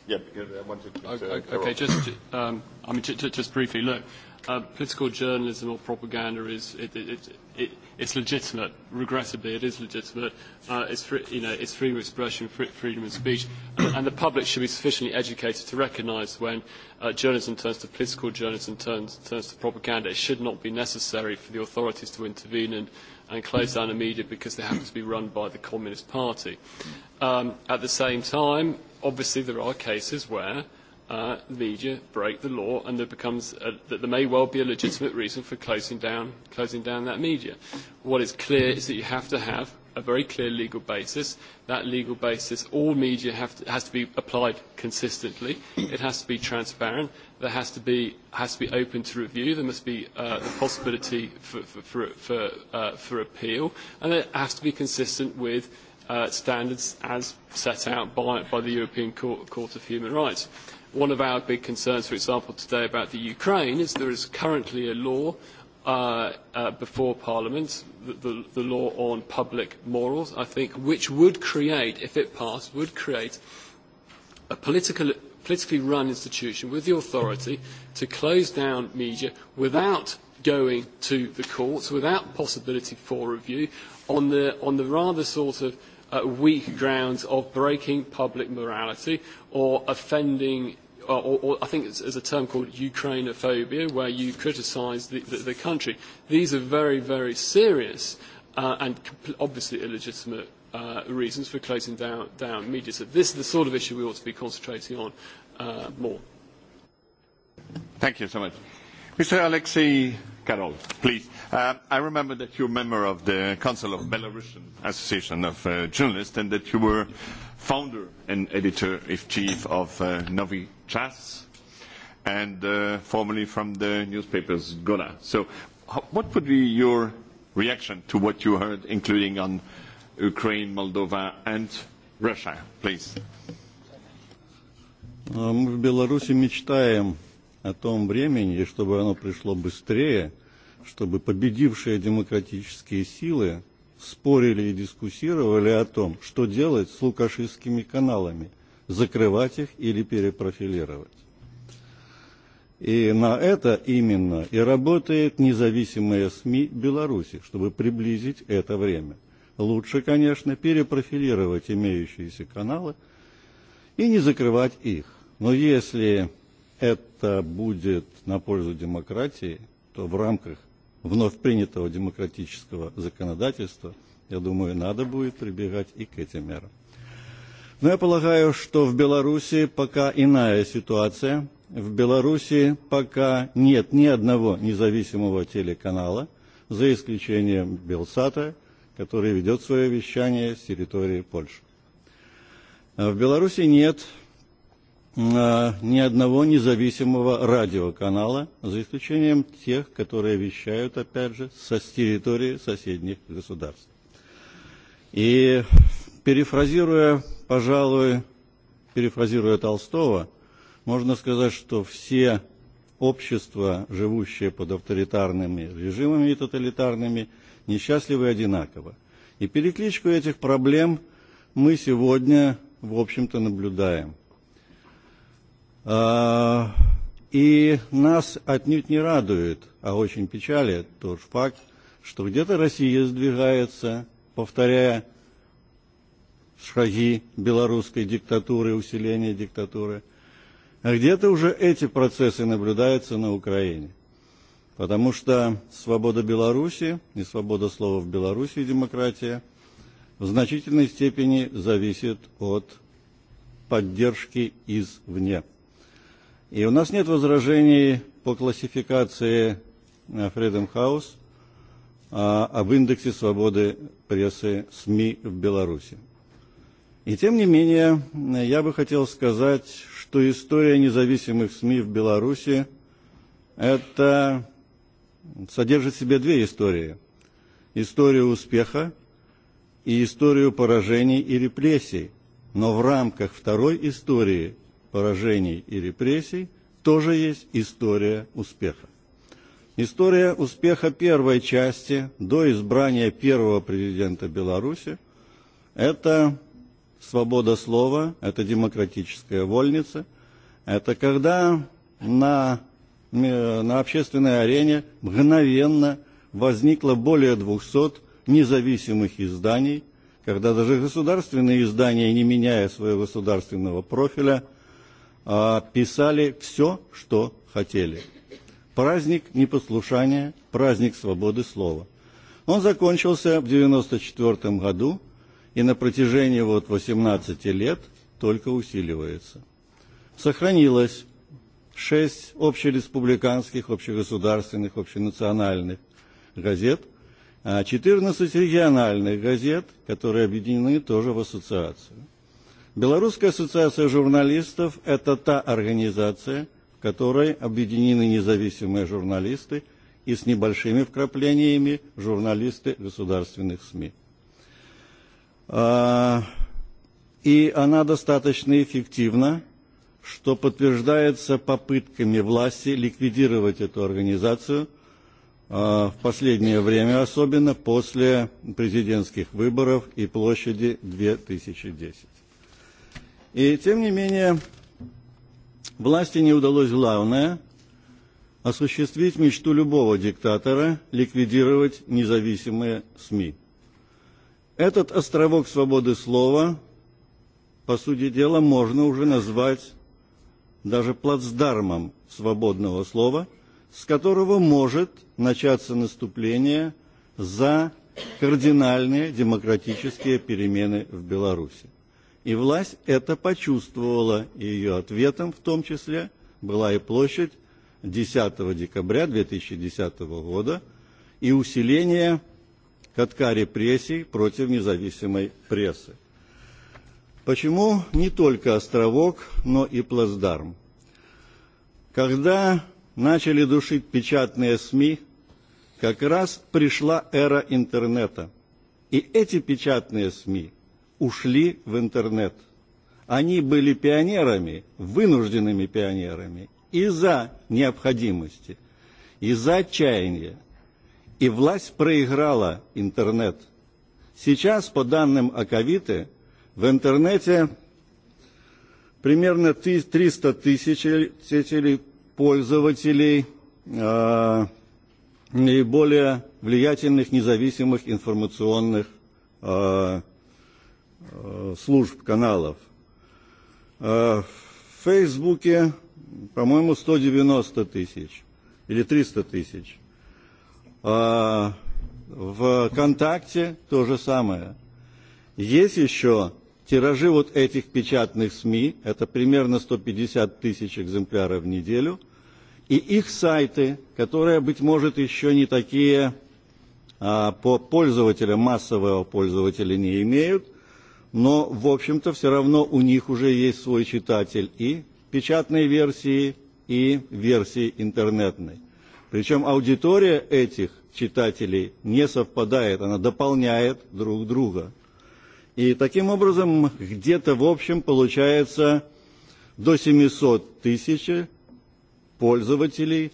Yeah, because I wanted to. Okay, okay just, um, I mean, just briefly, look, uh, political journalism or propaganda is. It, it, it, it, it's legitimate. Regrettably, it is legitimate. Uh, it's, free, you know, it's freedom of expression, free, freedom of speech, and, and the public should be sufficiently educated to recognise when uh, journalism turns to political journalism, turns, turns to propaganda. It should not be necessary for the authorities to intervene and, and close down the media because they happen to be run by the Communist Party. Um, at the same time, obviously, there are cases where media break the law, and there becomes a, that there may well be a legitimate reason for closing down closing down that media. What is clear is that you have to have a very clear legal basis. That legal basis, all media have to, has to be applied consistently. It has to be transparent. There has to be has to be open to review. There must be uh, the possibility for for for, for, uh, for appeal, and it has to be consistent with uh, standards as set out by, by the European Court, Court of Human Rights One of our big concerns, for example, today about the Ukraine is there is currently a law before Parliament, the, the law on public morals, I think, which would create, if it passed, would create a political, politically run institution with the authority to close down media without going to the courts, without possibility for review, on the, on the rather sort of weak grounds of breaking public morality or offending or, or I think it's, there's a term called Ukrainophobia, where you criticise the, the, the country. These are very, very serious uh, and obviously illegitimate uh, reasons for closing down, down media. So this is the sort of issue we ought to be concentrating on uh, more. Thank you so much. Mr. Alexei Karol, please. I remember that you are a member of the Council of Belarusian Association of Journalists and that you were founder and editor-in-chief of Novi Chas and formerly from the newspapers Gola. So what would be your reaction to what you heard, including on Ukraine, Moldova and Russia, please? Мы в Беларуси мечтаем о том времени, чтобы оно пришло быстрее – чтобы победившие демократические силы спорили и дискуссировали о том, что делать с лукашистскими каналами, закрывать их или перепрофилировать. И на это именно и работает независимые СМИ Беларуси, чтобы приблизить это время. Лучше, конечно, перепрофилировать имеющиеся каналы и не закрывать их. Но если это будет на пользу демократии, то в рамках вновь принятого демократического законодательства, я думаю, надо будет прибегать и к этим мерам. Но я полагаю, что в Беларуси пока иная ситуация. В Беларуси пока нет ни одного независимого телеканала, за исключением Белсата, который ведет свое вещание с территории Польши. В Беларуси нет ни одного независимого радиоканала, за исключением тех, которые вещают, опять же, со, с территории соседних государств. И перефразируя, пожалуй, перефразируя Толстого, можно сказать, что все общества, живущие под авторитарными режимами и тоталитарными, несчастливы одинаково. И перекличку этих проблем мы сегодня, в общем-то, наблюдаем. И нас отнюдь не радует, а очень печалит тот факт, что где-то Россия сдвигается, повторяя шаги белорусской диктатуры, усиления диктатуры, а где-то уже эти процессы наблюдаются на Украине. Потому что свобода Беларуси и свобода слова в Беларуси и демократия в значительной степени зависит от поддержки извне. И у нас нет возражений по классификации э, Freedom House об индексе свободы прессы СМИ в Беларуси. И тем не менее, э, я бы хотел сказать, что история независимых СМИ в Беларуси это содержит в себе две истории. Историю успеха и историю поражений и репрессий. Но в рамках второй истории – поражений и репрессий тоже есть история успеха. История успеха первой части до избрания первого президента Беларуси – это свобода слова, это демократическая вольница, это когда на, э, на общественной арене мгновенно возникло более 200 независимых изданий, когда даже государственные издания, не меняя своего государственного профиля – писали все, что хотели. Праздник непослушания, праздник свободы слова. Он закончился в 1994 году и на протяжении вот 18 лет только усиливается. Сохранилось шесть общереспубликанских, общегосударственных, общенациональных газет, 14 региональных газет, которые объединены тоже в ассоциацию. Белорусская ассоциация журналистов – это та организация, в которой объединены независимые журналисты и с небольшими вкраплениями журналисты государственных СМИ. И она достаточно эффективна, что подтверждается попытками власти ликвидировать эту организацию – в последнее время, особенно после президентских выборов и площади 2010. И тем не менее, власти не удалось главное – осуществить мечту любого диктатора – ликвидировать независимые СМИ. Этот островок свободы слова, по сути дела, можно уже назвать даже плацдармом свободного слова, с которого может начаться наступление за кардинальные демократические перемены в Беларуси. И власть это почувствовала, и ее ответом в том числе была и площадь 10 декабря 2010 года и усиление катка репрессий против независимой прессы. Почему не только островок, но и плацдарм? Когда начали душить печатные СМИ, как раз пришла эра интернета. И эти печатные СМИ – ушли в интернет. Они были пионерами, вынужденными пионерами, из-за необходимости, из-за отчаяния. И власть проиграла интернет. Сейчас, по данным Аковиты, в интернете примерно 300 тысяч пользователей наиболее влиятельных независимых информационных служб, каналов. В Фейсбуке, по-моему, 190 тысяч или 300 тысяч. В ВКонтакте то же самое. Есть еще тиражи вот этих печатных СМИ, это примерно 150 тысяч экземпляров в неделю, и их сайты, которые, быть может, еще не такие а, по пользователям, массового пользователя не имеют – но, в общем-то, все равно у них уже есть свой читатель и печатной версии, и версии интернетной. Причем аудитория этих читателей не совпадает, она дополняет друг друга. И таким образом где-то в общем получается до 700 тысяч пользователей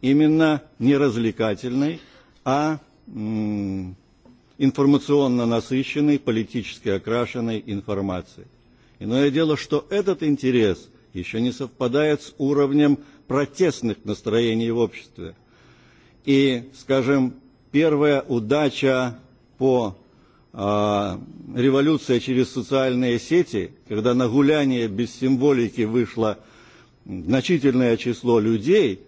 именно не развлекательной, а информационно насыщенной, политически окрашенной информацией. Иное дело, что этот интерес еще не совпадает с уровнем протестных настроений в обществе. И, скажем, первая удача по э, революции через социальные сети, когда на гуляние без символики вышло значительное число людей,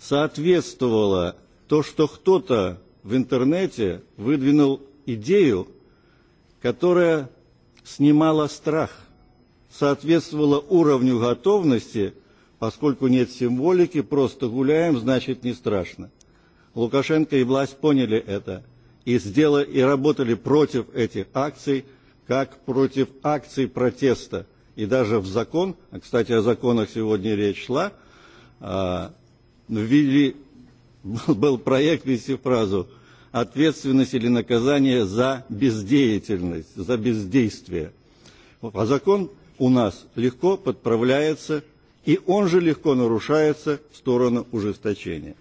соответствовало то, что кто-то в интернете выдвинул идею, которая снимала страх, соответствовала уровню готовности, поскольку нет символики, просто гуляем, значит не страшно. Лукашенко и власть поняли это и, сделали, и работали против этих акций, как против акций протеста. И даже в закон, а, кстати, о законах сегодня речь шла, ввели, был проект, вести фразу – ответственность или наказание за бездеятельность, за бездействие. А закон у нас легко подправляется, и он же легко нарушается в сторону ужесточения.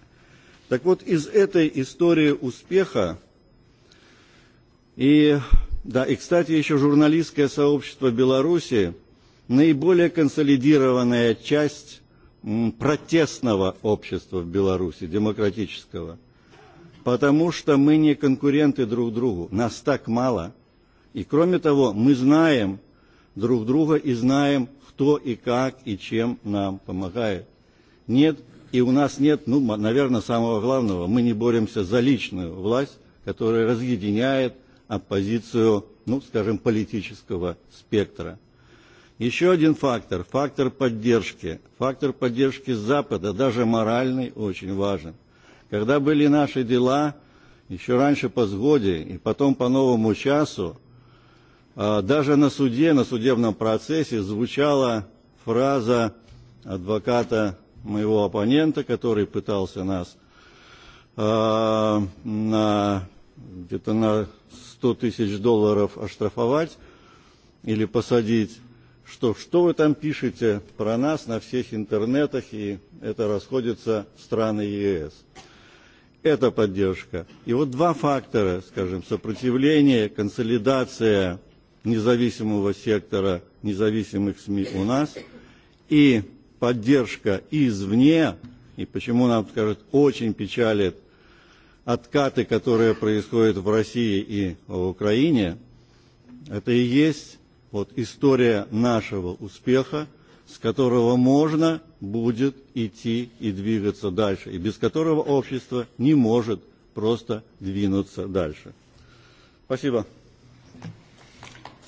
Так вот, из этой истории успеха и, да, и, кстати, еще журналистское сообщество Беларуси наиболее консолидированная часть протестного общества в Беларуси, демократического – потому что мы не конкуренты друг другу, нас так мало. И кроме того, мы знаем друг друга и знаем, кто и как и чем нам помогает. Нет, и у нас нет, ну, наверное, самого главного, мы не боремся за личную власть, которая разъединяет оппозицию, ну, скажем, политического спектра. Еще один фактор, фактор поддержки. Фактор поддержки Запада, даже моральный, очень важен. Когда были наши дела, еще раньше по сгоде и потом по новому часу, даже на суде, на судебном процессе звучала фраза адвоката моего оппонента, который пытался нас на где-то на 100 тысяч долларов оштрафовать или посадить, что что вы там пишете про нас на всех интернетах, и это расходится страны ЕС это поддержка. И вот два фактора, скажем, сопротивление, консолидация независимого сектора, независимых СМИ у нас и поддержка извне, и почему нам, скажут, очень печалит откаты, которые происходят в России и в Украине, это и есть вот история нашего успеха, с которого можно будет идти и двигаться дальше, и без которого общество не может просто двинуться дальше. Спасибо.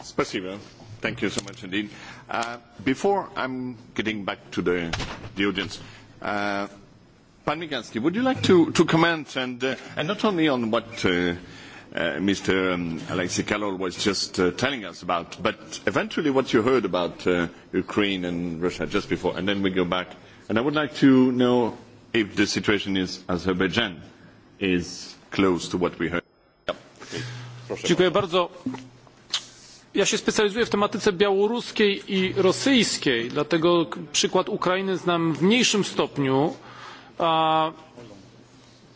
Спасибо. Thank you so much indeed. Uh, before I'm getting back to the, the audience, uh, Pan Migansky, would you like to, to comment and, uh, and not only on what uh, Mr. Alexei Kalol was just telling us about. But eventually, what you heard about Ukraine and Russia just before, and then we go back. And I would like to know if the situation in Azerbaijan is close to what we heard. Ja się specjalizuję w tematyce białoruskiej i rosyjskiej, dlatego przykład Ukrainy znam w mniejszym stopniu.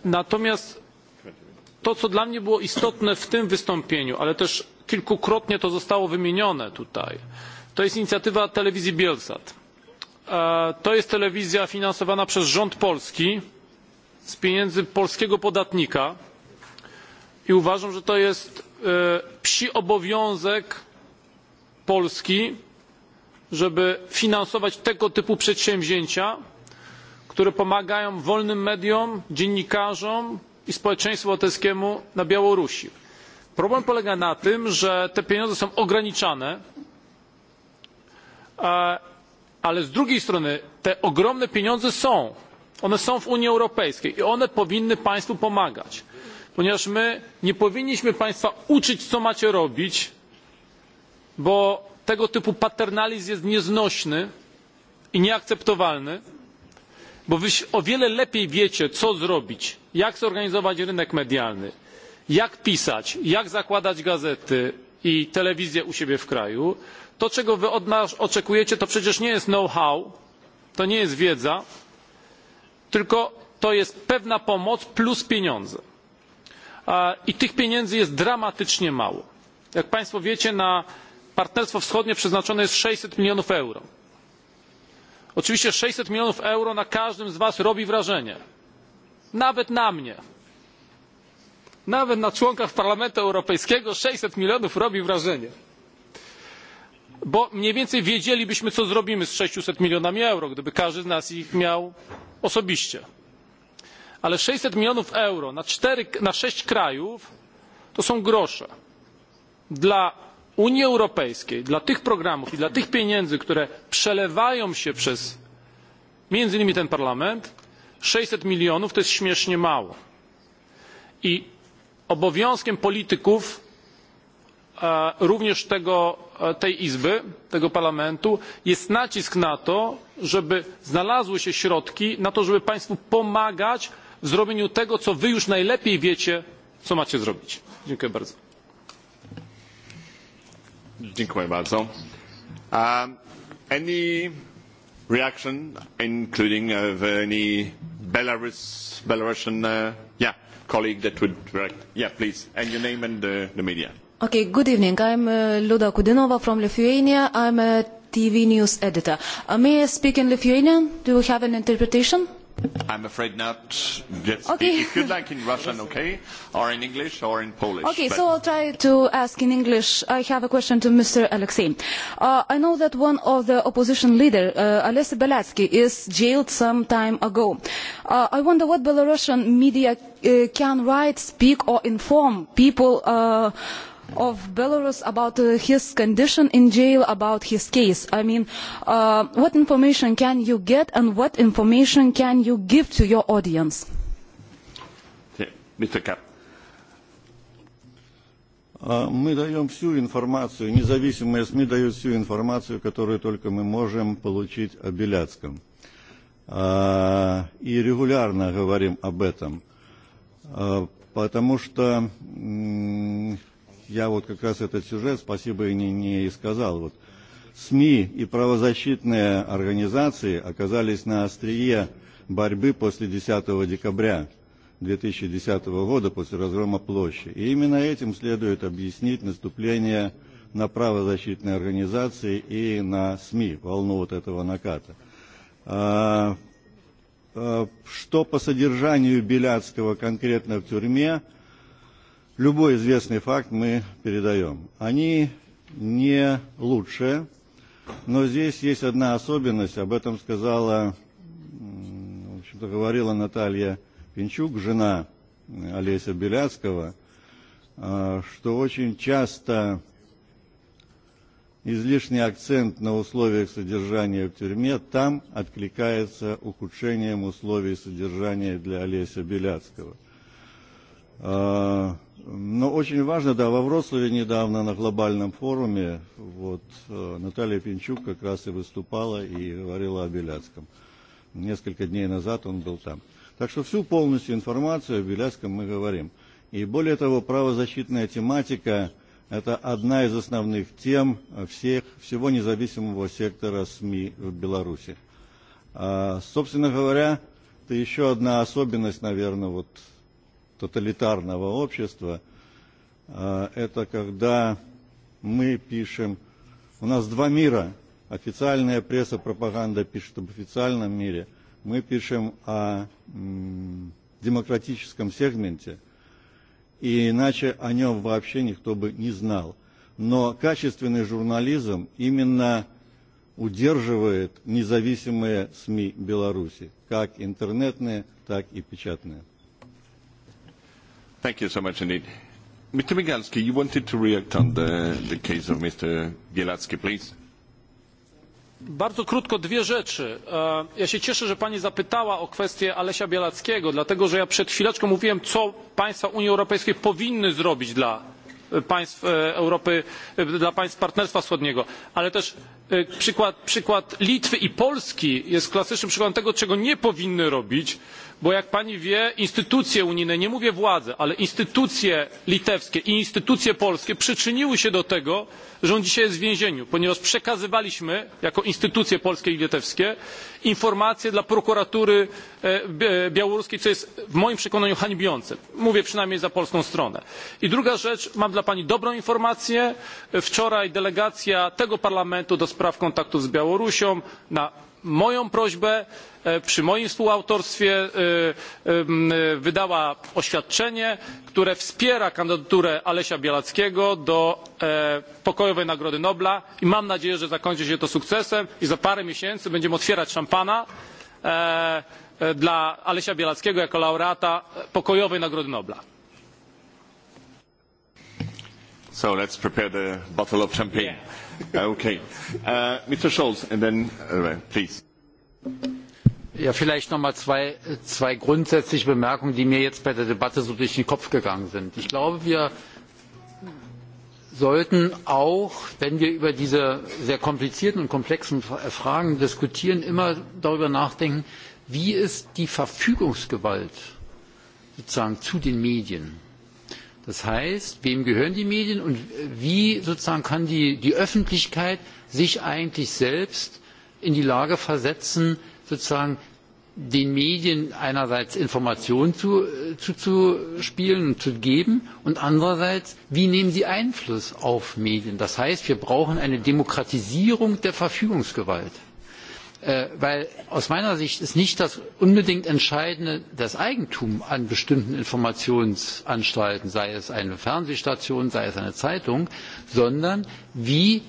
Natomiast to, co dla mnie było istotne w tym wystąpieniu, ale też kilkukrotnie to zostało wymienione tutaj, to jest inicjatywa telewizji Bielsat. To jest telewizja finansowana przez rząd polski z pieniędzy polskiego podatnika i uważam, że to jest psi obowiązek Polski, żeby finansować tego typu przedsięwzięcia, które pomagają wolnym mediom, dziennikarzom, i społeczeństwu obywatelskiemu na Białorusi. Problem polega na tym, że te pieniądze są ograniczane, ale z drugiej strony te ogromne pieniądze są. One są w Unii Europejskiej i one powinny państwu pomagać, ponieważ my nie powinniśmy państwa uczyć, co macie robić, bo tego typu paternalizm jest nieznośny i nieakceptowalny bo wy o wiele lepiej wiecie co zrobić jak zorganizować rynek medialny jak pisać jak zakładać gazety i telewizję u siebie w kraju to czego wy od nas oczekujecie to przecież nie jest know how to nie jest wiedza tylko to jest pewna pomoc plus pieniądze i tych pieniędzy jest dramatycznie mało. jak państwo wiecie na partnerstwo wschodnie przeznaczone jest sześćset milionów euro Oczywiście 600 milionów euro na każdym z Was robi wrażenie. Nawet na mnie. Nawet na członkach Parlamentu Europejskiego 600 milionów robi wrażenie. Bo mniej więcej wiedzielibyśmy, co zrobimy z 600 milionami euro, gdyby każdy z nas ich miał osobiście. Ale 600 milionów euro na, 4, na 6 krajów to są grosze dla Unii Europejskiej dla tych programów i dla tych pieniędzy, które przelewają się przez między innymi ten parlament, sześćset milionów to jest śmiesznie mało. I obowiązkiem polityków również tej Izby, tego Parlamentu, jest nacisk na to, żeby znalazły się środki na to, żeby Państwu pomagać w zrobieniu tego, co Wy już najlepiej wiecie, co macie zrobić. Dziękuję bardzo. Dziękuję bardzo. Um, any reaction, including of any Belarus, Belarusian, uh, yeah, colleague that would direct? Yeah, please, and your name and uh, the media. Okay, good evening. I'm uh, Luda Kudinova from Lithuania. I'm a TV news editor. Uh, may I speak in Lithuanian? Do you have an interpretation? I'm afraid not. Just okay. if you'd like in Russian, okay, or in English or in Polish. Okay, so I'll try to ask in English. I have a question to Mr. Alexei. Uh, I know that one of the opposition leader, uh, Alessi Belatsky, is jailed some time ago. Uh, I wonder what Belarusian media uh, can write, speak, or inform people. Uh, of Belarus about his condition in jail, about his case? I mean, what information can you get and what information can you give to your audience? Mr. Kapp. Мы даем всю информацию, независимые СМИ дают всю информацию, которую только мы можем получить о Беляцком. И регулярно говорим об этом, потому что я вот как раз этот сюжет, спасибо, не, не сказал. Вот. СМИ и правозащитные организации оказались на острие борьбы после 10 декабря 2010 года, после разгрома площади. И именно этим следует объяснить наступление на правозащитные организации и на СМИ, волну вот этого наката. Что по содержанию Беляцкого конкретно в тюрьме – любой известный факт мы передаем. Они не лучше, но здесь есть одна особенность, об этом сказала, в общем-то, говорила Наталья Пинчук, жена Олеся Беляцкого, что очень часто излишний акцент на условиях содержания в тюрьме там откликается ухудшением условий содержания для Олеся Беляцкого но очень важно, да, во Вроцлаве недавно на глобальном форуме вот, э, Наталья Пинчук как раз и выступала и говорила о Беляцком. Несколько дней назад он был там. Так что всю полностью информацию о Беляцком мы говорим. И более того, правозащитная тематика – это одна из основных тем всех, всего независимого сектора СМИ в Беларуси. А, собственно говоря, это еще одна особенность, наверное, вот тоталитарного общества, это когда мы пишем... У нас два мира. Официальная пресса, пропаганда пишет об официальном мире. Мы пишем о демократическом сегменте, и иначе о нем вообще никто бы не знал. Но качественный журнализм именно удерживает независимые СМИ Беларуси, как интернетные, так и печатные. Thank you so much indeed. Mr. Migalski, you wanted to react on the, the case of Mr. Bielacki, please. Bardzo krótko dwie rzeczy. Ja się cieszę, że Pani zapytała o kwestię Alesia Bielackiego, dlatego że ja przed chwileczką mówiłem, co państwa Unii Europejskiej powinny zrobić dla państw Europy, dla państw Partnerstwa Wschodniego, ale też przykład Litwy i Polski jest klasycznym przykładem tego, czego nie powinny robić, bo jak pani wie, instytucje unijne, nie mówię władze, ale instytucje litewskie i instytucje polskie przyczyniły się do tego, że on dzisiaj jest w więzieniu, ponieważ przekazywaliśmy jako instytucje polskie i litewskie informacje dla prokuratury białoruskiej, co jest w moim przekonaniu hańbiące. Mówię przynajmniej za polską stronę. I druga rzecz, mam dla pani dobrą informację. Wczoraj delegacja tego parlamentu do spraw kontaktów z białorusią na moją prośbę przy moim współautorstwie wydała oświadczenie które wspiera kandydaturę alesia białackiego do pokojowej nagrody nobla i mam nadzieję że zakończy się to sukcesem i za parę miesięcy będziemy otwierać szampana dla alesia białackiego jako laureata pokojowej nagrody nobla. so let's prepare the bottle of champagne. Okay. Uh, Mr. Scholz, and then, uh, please. Ja, vielleicht noch mal zwei, zwei grundsätzliche Bemerkungen, die mir jetzt bei der Debatte so durch den Kopf gegangen sind. Ich glaube, wir sollten auch, wenn wir über diese sehr komplizierten und komplexen Fragen diskutieren, immer darüber nachdenken, wie ist die Verfügungsgewalt sozusagen zu den Medien? Das heißt, wem gehören die Medien und wie kann die, Öffentlichkeit sich eigentlich selbst in die Lage versetzen, den Medien einerseits Informationen zuzuspielen und zu geben und andererseits, wie nehmen sie Einfluss auf Medien? Das heißt, wir brauchen eine Demokratisierung der Verfügungsgewalt weil aus meiner sicht ist nicht das unbedingt entscheidende das eigentum an bestimmten informationsanstalten sei es eine fernsehstation sei es eine zeitung sondern wie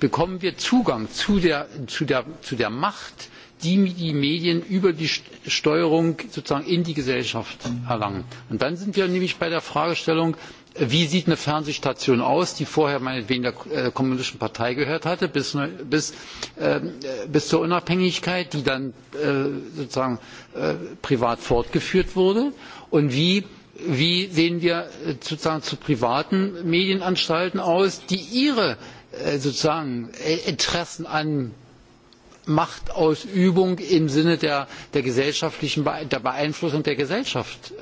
bekommen wir zugang zu der macht die die medien über die steuerung sozusagen in die gesellschaft erlangen? und dann sind wir nämlich bei der fragestellung wie sieht eine fernsehstation aus die vorher meinetwegen der kommunistischen partei gehört hatte bis zur unabhängigkeit die dann sozusagen privat fortgeführt wurde und wie sehen wir sozusagen zu privaten medienanstalten aus die ihre interessen an Machtausübung im Sinne der, gesellschaftlichen Beeinflussung der Gesellschaft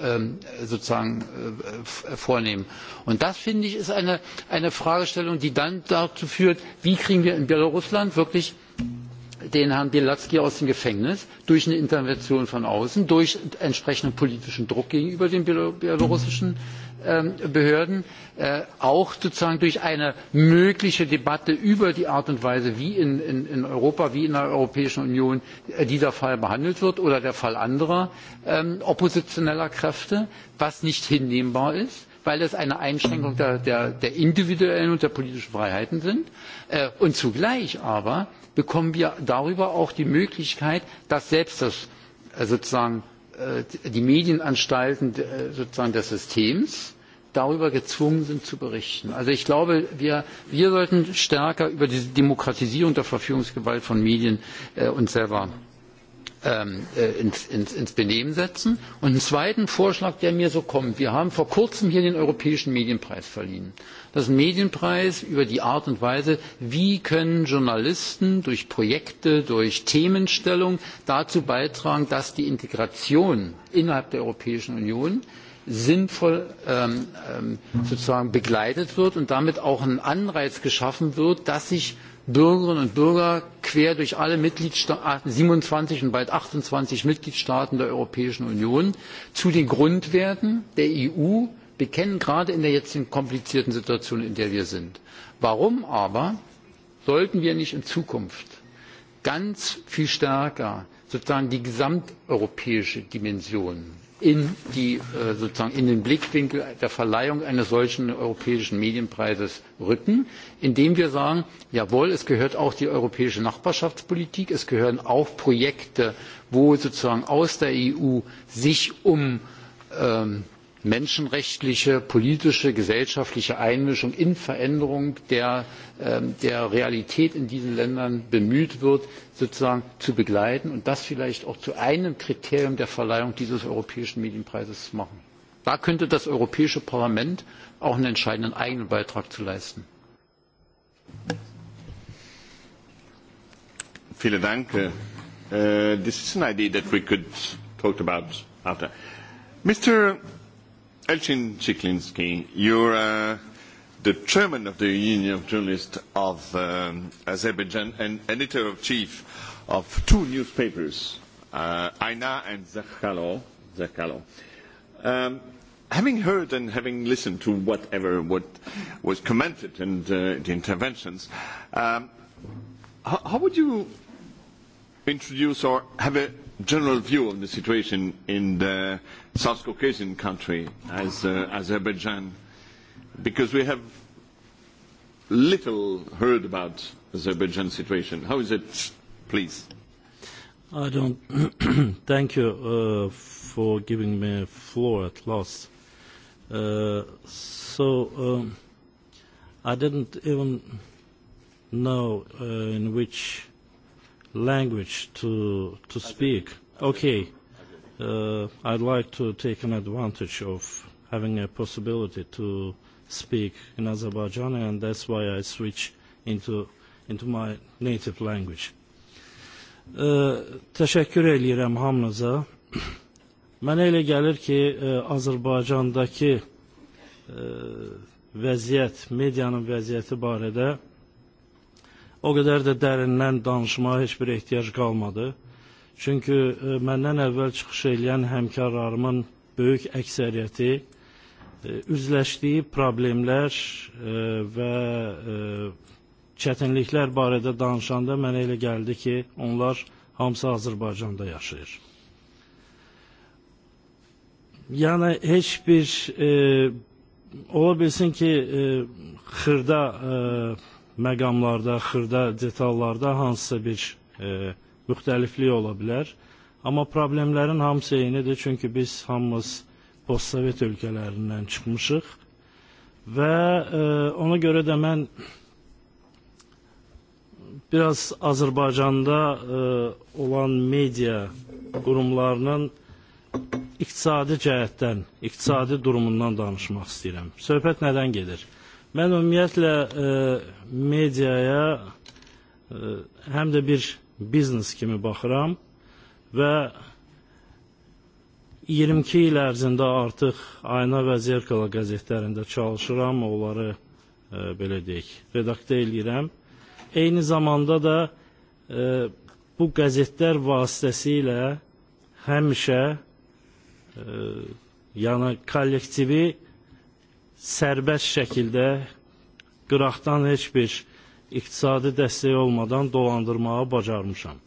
sozusagen vornehmen. Und das, finde ich, ist eine, Fragestellung, die dann dazu führt, wie kriegen wir in Belarusland wirklich den Herrn Bielatsky aus dem Gefängnis durch eine Intervention von außen, durch entsprechenden politischen Druck gegenüber den belarussischen behörden auch sozusagen durch eine mögliche debatte über die art und weise wie in europa wie in der europäischen union dieser fall behandelt wird oder der fall anderer oppositioneller kräfte was nicht hinnehmbar ist weil es eine einschränkung der individuellen und der politischen freiheiten ist und zugleich aber bekommen wir darüber auch die möglichkeit dass selbst das sozusagen die medienanstalten sozusagen des systems darüber gezwungen sind zu berichten. also ich glaube wir sollten stärker über die demokratisierung der verfügungsgewalt von medien selber ins benehmen setzen. und einen zweiten vorschlag der mir so kommt wir haben vor kurzem hier den europäischen medienpreis verliehen das Medienpreis über die Art und Weise, wie können Journalisten durch Projekte, durch Themenstellung dazu beitragen, dass die Integration innerhalb der Europäischen Union sinnvoll sozusagen begleitet wird und damit auch ein Anreiz geschaffen wird, dass sich Bürgerinnen und Bürger quer durch alle Mitgliedstaaten, 27 und bald 28 Mitgliedstaaten der Europäischen Union zu den Grundwerten der EU bekennen gerade in der jetzigen komplizierten situation in der wir sind. warum aber sollten wir nicht in zukunft ganz viel stärker die gesamteuropäische dimension in, den Blickwinkel der Verleihung eines solchen europäischen Medienpreises rücken, indem wir sagen, jawohl, es gehört auch die europäische Nachbarschaftspolitik, es gehören auch Projekte, wo sozusagen aus der EU sich um menschenrechtliche politische gesellschaftliche einmischung in veränderung der realität in diesen ländern bemüht wird sozusagen zu begleiten und das vielleicht auch zu einem kriterium der verleihung dieses europäischen medienpreises zu machen. da könnte das europäische parlament auch einen entscheidenden eigenen beitrag zu leisten. Vielen Dank. this is an idea that we could talk about after. Mr. Elchin Chiklinski, you're uh, the chairman of the Union of Journalists of um, Azerbaijan and editor of chief of two newspapers, uh, Aina and Zakhalo. Zakhalo. Um, having heard and having listened to whatever what was commented and uh, the interventions, um, how, how would you introduce or have a general view of the situation in the South Caucasian country as uh, Azerbaijan, because we have little heard about Azerbaijan situation. How is it, please? I don't. Thank you uh, for giving me a floor at last. Uh, so um, I didn't even know uh, in which language to to speak. Okay, uh, I'd like to take an advantage of having a possibility to speak in Azerbaijani, and that's why I switch into into my native language. Teşekkür ederim hamınıza. Mənə elə gəlir ki, Azərbaycandakı vəziyyət, medianın vəziyyəti barədə o qədər də dərindən danışmağa heç bir ehtiyac qalmadı. Çünki məndən əvvəl çıxış edən həmkarlarımın böyük əksəriyyəti üzləşdiyi problemlər və çətinliklər barədə danışanda mənə elə gəldi ki, onlar hamısı Azərbaycanda yaşayır. Yəni heç bir e, ola bilsin ki, e, xırda e, məqamlarda, xırda detallarda hansısa bir e, müxtəliflik ola bilər. Amma problemlərin hamısı eynidir, çünki biz hamımız postsovet ölkələrindən çıxmışıq və e, ona görə də mən biraz Azərbaycanda e, olan media qurumlarının iqtisadi cəhətdən, iqtisadi durumundan danışmaq istəyirəm. Söhbət nədən gedir? Mən ümumiyyətlə e, mediaya e, həm də bir biznes kimi baxıram və 22 il ərzində artıq Ayna və Zerkala qəzetlərində çalışıram, onları e, belə deyək, redaktə eləyirəm. Eyni zamanda da e, bu qəzetlər vasitəsilə həmişə e, yəni kollektivi sərbəst şəkildə Qıraqdan heç bir iqtisadi dəstək olmadan dolandırmağı bacarmışam.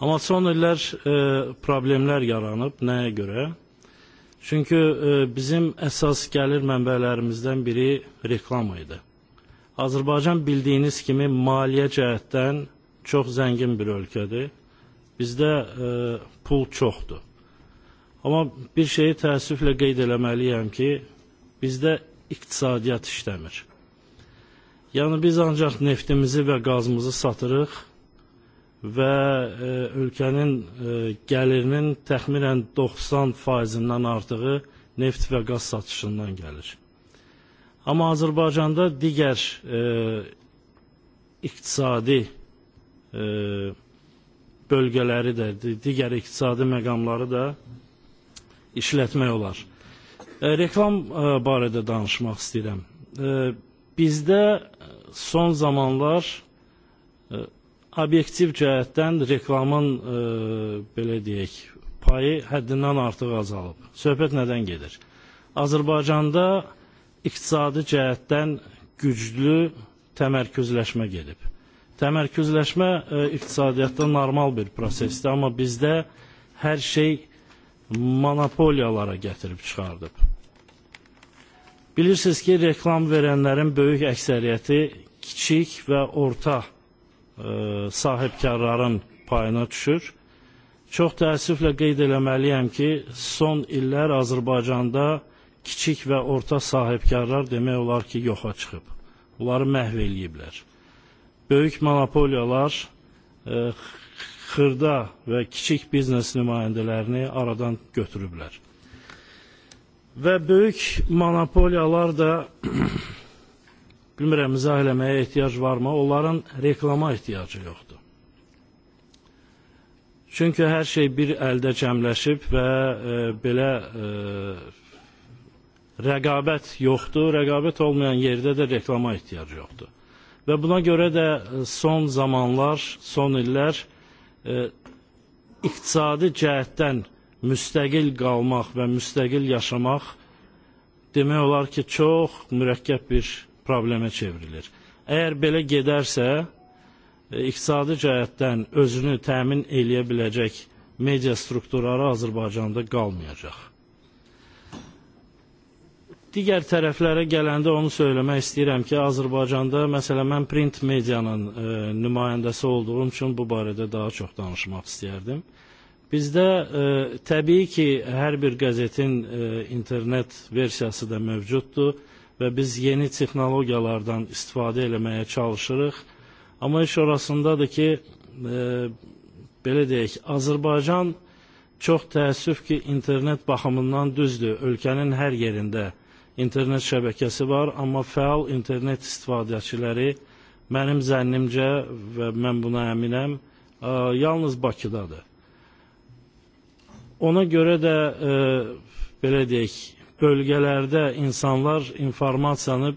Amma son illər e, problemlər yaranıb. Nəyə görə? Çünki e, bizim əsas gəlir mənbələrimizdən biri reklama idi. Azərbaycan bildiyiniz kimi maliyyə cəhətdən çox zəngin bir ölkədir. Bizdə e, pul çoxdur. Amma bir şeyi təəssüflə qeyd eləməliyəm ki, bizdə iqtisadiyyat işləmir. Yəni biz ancaq neftimizi və qazımızı satırıq və e, ölkənin e, gəlirinin təxminən 90 faizindən artığı neft və qaz satışından gəlir. Amma Azərbaycanda digər e, iqtisadi e, bölgələri də, digər iqtisadi məqamları da işlətmək olar reklam barədə danışmaq istəyirəm. Bizdə son zamanlar obyektiv cəhətdən reklamın belə deyək, payı həddindən artıq azalıb. Söhbət nədən gedir? Azərbaycanda iqtisadi cəhətdən güclü təmərküzləşmə gedib. Təmərküzləşmə iqtisadiyyatda normal bir prosesdir, amma bizdə hər şey monopoliyalara gətirib çıxardıb. Bilirsiniz ki, reklam verənlərin böyük əksəriyyəti kiçik və orta e, sahibkarların payına düşür. Çox təəssüflə qeyd eləməliyəm ki, son illər Azərbaycanda kiçik və orta sahibkarlar demək olar ki, yoxa çıxıb. Bunları məhv eləyiblər. Böyük monopoliyalar xırda və kiçik biznes nümayəndələrini aradan götürüblər. Və böyük monopoliyalar da bilmirəm izah eləməyə ehtiyac varmı? Onların reklama ehtiyacı yoxdur. Çünki hər şey bir əldə cəmləşib və e, belə e, rəqabət yoxdur. Rəqabət olmayan yerdə də reklama ehtiyacı yoxdur. Və buna görə də son zamanlar, son illər e, iqtisadi cəhətdən müstəqil qalmaq və müstəqil yaşamaq demək olar ki, çox mürəkkəb bir problemə çevrilir. Əgər belə gedərsə, iqtisadi cəhətdən özünü təmin eləyə biləcək media strukturları Azərbaycanda qalmayacaq. Digər tərəflərə gələndə onu söyləmək istəyirəm ki, Azərbaycanda məsələn mən print medianın e, nümayəndəsi olduğum üçün bu barədə daha çox danışmaq istəyərdim. E, Bizde e, tabii ki her bir gazetin e, internet versiyası da mevcuttu ve biz yeni texnologiyalardan istifadə eləməyə çalışırıq. Amma iş orasındadır ki, e, belə deyək, Azərbaycan çox təəssüf ki, internet baxımından düzdür. Ölkənin hər yerində internet şəbəkəsi var, amma fəal internet istifadəçiləri mənim zənnimcə və mən buna əminəm, e, yalnız Bakıdadır Ona görə də e, belə deyək, bölgələrdə insanlar informasiyanı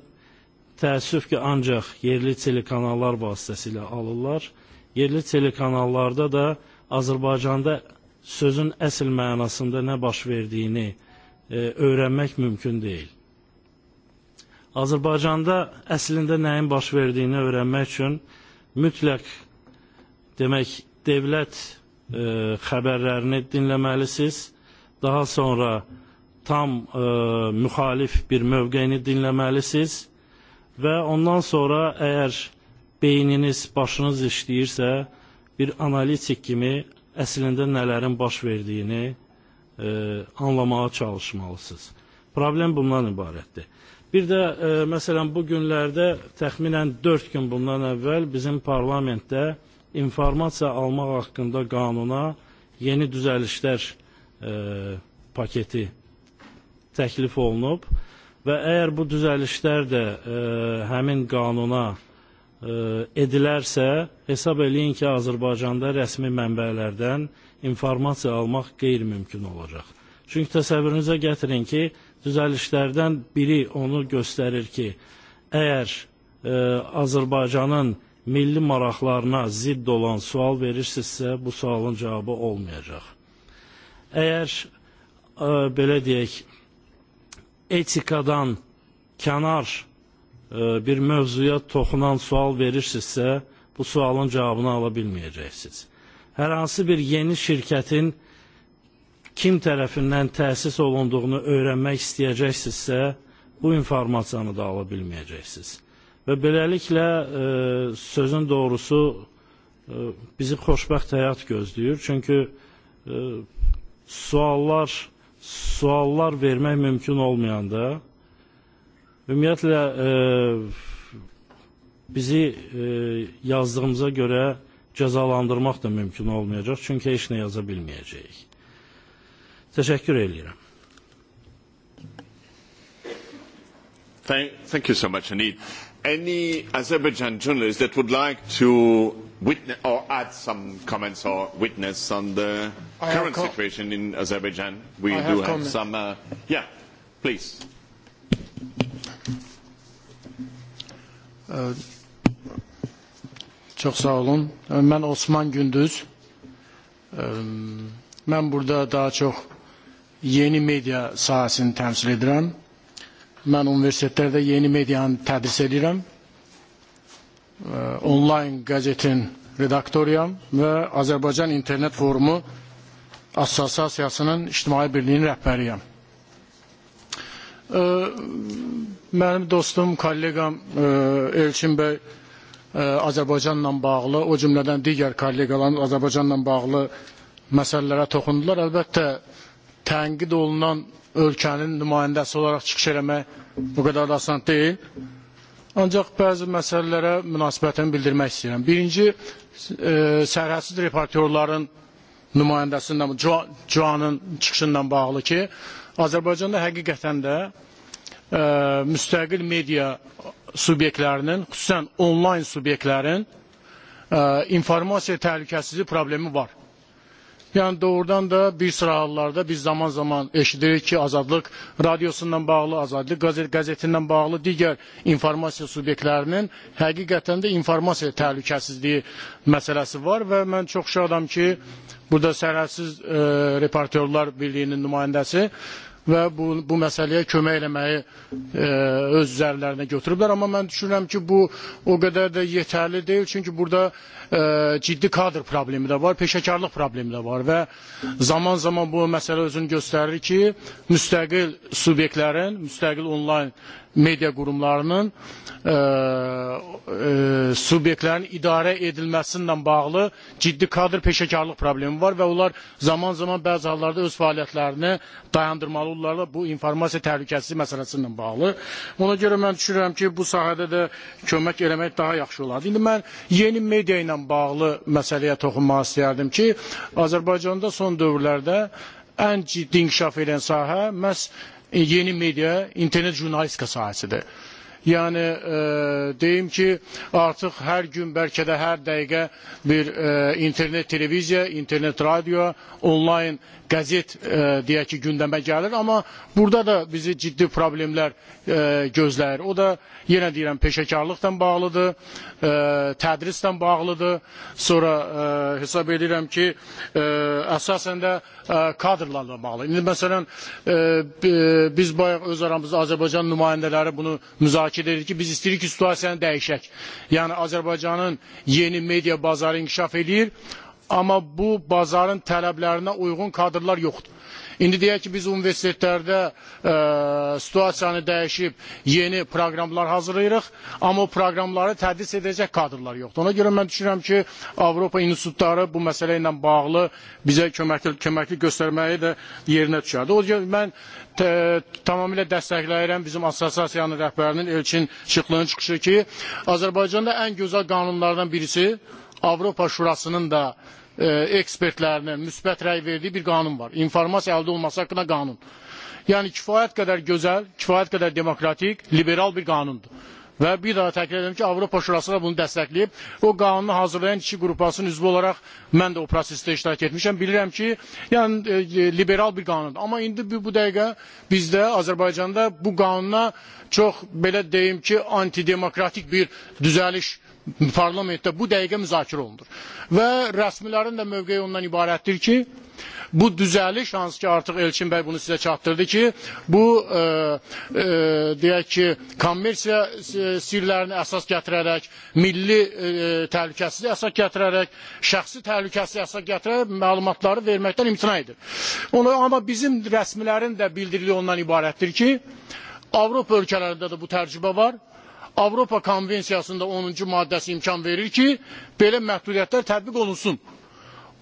təəssüf ki, ancaq yerli telekanallar vasitəsilə alırlar. Yerli telekanallarda da Azərbaycanda sözün əsl mənasında nə baş verdiyini e, öyrənmək mümkün deyil. Azərbaycanda əslində nəyin baş verdiyini öyrənmək üçün mütləq demək, dövlət haberlerini dinlemeliyiz. Daha sonra tam e, müxalif bir mövqeyini dinləməlisiniz və ondan sonra əgər beyniniz, başınız işləyirsə, bir analitik kimi əslində nələrin baş verdiyini e, anlamağa çalışmalısınız. Problem bundan ibarətdir. Bir də e, məsələn bu günlərdə təxminən 4 gün bundan əvvəl bizim parlamentdə informasiya almaq haqqında qanuna yeni düzəlişlər paketi təklif olunub və əgər bu düzəlişlər də həmin qanuna edilərsə, hesab eləyin ki, Azərbaycanda rəsmi mənbələrdən informasiya almaq qeyri-mümkün olacaq. Çünki təsəvvürünüzə gətirin ki, düzəlişlərdən biri onu göstərir ki, əgər Azərbaycanın milli maraqlarına zidd olan sual verirsinizsə, bu sualın cavabı olmayacaq. Əgər ə, belə deyək, etikadan kənar ə, bir mövzuya toxunan sual verirsinizsə, bu sualın cavabını ala bilməyəcəksiniz. Hər hansı bir yeni şirkətin kim tərəfindən təsis olunduğunu öyrənmək istəyəcəksinizsə, bu informasiyanı da ala bilməyəcəksiniz Və beləliklə sözün doğrusu bizi xoşbəxt həyat gözləyir. Çünki suallar suallar vermək mümkün olmayanda ümumiyyətlə bizi yazdığımıza görə cəzalandırmaq da mümkün olmayacaq. Çünki heç nə yaza bilməyəcəyik. Təşəkkür edirəm. Thank, thank you so much indeed any Azerbaijan journalist that would like to witness or add some comments or witness on the current situation in Azerbaijan? We do have some. Uh, yeah, please. Çok sağ olun. Ben Osman Gündüz. Ben burada daha çok yeni medya sahasını temsil ediyorum. Ben üniversitelerde yeni medyanı tədris edirəm. Online gazetin redaktoriyam ve Azerbaycan İnternet Forumu Assosiasiyasının İctimai Birliği'nin rehberiyim. Mənim dostum, kollegam Elçin bəy Azərbaycanla bağlı, o cümlədən digər kollegaların Azərbaycanla bağlı məsələlərə toxundular. Əlbəttə, tənqid olunan ölkənin nümayəndəsi olaraq çıxış eləmək bu qədər də asan deyil. Ancaq bəzi məsələlərə münasibətimi bildirmək istəyirəm. Birinci, sərhədsiz reportyorların nümayəndəsindən, Cuanın çıxışından bağlı ki, Azərbaycanda həqiqətən də müstəqil media subyektlərinin, xüsusən onlayn subyektlərin informasiya təhlükəsizliyi problemi var. Yani doğrudan da bir sıra hallarda biz zaman zaman eşidirik ki Azadlık radyosundan bağlı, Azadlık gazet gazetinden bağlı diğer informasiya subyektlerinin hakikaten de informasiya təhlükəsizliyi meselesi var Ve ben çok şadam ki, burada e, Reportyorlar Birliği'nin nümayəndəsi və bu, bu məsələyə kömək eləməyi öz üzərlərinə götürüblər. Amma mən düşünürəm ki, bu o qədər də yetərli deyil. Çünki burada ciddi kadr problemi də var, peşəkarlıq problemi də var və zaman-zaman bu məsələ özünü göstərir ki, müstəqil subyektlərin, müstəqil onlayn media qurumlarının subyektlərin idarə edilməsi ilə bağlı ciddi kadr peşəkarlıq problemi var və onlar zaman-zaman bəzi hallarda öz fəaliyyətlərini dayandırmalı olurlar bu informasiya təhlükəsizliyi məsələsi ilə bağlı. Ona görə mən düşünürəm ki, bu sahədə də kömək eləmək daha yaxşı olardı. İndi mən yeni media ilə bağlı məsələyə toxunmaq istəyərdim ki, Azərbaycanda son dövrlərdə ən ciddi inkişaf edən sahə məhz yeni medya, internet jurnalistika sohasida Yəni deyim ki, artıq hər gün bəlkə də hər dəqiqə bir internet televiziya, internet radio, onlayn qəzet deyək ki, gündəmə gəlir, amma burada da bizi ciddi problemlər gözləyir. O da yenə deyirəm peşəkarlıqla bağlıdır, tədrislə bağlıdır. Sonra hesab edirəm ki, əsasən də kadrlarla bağlı. İndi məsələn biz bayaq öz aramızda Azərbaycan nümayəndələri bunu müzakirə müzakirə edir ki, biz istəyirik ki, situasiyanı dəyişək. Yəni Azərbaycanın yeni media bazarı inkişaf edir, amma bu bazarın tələblərinə uyğun kadrlar yoxdur. İndi deyək ki, biz universitetlərdə situasiyanı dəyişib yeni proqramlar hazırlayırıq, amma o proqramları tədris edəcək kadrlar yoxdur. Ona görə mən düşünürəm ki, Avropa institutları bu məsələ ilə bağlı bizə köməkli, köməkli göstərməyi də yerinə düşərdi. O görə mən tamamilə dəstəkləyirəm bizim assosiasiyanın rəhbərinin Elçin Şıxlının çıxışı ki, Azərbaycanda ən gözəl qanunlardan birisi Avropa Şurasının da ekspertlerine müsbət rəy verdiyi bir qanun var. İnformasiya əldə olması haqqında qanun. Yəni kifayət qədər gözəl, kifayət qədər demokratik, liberal bir qanundur. Və bir daha təkrar edirəm ki, Avropa Şurası da bunu dəstəkləyib. O qanunu hazırlayan iki qrupasının üzvü olaraq mən də o prosesdə iştirak etmişəm. Bilirəm ki, yəni liberal bir qanundur. Amma indi bu, bu dəqiqə bizdə Azərbaycanda bu qanuna çox belə deyim ki, antidemokratik bir düzəliş parlamentdə bu dəqiqə müzakirə olunur. Və rəsmilərin də mövqeyi ondan ibarətdir ki, bu düzəliş hansı ki artıq Elçin bəy bunu sizə çatdırdı ki, bu deyək ki, kommersiya sirlərini əsas gətirərək, milli təhlükəsizliyi əsas gətirərək, şəxsi təhlükəsizliyi əsas gətirərək məlumatları verməkdən imtina edir. Amma bizim rəsmilərin də bildirdiyi ondan ibarətdir ki, Avropa ölkələrində də bu təcrübə var Avropa Konvensiyasında 10-cu maddəsi imkan verir ki, belə məhdudiyyətlər tətbiq olunsun.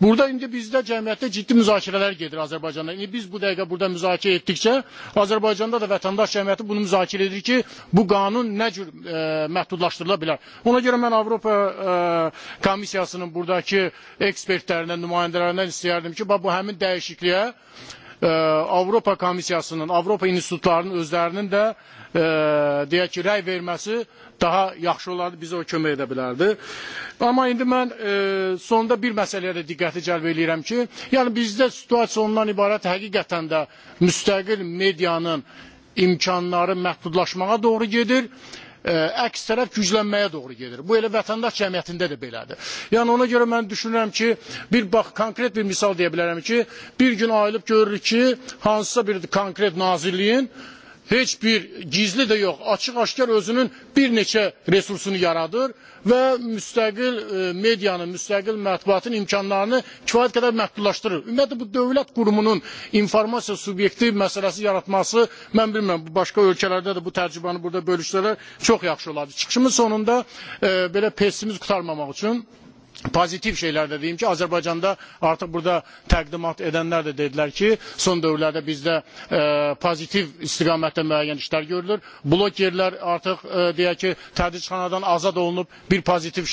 Burada indi bizdə cəmiyyətdə ciddi müzakirələr gedir Azərbaycanda. İndi biz bu dəqiqə burada müzakirə etdikcə Azərbaycanda da vətəndaş cəmiyyəti bunu müzakirə edir ki, bu qanun nə cür e, məhdudlaşdırıla bilər. Ona görə mən Avropa e, Komissiyasının buradakı ekspertlərindən, nümayəndələrindən istəyərdim ki, bax bu həmin dəyişikliyə Avropa Komissiyasının, Avropa institutlarının özlərinin də deyək ki, rəy verməsi daha yaxşı olardı, bizə o kömək edə bilərdi. Amma indi mən sonda bir məsələyə də diqqəti cəlb eləyirəm ki, yəni bizdə situasiya ondan ibarət həqiqətən də müstəqil medianın imkanları məhdudlaşmağa doğru gedir əks tərəf güclənməyə doğru gedir. Bu elə vətəndaş cəmiyyətində də belədir. Yəni ona görə mən düşünürəm ki, bir bax konkret bir misal deyə bilərəm ki, bir gün ayılıb görürük ki, hansısa bir konkret nazirliyin heç bir gizli de yok açık aşkar özünün bir neçe resursunu yaradır ve müstəqil medyanın, müstəqil mətbuatın imkanlarını kifayet kadar məhdudlaşdırır. Ümumiyyətlə bu dövlət qurumunun informasiya subyekti məsələsi yaratması mən bilmirəm bu başqa ölkələrdə də bu təcrübəni burada bölüşsələr çox yaxşı olardı. Çıxışımın sonunda belə pesimiz qutarmamaq üçün pozitiv şeyler de diyeyim ki Azerbaycan'da artık burada təqdimat edənlər də dedilər ki, son dövrlərdə bizdə pozitiv istiqamətdə müəyyən işlər görülür. Blok yerlər artıq deyək ki, tədricxanadan azad olunub bir pozitiv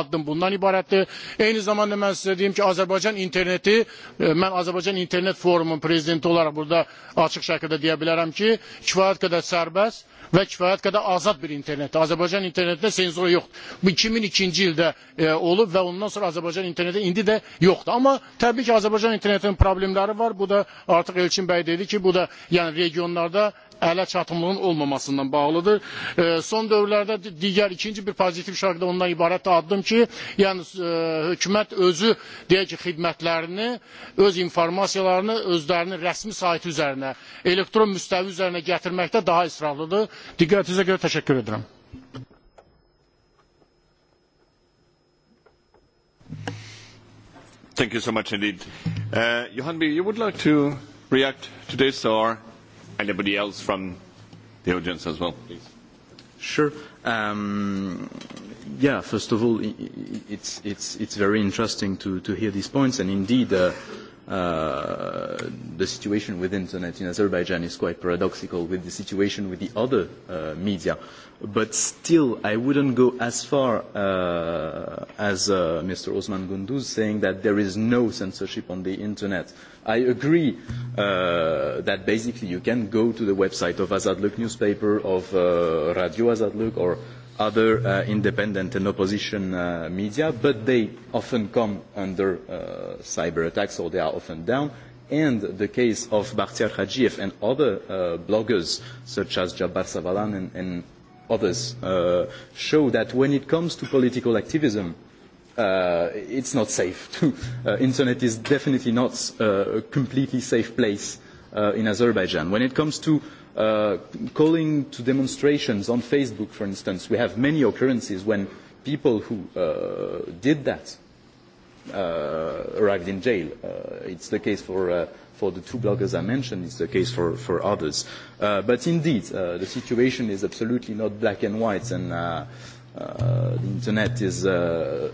addım bundan ibarətdir. Eyni zamanda mən sizə deyim ki, Azərbaycan interneti, mən Azərbaycan internet forumun prezidenti olaraq burada açıq şəkildə deyə bilərəm ki, kifayət qədər sərbəst və kifayət qədər azad bir internetdir. Azərbaycan internetində senzor yoxdur. Bu 2002-ci ildə olub vardı ve ondan sonra Azerbaycan interneti indi de yoxdur. Amma təbii ki, Azərbaycan internetinin problemləri var. Bu da artıq Elçin bəy dedi ki, bu da yəni regionlarda ələ çatımlığın olmamasından bağlıdır. E, Son dövrlərdə digər ikinci bir pozitiv şərqdə ondan ibarət addım ki, yəni e, hökumət özü deyək ki, xidmətlərini, öz informasiyalarını özlərinin rəsmi saytı üzərinə, elektron müstəvi üzərinə gətirməkdə daha israrlıdır. Diqqətinizə görə təşəkkür edirəm. Thank you so much indeed. Uh, Johan B, you would like to react to this or anybody else from the audience as well, please? Sure. Um, yeah, first of all, it's, it's, it's very interesting to, to hear these points, and indeed, uh, uh, the situation with internet in Azerbaijan is quite paradoxical with the situation with the other uh, media But still, I wouldn't go as far uh, as uh, Mr. Osman Gunduz saying that there is no censorship on the internet. I agree uh, that basically you can go to the website of Azadluk newspaper, of uh, Radio Azadluk, or other uh, independent and opposition uh, media, but they often come under uh, cyber attacks or they are often down and the case of Bakhtiar Khajiev and other bloggers such as Jabbar Savalan and, others show that when it comes to political activism, uh, it's not safe. uh, Internet is definitely not a completely safe place in Azerbaijan. When it comes to calling to demonstrations on Facebook, for instance, we have many occurrences when people who did that arrived in jail. it's the case for for the two bloggers I mentioned. It's the case for, for others. Uh, but indeed, uh, the situation is absolutely not black and white, and uh, uh, the internet is uh,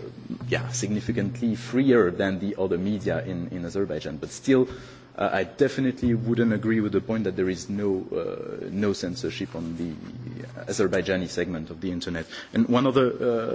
yeah, significantly freer than the other media in, in Azerbaijan. But still, I definitely wouldn't agree with the point that there is no, uh, no censorship on the Azerbaijani segment of the internet. And one other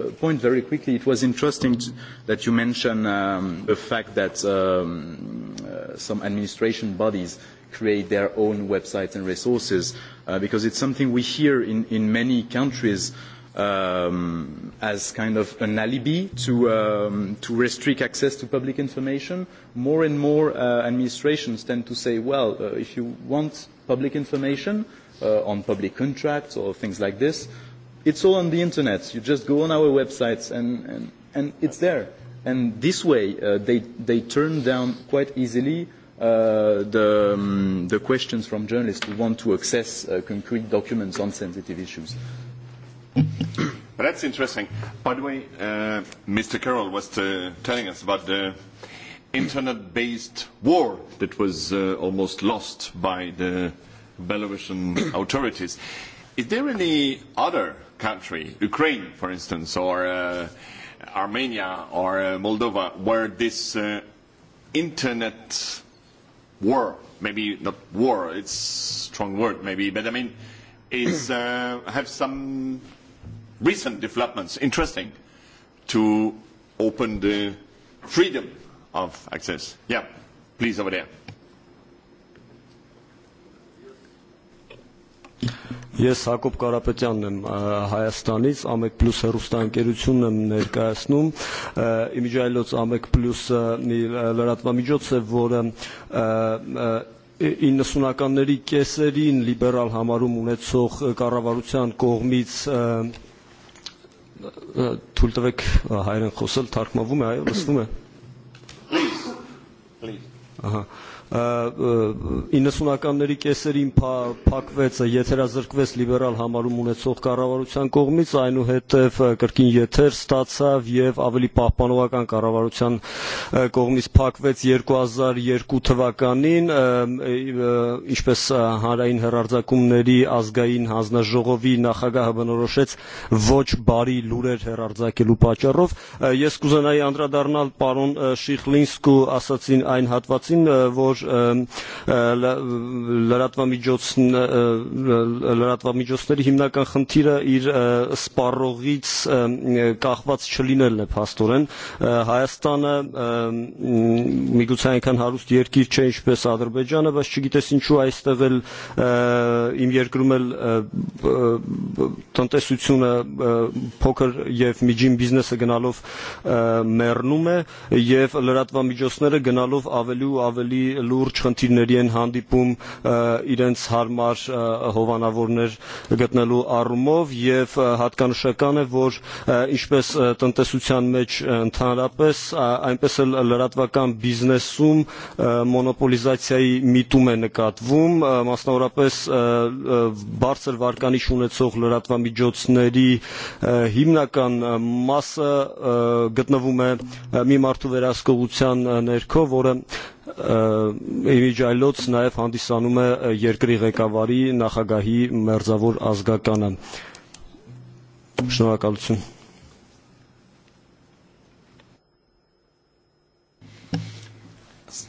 uh, point very quickly, it was interesting to, that you mentioned um, the fact that um, uh, some administration bodies create their own websites and resources, uh, because it's something we hear in, in many countries as kind of an alibi to, restrict access to public information. More and more administrations tend to say, well, if you want public information on public contracts or things like this, it's all on the internet. You just go on our websites and, and, and it's there. And this way, uh, they, they turn down quite easily uh, the, um, the questions from journalists who want to access uh, concrete documents on sensitive issues. That's interesting. By the way, uh, Mr. Carroll was uh, telling us about the internet-based war that was uh, almost lost by the Belarusian authorities. Is there any other country, Ukraine, for instance, or uh, Armenia or uh, Moldova, where this uh, internet war, maybe not war, it's a strong word, maybe, but I mean, is uh, have some recent developments interesting to open the freedom of access. Yeah, please over there. Ես Հակոբ Կարապետյանն եմ Հայաստանից, Ամեկ Պլյուս հեռուստաընկերությունն եմ ներկայացնում։ Իմիջայլոց Ամեկ Պլյուսը մի լրատվամիջոց է, որը 90-ականների կեսերին լիբերալ համարում ունեցող կառավարության կողմից Թուլտվեք հայերեն խոսել, թարգմանվում է, այո, լսվում է։ Please. Please. Ահա։ 90-ականների կեսերին փակվեց, եթերազրկվեց լիբերալ համարում ունեցող կառավարության կողմից, այնուհետև կրկին եթեր ստացավ եւ ավելի պահպանողական կառավարության կողմից փակվեց 2002 թվականին, ինչպես հանրային հերարձակումների ազգային հանձնաժողովի նախագահը բնորոշեց ոչ բարի լուրեր հերարձակելու պատճառով, ես կուզենայի անդրադառնալ պարոն Շիխլինսկու ասացին այն հատվածին, որ լրատվամիջոցների հիմնական խնդիրը իր սպառողից կախված չլինելն է փաստորեն Հայաստանը միգուցե այնքան հարուստ երկիր չէ ինչպես Ադրբեջանը բայց չգիտես ինչու այստեղ էլ իմ երկրում էլ տնտեսությունը փոքր եւ միջին բիզնեսը գնալով մեռնում է եւ լրատվամիջոցները գնալով ավելի ու ավելի լուրջ խնդիրների են հանդիպում իրենց հարմար հովանավորներ գտնելու առումով եւ հատկանշական է որ ինչպես տնտեսության մեջ ընդհանրապես այնպես էլ լրատվական բիզնեսում մոնոպոլիզացիայի միտում է նկատվում մասնավորապես բարձր վարկանիշ ունեցող լրատվամիջոցների հիմնական մասը գտնվում է մի մարդու վերահսկողության ներքո, որը Եվիջ այլոց նաև հանդիսանում է երկրի ղեկավարի նախագահի մերձավոր ազգականը։ Շնորհակալություն։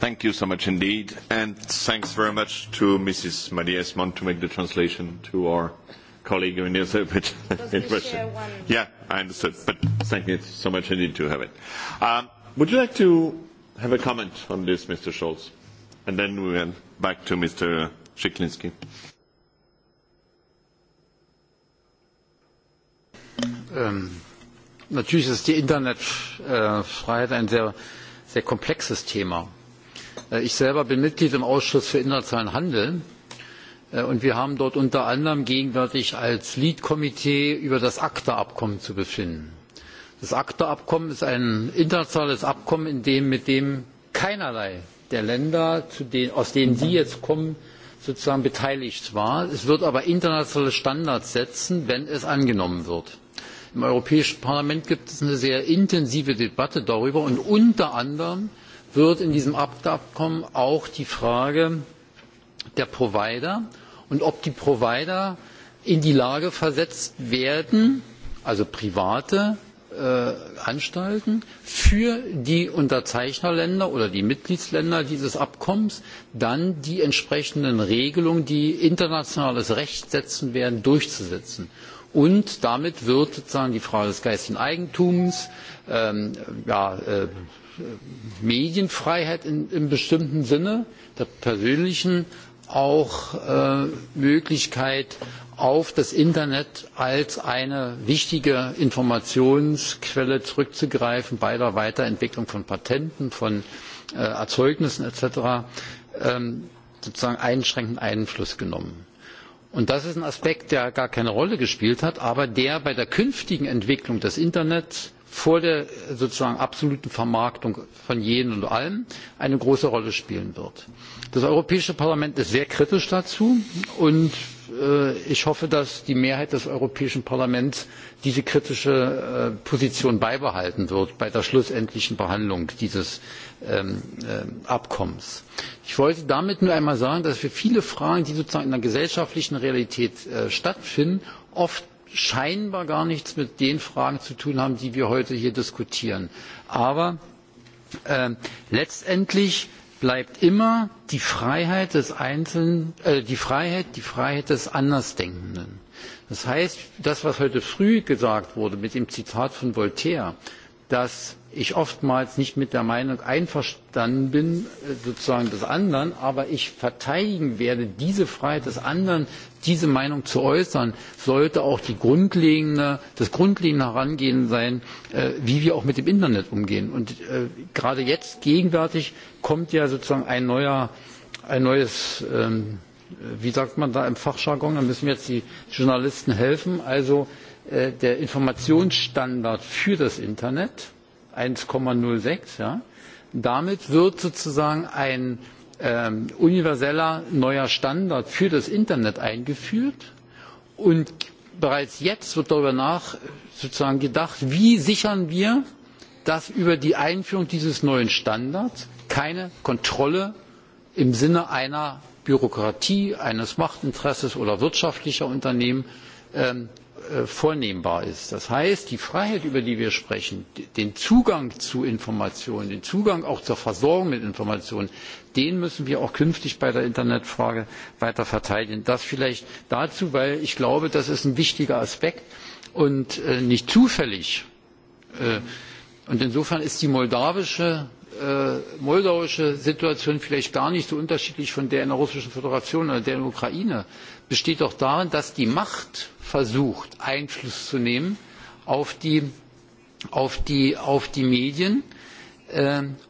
Thank you so much indeed, and thanks very much to Mrs. Maria Mont to make the translation to our colleague in Russian. yeah, I understood, but thank you so much indeed to have it. Um, would you like to have a comment on this, Mr. Scholz, and then we went back to Mr. Szyklinski. natürlich ist die Internetfreiheit ein sehr, komplexes Thema. Ich selber bin Mitglied im Ausschuss für internationalen Handel und wir haben dort unter anderem gegenwärtig als Lead Komitee über das ACTA-Abkommen zu befinden das acta abkommen ist ein internationales abkommen mit dem keinerlei der länder aus denen sie jetzt kommen sozusagen beteiligt war. es wird aber internationale standards setzen wenn es angenommen wird. im europäischen parlament gibt es eine sehr intensive debatte darüber und unter anderem wird in diesem acta abkommen auch die frage der provider und ob die provider in die lage versetzt werden also private anstalten für die unterzeichnerländer oder die mitgliedsländer dieses abkommens dann die entsprechenden regelungen die internationales recht setzen werden durchzusetzen. und damit wird sozusagen die frage des geistigen eigentums medienfreiheit in bestimmtem sinne der persönlichen auch Möglichkeit auf das Internet als eine wichtige Informationsquelle zurückzugreifen bei der Weiterentwicklung von Patenten, von Erzeugnissen etc. sozusagen einschränkend Einfluss genommen. Und das ist ein Aspekt, der gar keine Rolle gespielt hat, aber der bei der künftigen Entwicklung des Internets vor der sozusagen absoluten vermarktung von jedem und allem eine große rolle spielen wird. das europäische parlament ist sehr kritisch dazu und ich hoffe dass die mehrheit des europäischen parlaments diese kritische position beibehalten wird bei der schlussendlichen behandlung dieses abkommens. ich wollte damit nur einmal sagen dass wir viele fragen die sozusagen in der gesellschaftlichen realität stattfinden oft scheinbar gar nichts mit den fragen zu tun haben die wir heute hier diskutieren. aber letztendlich bleibt immer die freiheit des einzelnen die freiheit des andersdenkenden. das heißt das was heute früh gesagt wurde mit dem zitat von voltaire dass ich oftmals nicht mit der meinung einverstanden bin sozusagen des anderen aber ich verteidigen werde diese freiheit des anderen diese meinung zu äußern sollte auch das grundlegende herangehen sein wie wir auch mit dem internet umgehen. und gerade jetzt gegenwärtig kommt ja sozusagen ein neues wie sagt man da im fachjargon da müssen mir jetzt die journalisten helfen also der informationsstandard für das internet eins sechs damit wird sozusagen ein universeller neuer standard für das internet eingeführt und bereits jetzt wird darüber nachgedacht wie sichern wir dass über die einführung dieses neuen standards keine kontrolle im sinne einer bürokratie eines machtinteresses oder wirtschaftlicher unternehmen vornehmbar ist. Das heißt, die Freiheit, über die wir sprechen, den Zugang zu Informationen, den Zugang auch zur Versorgung mit Informationen, den müssen wir auch künftig bei der Internetfrage weiter verteidigen. Das vielleicht dazu, weil ich glaube, das ist ein wichtiger Aspekt und nicht zufällig. und insofern ist die moldawische moldauische situation vielleicht gar nicht so unterschiedlich von der in der russischen föderation oder der in der ukraine besteht doch darin dass die macht versucht einfluss zu nehmen auf die medien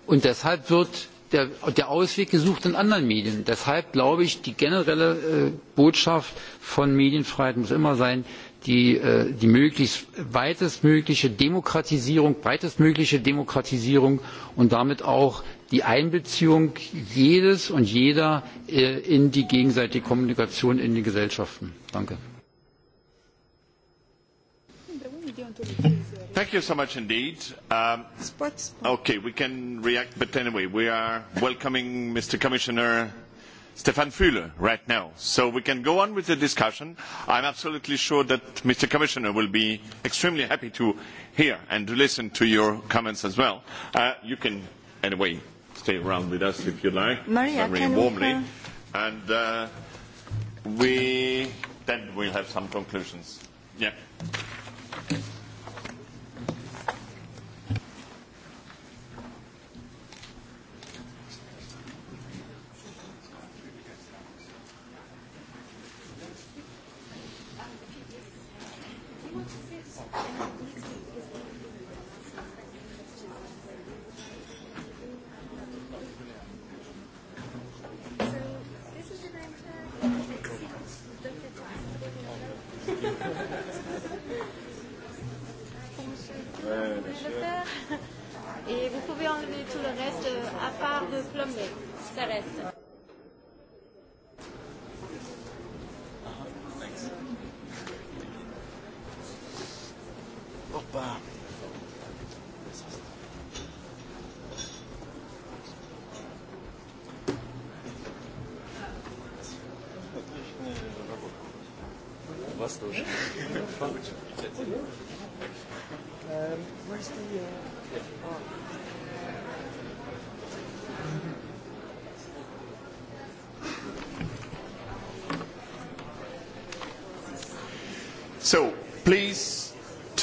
und deshalb wird der ausweg gesucht in anderen medien. deshalb glaube ich die generelle botschaft von medienfreiheit muss immer sein die, möglichst weitestmögliche Demokratisierung, breitestmögliche Demokratisierung und damit auch die Einbeziehung jedes und jeder in die gegenseitige Kommunikation in den Gesellschaften. Danke. Thank you so much indeed. Um, okay, we can react, but anyway, we are welcoming Mr. Commissioner Stefan Füle right now. So we can go on with the discussion. I'm absolutely sure that Mr. Commissioner will be extremely happy to hear and to listen to your comments as well. Uh, you can, anyway, stay around with us if you like, Maria, very warmly. We, And uh, we then we'll have some conclusions. Yeah.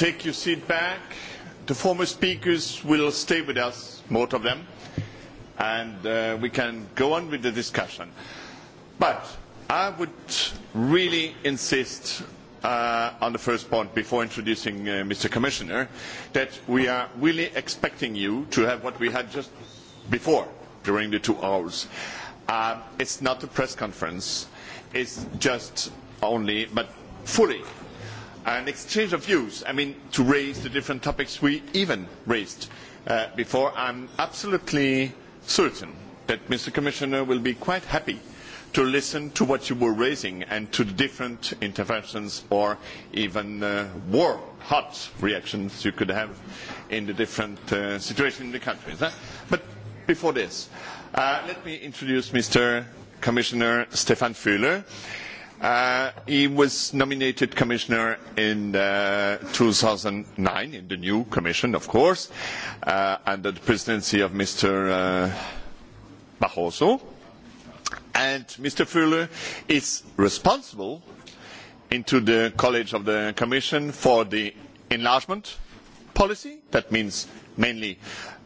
take your seat back. The former speakers will stay with us, most of them, and uh, we can go on with the discussion. But I would really insist uh, on the first point before introducing uh, Mr. Commissioner that we are really expecting you to have what we had just before during the two hours. Uh, it's not a press conference. It's just only, but fully an exchange of views, I mean, to raise the different topics we even raised uh, before. I'm absolutely certain that Mr. Commissioner will be quite happy to listen to what you were raising and to the different interventions or even uh, war hot reactions you could have in the different uh, situations in the countries. But before this, uh, let me introduce Mr. Commissioner Stefan Fühle he was nominated commissioner in two thousand and nine in the new commission, of course, under the presidency of Mr. Barroso. And Mr. Fuller is responsible into the College of the Commission for the enlargement policy. That means mainly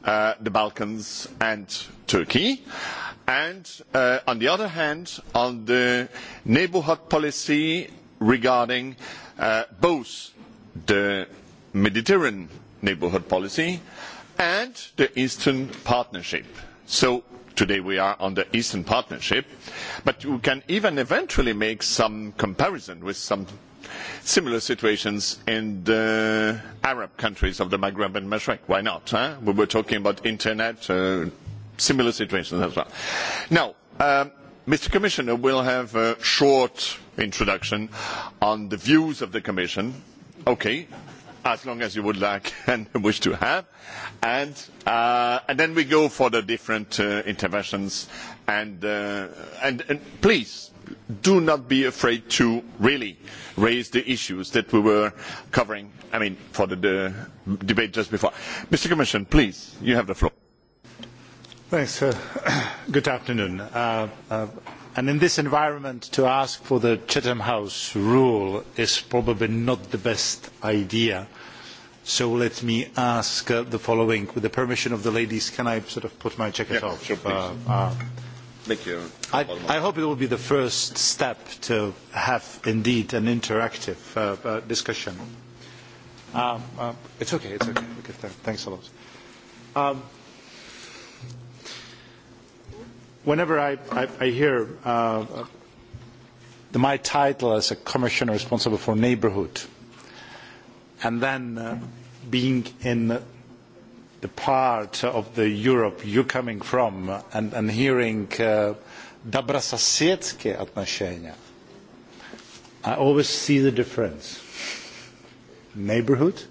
the Balkans and Turkey. Uh, and on the other hand on the neighbourhood policy regarding both the mediterranean neighbourhood policy and the eastern partnership. so today we are on the eastern partnership but you can even eventually make some comparison with some similar situations in the arab countries of the maghreb and mashrek why not? we were talking about the internet similar situations as well. Now, Mr. Commissioner will have a short introduction on the views of the Commission. Okay, as long as you would like and wish to have. And, uh and then we go for the different uh interventions. And, uh and please, do not be afraid to really raise the issues that we were covering, I mean, for the the, debate just before. Mr. Commissioner, please, you have the floor. Thanks. Good afternoon. And in this environment, to ask for the Chatham House rule is probably not the best idea. So let me ask the following. With the permission of the ladies, can I sort of put my jacket off? I hope it will be the first step to have indeed an interactive discussion. It's okay. It's okay. Thanks a lot whenever I, I, I hear uh, the, my title as a commissioner responsible for neighbourhood, and then uh, being in the part of the Europe you're coming from and, and hearing uh, добрососедские отношения, I always see the difference. Neighborhood,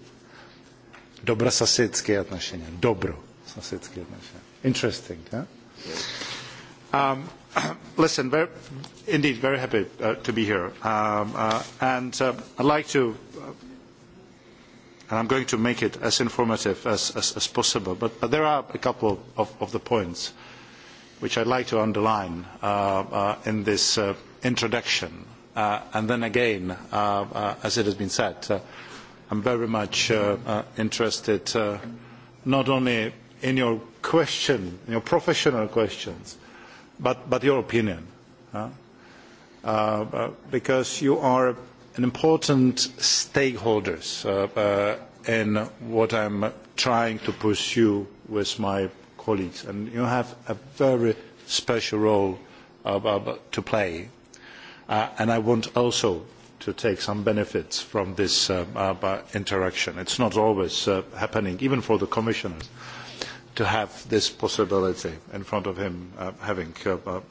добрососедские отношения, добро соседские Interesting, huh? listen, very, indeed, very happy to be here. and I'd like to, and I'm going to make it as informative as, possible, but, there are a couple of, the points which I'd like to underline in this introduction. and then again, as it has been said, I am very much interested not only in your question, your professional questions, but, but your opinion. because you are an important stakeholder in what I am trying to pursue with my colleagues. And you have a very special role to play. and I want also to take some benefits from this interaction. It is not always happening, even for the commissioners to have this possibility in front of him, having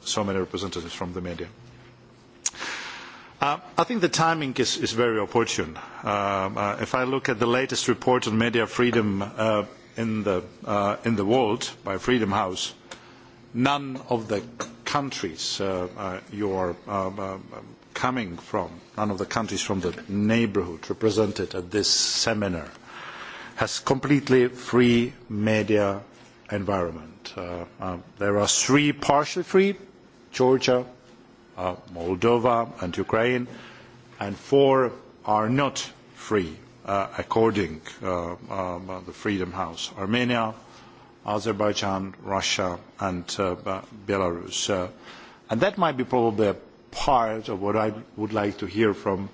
so many representatives from the media. I think the timing is, is very opportune. if I look at the latest report on media freedom in, the, in the world by Freedom House, none of the countries you are coming from, none of the countries from the neighbourhood represented at this seminar, has completely free media environment. there are three partially free Georgia, Moldova, and Ukraine, and four are not free according to the Freedom House Armenia, Azerbaijan, Russia, and Belarus. and that might be probably a part of what I would like to hear from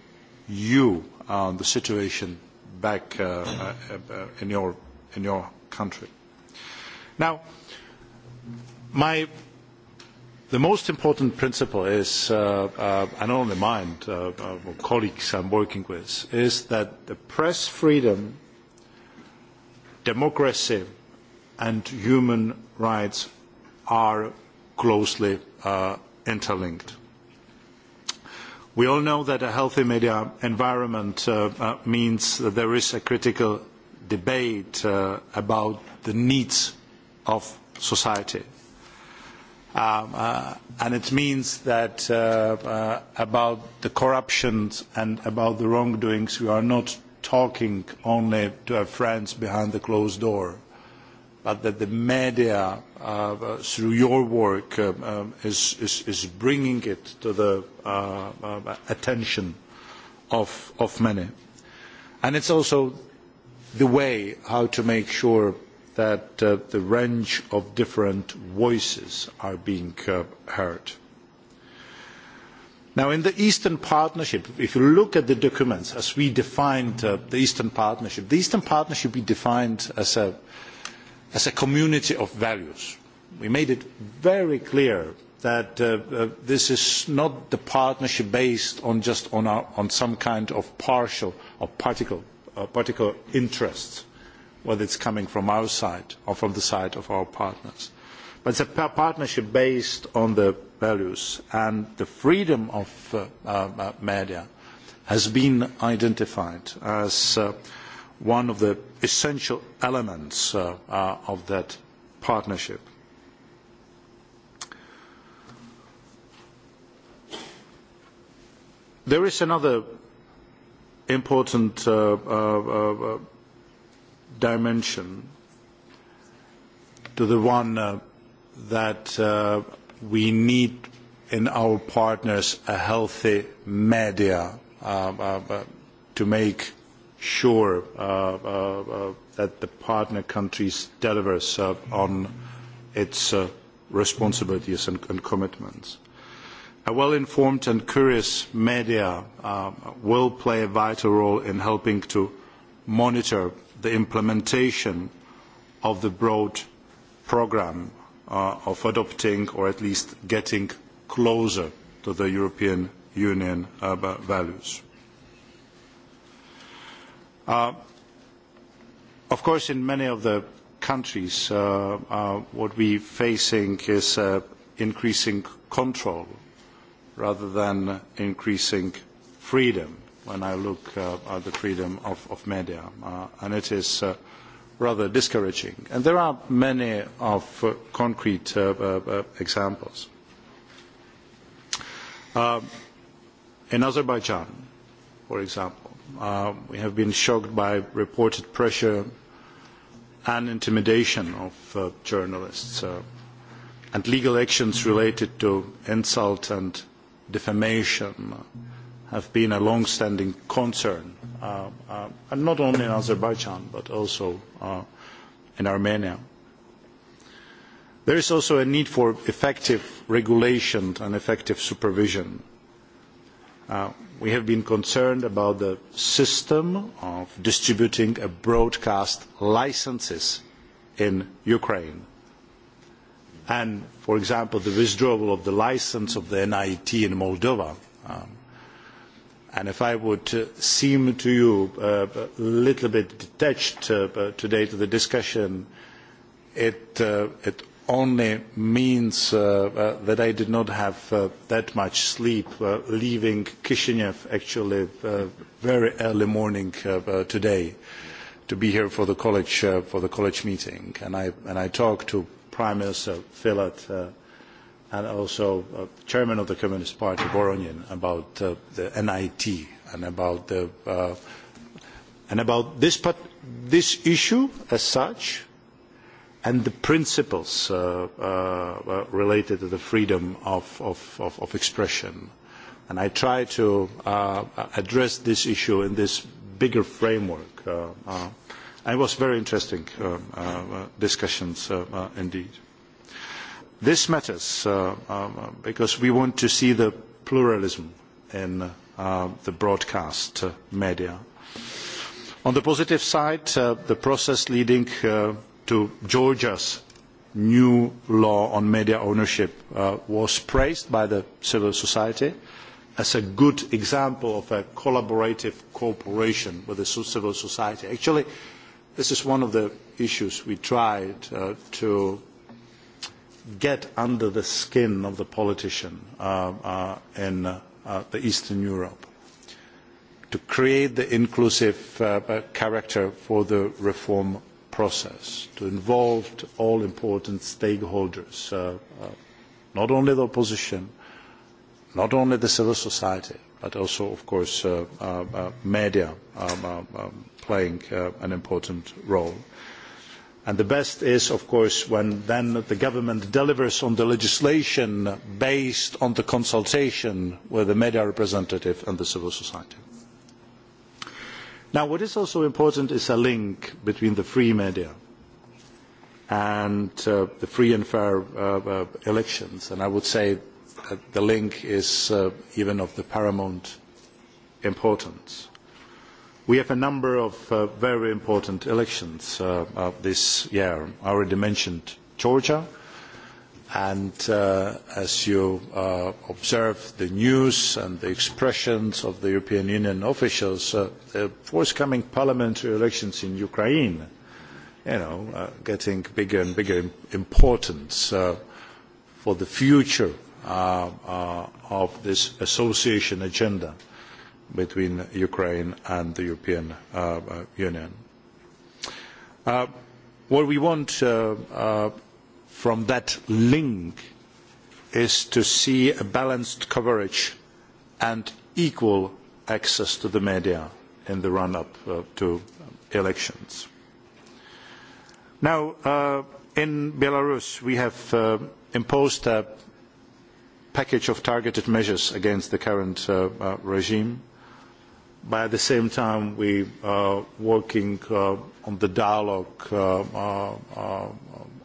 you on the situation back in, your, in your country. Now, my, the most important principle is, uh, uh, and not only mine, uh, uh, colleagues I'm working with, is that the press freedom, democracy, and human rights are closely interlinked. We all know that a healthy media environment means that there is a critical debate about the needs of society. and it means that about the corruption and about the wrongdoings, we are not talking only to our friends behind the closed door, but that the media, through your work, is, bringing it to the attention of, many. And it is also the way how to make sure that the range of different voices are being heard. Now, in the Eastern Partnership, if you look at the documents as we defined the Eastern Partnership, the Eastern Partnership we defined as a, as a community of values. We made it very clear that this is not the partnership based on just on, our, on some kind of partial or particular, particular interests whether is coming from our side or from the side of our partners. But it is a partnership based on the values and the freedom of media has been identified as one of the essential elements of that partnership. There is another important dimension to the one that we need in our partners a healthy media to make sure that the partner countries deliver on its responsibilities and commitments. A well-informed and curious media will play a vital role in helping to monitor the implementation of the broad programme of adopting or at least getting closer to the European Union values. of course, in many of the countries, what we are facing is increasing control rather than increasing freedom when I look at the freedom of, media, and it is rather discouraging. And there are many concrete examples. in Azerbaijan, for example, we have been shocked by reported pressure and intimidation of journalists and legal actions related to insult and defamation. Uh, have been a long-standing concern, and not only in Azerbaijan, but also in Armenia. There is also a need for effective regulation and effective supervision. we have been concerned about the system of distributing broadcast licences in Ukraine and, for example, the withdrawal of the licence of the NIT in Moldova and if i would seem to you a little bit detached today from the discussion it only means that i did not have that much sleep leaving chiinu actually very early morning today to be here for the college meeting and i talked to prime minister fillon and also uh, chairman of the Communist Party, Voronin, about uh, the NIT and about the uh, and about this part, this issue as such, and the principles uh, uh, related to the freedom of, of, of, of expression. And I try to uh, address this issue in this bigger framework. Uh, uh, it was very interesting uh, uh, discussions uh, uh, indeed. This matters because we want to see the pluralism in the broadcast media. On the positive side, the process leading to Georgia's new law on media ownership was praised by civil society as a good example of a collaborative cooperation with civil society. Actually, this is one of the issues we tried to get under the skin of the politician in Eastern Europe to create the inclusive character for the reform process, to involve all important stakeholders, not only the opposition, not only the civil society, but also, of course, media playing an important role And the best is, of course, when the government delivers on the legislation based on the consultation with the media representative and civil society. what is also important is a link between the free media and the free and fair elections. And I would say that the link is even of the paramount importance We have a number of very important elections this year. I already mentioned Georgia, and as you observe the news and the expressions of the European Union officials, the forthcoming parliamentary elections in Ukraine, you know, getting bigger and bigger importance for the future of this association agenda between Ukraine and the European Union. what we want from that link is to see a balanced coverage and equal access to the media in the run-up to elections. Now, in Belarus, we have imposed a package of targeted measures against the current regime but at the same time, we are working on the dialogue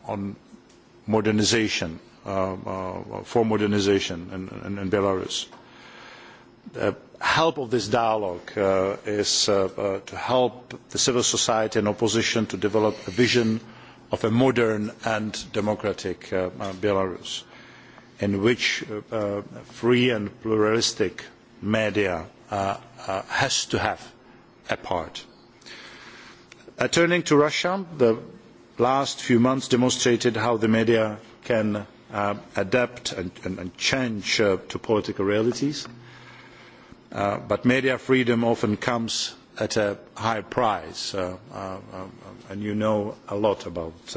on modernization, for modernization in, in, Belarus. The help of this dialogue is to help the civil society and opposition to develop a vision of a modern and democratic Belarus in which free and pluralistic media has to have a part. turning to russia the last few months demonstrated how the media can adapt and change to political realities but media freedom often comes at a high price and you know a lot about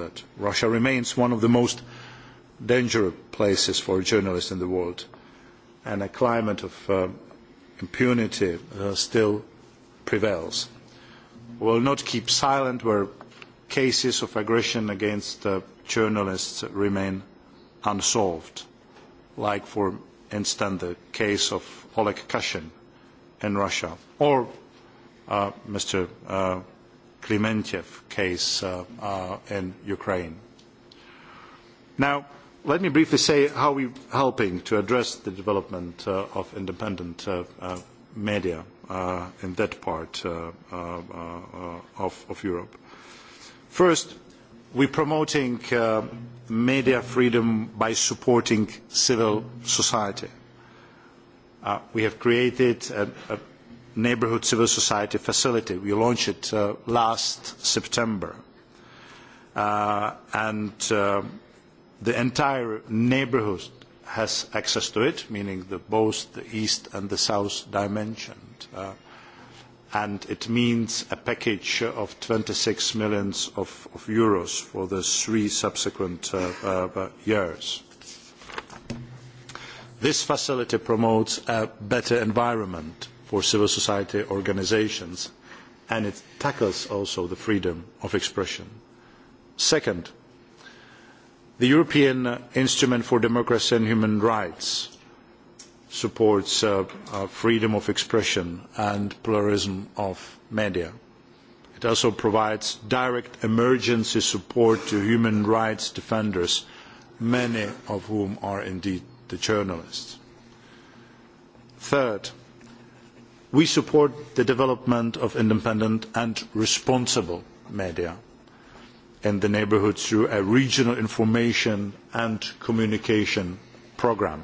that. russia remains one of the most dangerous places for journalists in the world and a climate of impunity still prevails. We will not keep silent where cases of aggression against journalists remain unsolved, like, for instance, the case of Oleg Kashin in Russia, or Mr. Uh, Klimentyev case in Ukraine. Now, Let me briefly say how we are helping to address the development of independent media in that part of Europe. First, we are promoting media freedom by supporting civil society. We have created a neighbourhood civil society facility. We launched it last September. And the entire neighbourhood has access to it, meaning the, both the east and the south dimension. Uh, and it means a package of 26 million of, of euros for the three subsequent uh, uh, years. This facility promotes a better environment for civil society organisations and it tackles also the freedom of expression. Second, The European Instrument for Democracy and Human Rights supports freedom of expression and pluralism of media. It also provides direct emergency support to human rights defenders, many of whom are indeed journalists. Third, we support the development of independent and responsible media in the neighbourhood through a regional information and communication programme.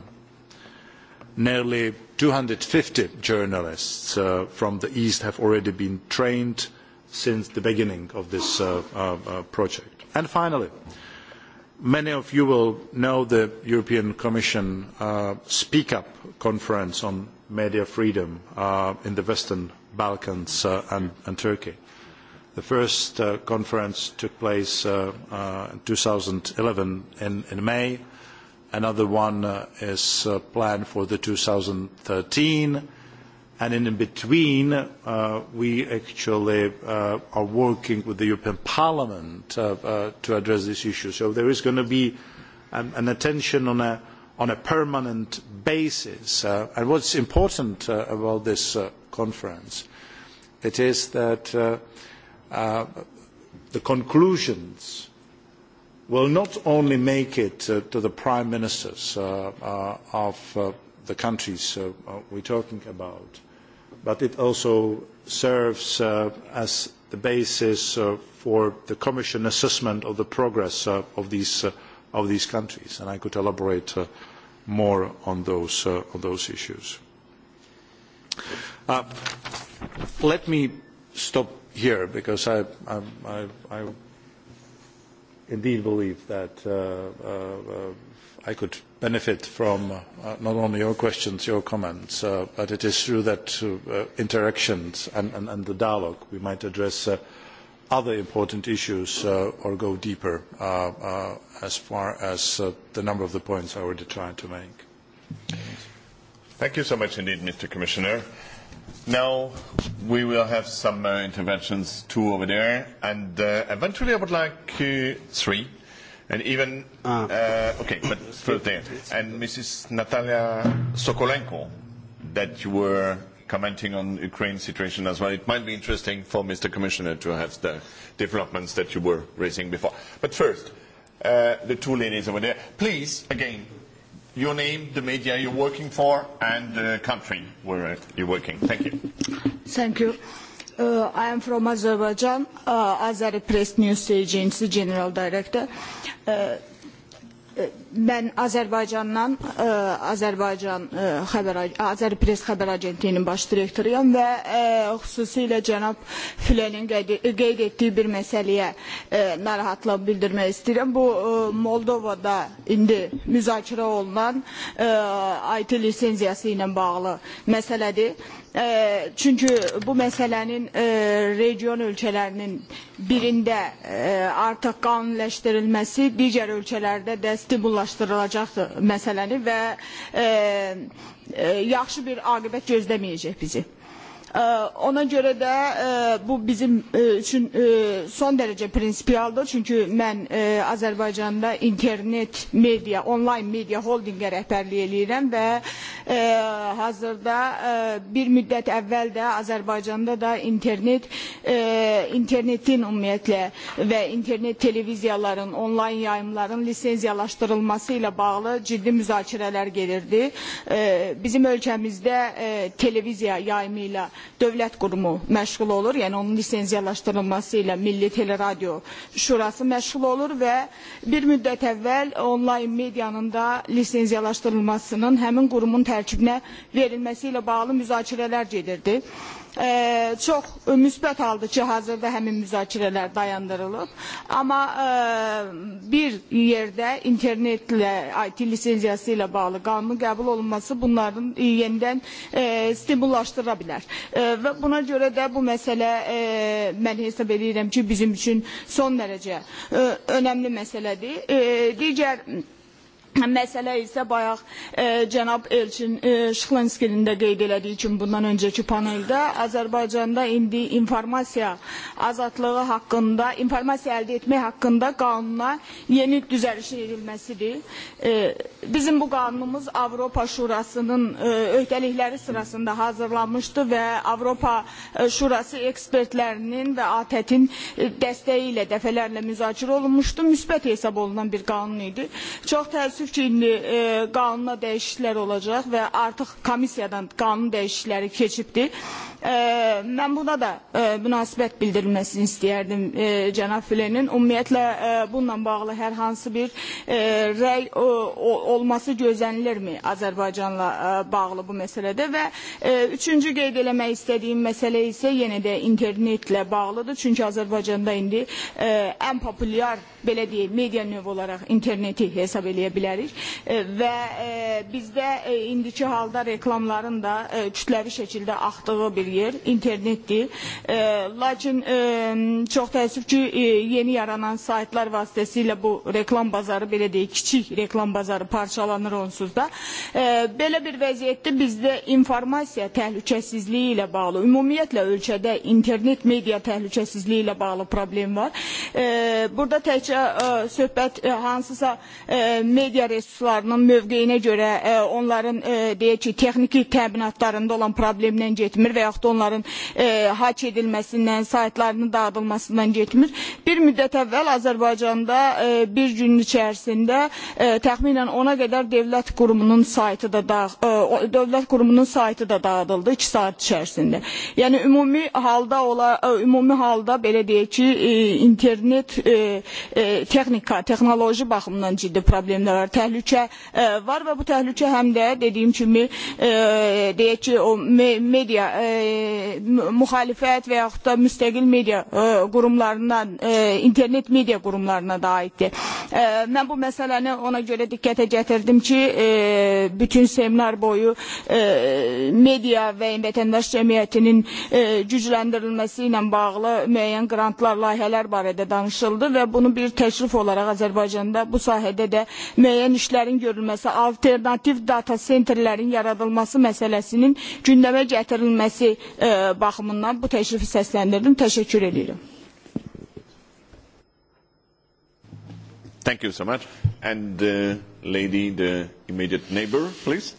Nearly two hundred and fifty journalists from the East have already been trained since the beginning of this project. And finally, many of you will know the European Commission Speak Up conference on media freedom in the Western Balkans and Turkey The first conference took place in 2011 eleven in May. Another one is planned for two thousand And in between, we actually are working with the European Parliament to address this issue. So there is going to be an attention on a, on a permanent basis. and what's important about this conference, it is that the conclusions will not only make it to the prime ministers of the countries we are talking about, but it also serves as the basis for the Commission assessment of the progress of these countries, and I could elaborate more on those issues. Let me stop here because I, I, I, I indeed believe that uh, uh, I could benefit from uh, not only your questions, your comments, uh, but it is through that uh, interactions and, and, and the dialogue we might address uh, other important issues uh, or go deeper uh, uh, as far as uh, the number of the points I already tried to make. Thank you so much indeed, Mr. Commissioner. Now we will have some uh, interventions, two over there, and uh, eventually I would like uh, three, and even uh, uh, okay, but first there. And Mrs. Natalia Sokolenko, that you were commenting on Ukraine situation as well. It might be interesting for Mr. Commissioner to have the developments that you were raising before. But first, uh, the two ladies over there, please again your name, the media you're working for, and the country where you're working. Thank you. Thank you. Uh, I am from Azerbaijan, uh, Azeri Press News Agency General Director. Uh, Mən Azərbaycandan Azərbaycan xəbər Azərpress xəbər agentliyinin baş direktoruyam və xüsusilə cənab Fülənin qeyd etdiyi bir məsələyə narahatlıq bildirmək istəyirəm. Bu Moldovada indi müzakirə olunan IT lisenziyası ilə bağlı məsələdir. Çünki bu məsələnin region ölkələrinin birində artıq qanunləşdirilməsi digər ölkələrdə də stimullar aydınlaşdırılacaq məsələni və yaxşı bir aqibət gözləməyəcək bizi. Ona görə də bu bizim üçün son dərəcə prinsipialdır. Çünki mən Azərbaycanda internet media, onlayn media holdingə rəhbərlik eləyirəm və hazırda bir müddət əvvəl də Azərbaycanda da internet internetin ümumiyyətlə və internet televiziyaların, onlayn yayımların lisenziyalaşdırılması ilə bağlı ciddi müzakirələr gedirdi. Bizim ölkəmizdə televiziya yayımı ilə dövlət qurumu məşğul olur. Yəni onun lisenziyalaşdırılması ilə Milli Teleradio Şurası məşğul olur və bir müddət əvvəl onlayn medianın da lisenziyalaşdırılmasının həmin qurumun tərkibinə verilməsi ilə bağlı müzakirələr gedirdi çox müsbət halda ki, hazırda həmin müzakirələr dayandırılıb. Amma bir yerdə internetlə, IT lisenziyası ilə bağlı qanun qəbul olunması bunların yenidən stimullaşdıra bilər. Və buna görə də bu məsələ mən hesab edirəm ki, bizim üçün son dərəcə önəmli məsələdir. Digər məsələ isə bayaq e, Cenab Elçin e, Şıklanski'nin de qeyd elədiyi kimi bundan öncəki paneldə Azərbaycanda indi informasiya azadlığı haqqında, informasiya əldə etmək haqqında qanuna yeni düzəliş edilməsidir. E, bizim bu qanunumuz Avropa Şurasının e, öhdəlikləri sırasında hazırlanmışdı və Avropa Şurası ekspertlərinin və ATƏT-in dəstəyi ilə dəfələrlə müzakirə olunmuşdu. Müsbət hesab olunan bir qanun idi. Çox təəssüf təəssüfçi qanuna dəyişikliklər olacaq və artıq komissiyadan qanun dəyişiklikləri keçibdir ben buna da münasibət bildirilməsini istəyərdim cənab Füley'nin. Ümumiyyətlə bununla bağlı hər hansı bir rəy olması gözlənilirmi Azərbaycanla bağlı bu məsələdə və üçüncü qeyd eləmək istədiyim məsələ isə yenə də internetlə bağlıdır. Çünki Azərbaycanda indi ən populyar belə deyək media növ olaraq interneti hesab eləyə bilərik və bizdə indiki halda reklamların da kütləvi şəkildə axdığı bir yer, internetdir. E, Lakin e, çox təəssüf ki, e, yeni yaranan saytlar vasitəsilə bu reklam bazarı, belə deyək, kiçik reklam bazarı parçalanır onsuz da. E, Belə bir vəziyyətdə bizdə informasiya təhlükəsizliyi ilə bağlı, ümumiyyətlə ölkədə internet media təhlükəsizliyi ilə bağlı problem var. E, Burada təkcə e, söhbət e, hansısa e, media resurslarının mövqeyinə görə e, onların e, deyək ki, texniki təminatlarında olan problemlə getmir və yaxud vaxtı onların e, haç edilməsindən, saytlarının dağıdılmasından getmir. Bir müddət əvvəl Azərbaycanda e, bir gün içərisində e, təxminən ona qədər dövlət qurumunun saytı da dağ, e, dövlət qurumunun saytı da dağıdıldı 2 saat içərisində. Yəni ümumi halda ola ümumi halda belə deyək ki, e, internet e, e, texnika, texnoloji baxımından ciddi problemlər var, təhlükə e, var və bu təhlükə həm də dediyim kimi e, deyək ki, o me media e, muhalefet veyahut da müstəqil media qurumlarına, internet media qurumlarına da aiddir. Mən bu məsələni ona görə diqqətə gətirdim ki, bütün seminar boyu media və vətəndaş cəmiyyətinin gücləndirilməsi ilə bağlı müəyyən grantlar, layihələr barədə danışıldı və bunu bir təşrif olaraq Azərbaycanda bu sahədə də müəyyən işlərin görülməsi, alternativ data sentrlərin yaradılması məsələsinin gündəmə gətirilməsi təcrübəsi baxımından bu təklifi səsləndirdim. Təşəkkür edirəm. Thank you so much. And the uh, lady, the immediate neighbor, please.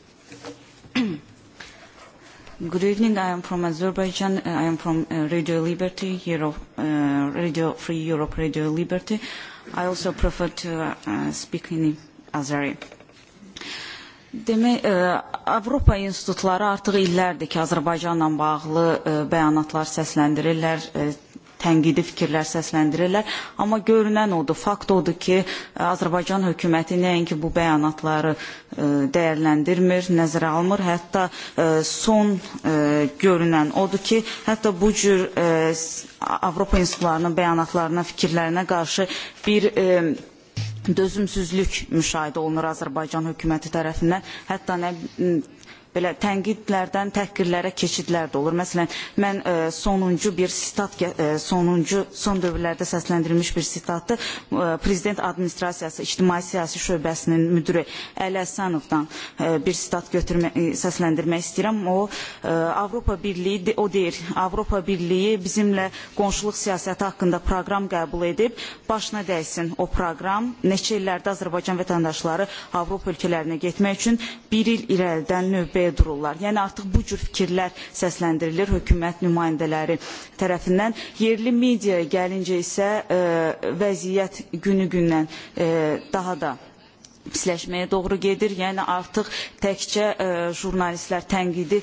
Good evening. I am from Azerbaijan. I am from uh, Radio Liberty, Euro, uh, Radio Free Europe, Radio Liberty. I also prefer to uh, speak in Azeri. Demək, Avropa institutları artıq illərdir ki, Azərbaycanla bağlı bəyanatlar səsləndirirlər, tənqidi fikirlər səsləndirirlər. Amma görünən odur, fakt odur ki, Azərbaycan hökuməti nəinki bu bəyanatları dəyərləndirmir, nəzərə almır. Hətta son görünən odur ki, hətta bu cür Avropa institutlarının bəyanatlarına, fikirlərinə qarşı bir dözümsüzlük müşahidə olunur Azərbaycan hökuməti tərəfindən. Hətta nə belə tənqidlərdən təhqirlərə keçidlər də olur. Məsələn, mən sonuncu bir sitat sonuncu son dövrlərdə səsləndirilmiş bir sitatı prezident administrasiyası ictimai siyasi şöbəsinin müdiri Əli Əsanovdan bir sitat götürmək səsləndirmək istəyirəm. O Avropa Birliyi o deyir, Avropa Birliyi bizimlə qonşuluq siyasəti haqqında proqram qəbul edib, başına dəysin o proqram. Neçə illərdə Azərbaycan vətəndaşları Avropa ölkələrinə getmək üçün bir il irəlidən növbə ortaya dururlar. Yəni artıq bu cür fikirlər səsləndirilir hökumət nümayəndələri tərəfindən. Yerli mediaya gəlincə isə vəziyyət günü-gündən daha da pisləşməyə doğru gedir. Yəni artıq təkcə jurnalistlər tənqidi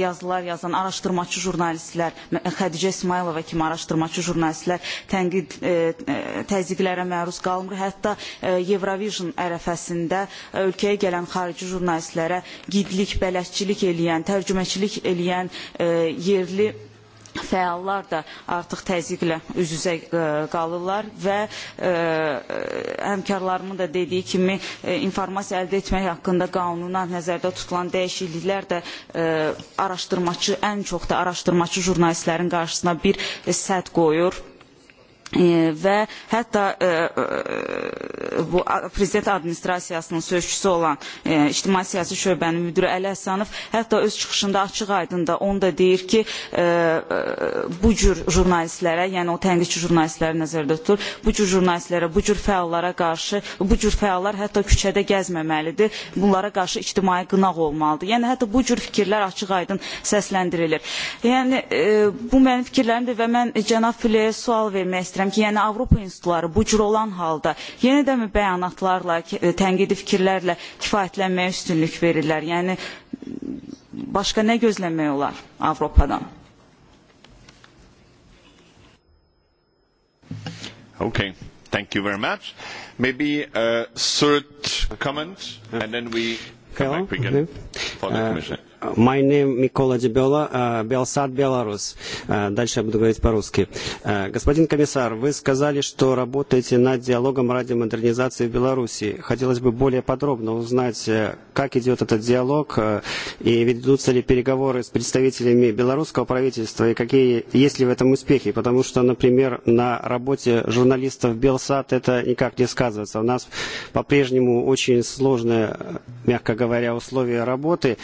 yazılar yazan araşdırmaçı jurnalistlər, Xədicə İsmayılova kimi araşdırmaçı jurnalistlər tənqid təzyiqlərə məruz qalmır. Hətta Eurovision ərəfəsində ölkəyə gələn xarici jurnalistlərə gidlik, bələdçilik eləyən, tərcüməçilik eləyən yerli fəallar da artıq təzyiqlə üz-üzə qalırlar və həmkarlarımın da dediyi kimi informasiya əldə etmək haqqında qanuna nəzərdə tutulan dəyişikliklər də araşdırmaçı, ən çox da araşdırmaçı jurnalistlərin qarşısına bir sədd qoyur ve hətta bu prezident administrasiyasının sözçüsü olan ictimai siyasi şöbənin müdiri Əli Həsənov hətta öz çıxışında açıq-aydın da onu da deyir ki, bu cür jurnalistlərə, yəni o tənqidçi jurnalistləri nəzərdə tutur, bu cür jurnalistlərə, bu cür fəallara qarşı, bu cür fəallar hətta küçədə gəzməməlidir, bunlara qarşı ictimai qınaq olmalıdır. Yəni hətta bu cür fikirlər açıq-aydın səsləndirilir. Yəni bu mənim fikirlərimdir və mən cənab Füleyə sual vermək istəyirəm istəyirəm ki, yəni Avropa institutları bu cür olan halda yenə də mi bəyanatlarla, tənqidi fikirlərlə kifayətlənməyə üstünlük verirlər? Yəni başqa nə gözləmək olar Avropadan? Okay. Thank you very much. Maybe a third comment, and then we come back again. My name Микола Дебела, Белсад, Беларусь. Дальше я буду говорить по-русски. Господин комиссар, вы сказали, что работаете над диалогом ради модернизации в Беларуси. Хотелось бы более подробно узнать, э, как идет этот диалог э, и ведутся ли переговоры с представителями белорусского правительства и какие есть ли в этом успехи, потому что, например, на работе журналистов Белсад это никак не сказывается. У нас по-прежнему очень сложные, мягко говоря, условия работы работы.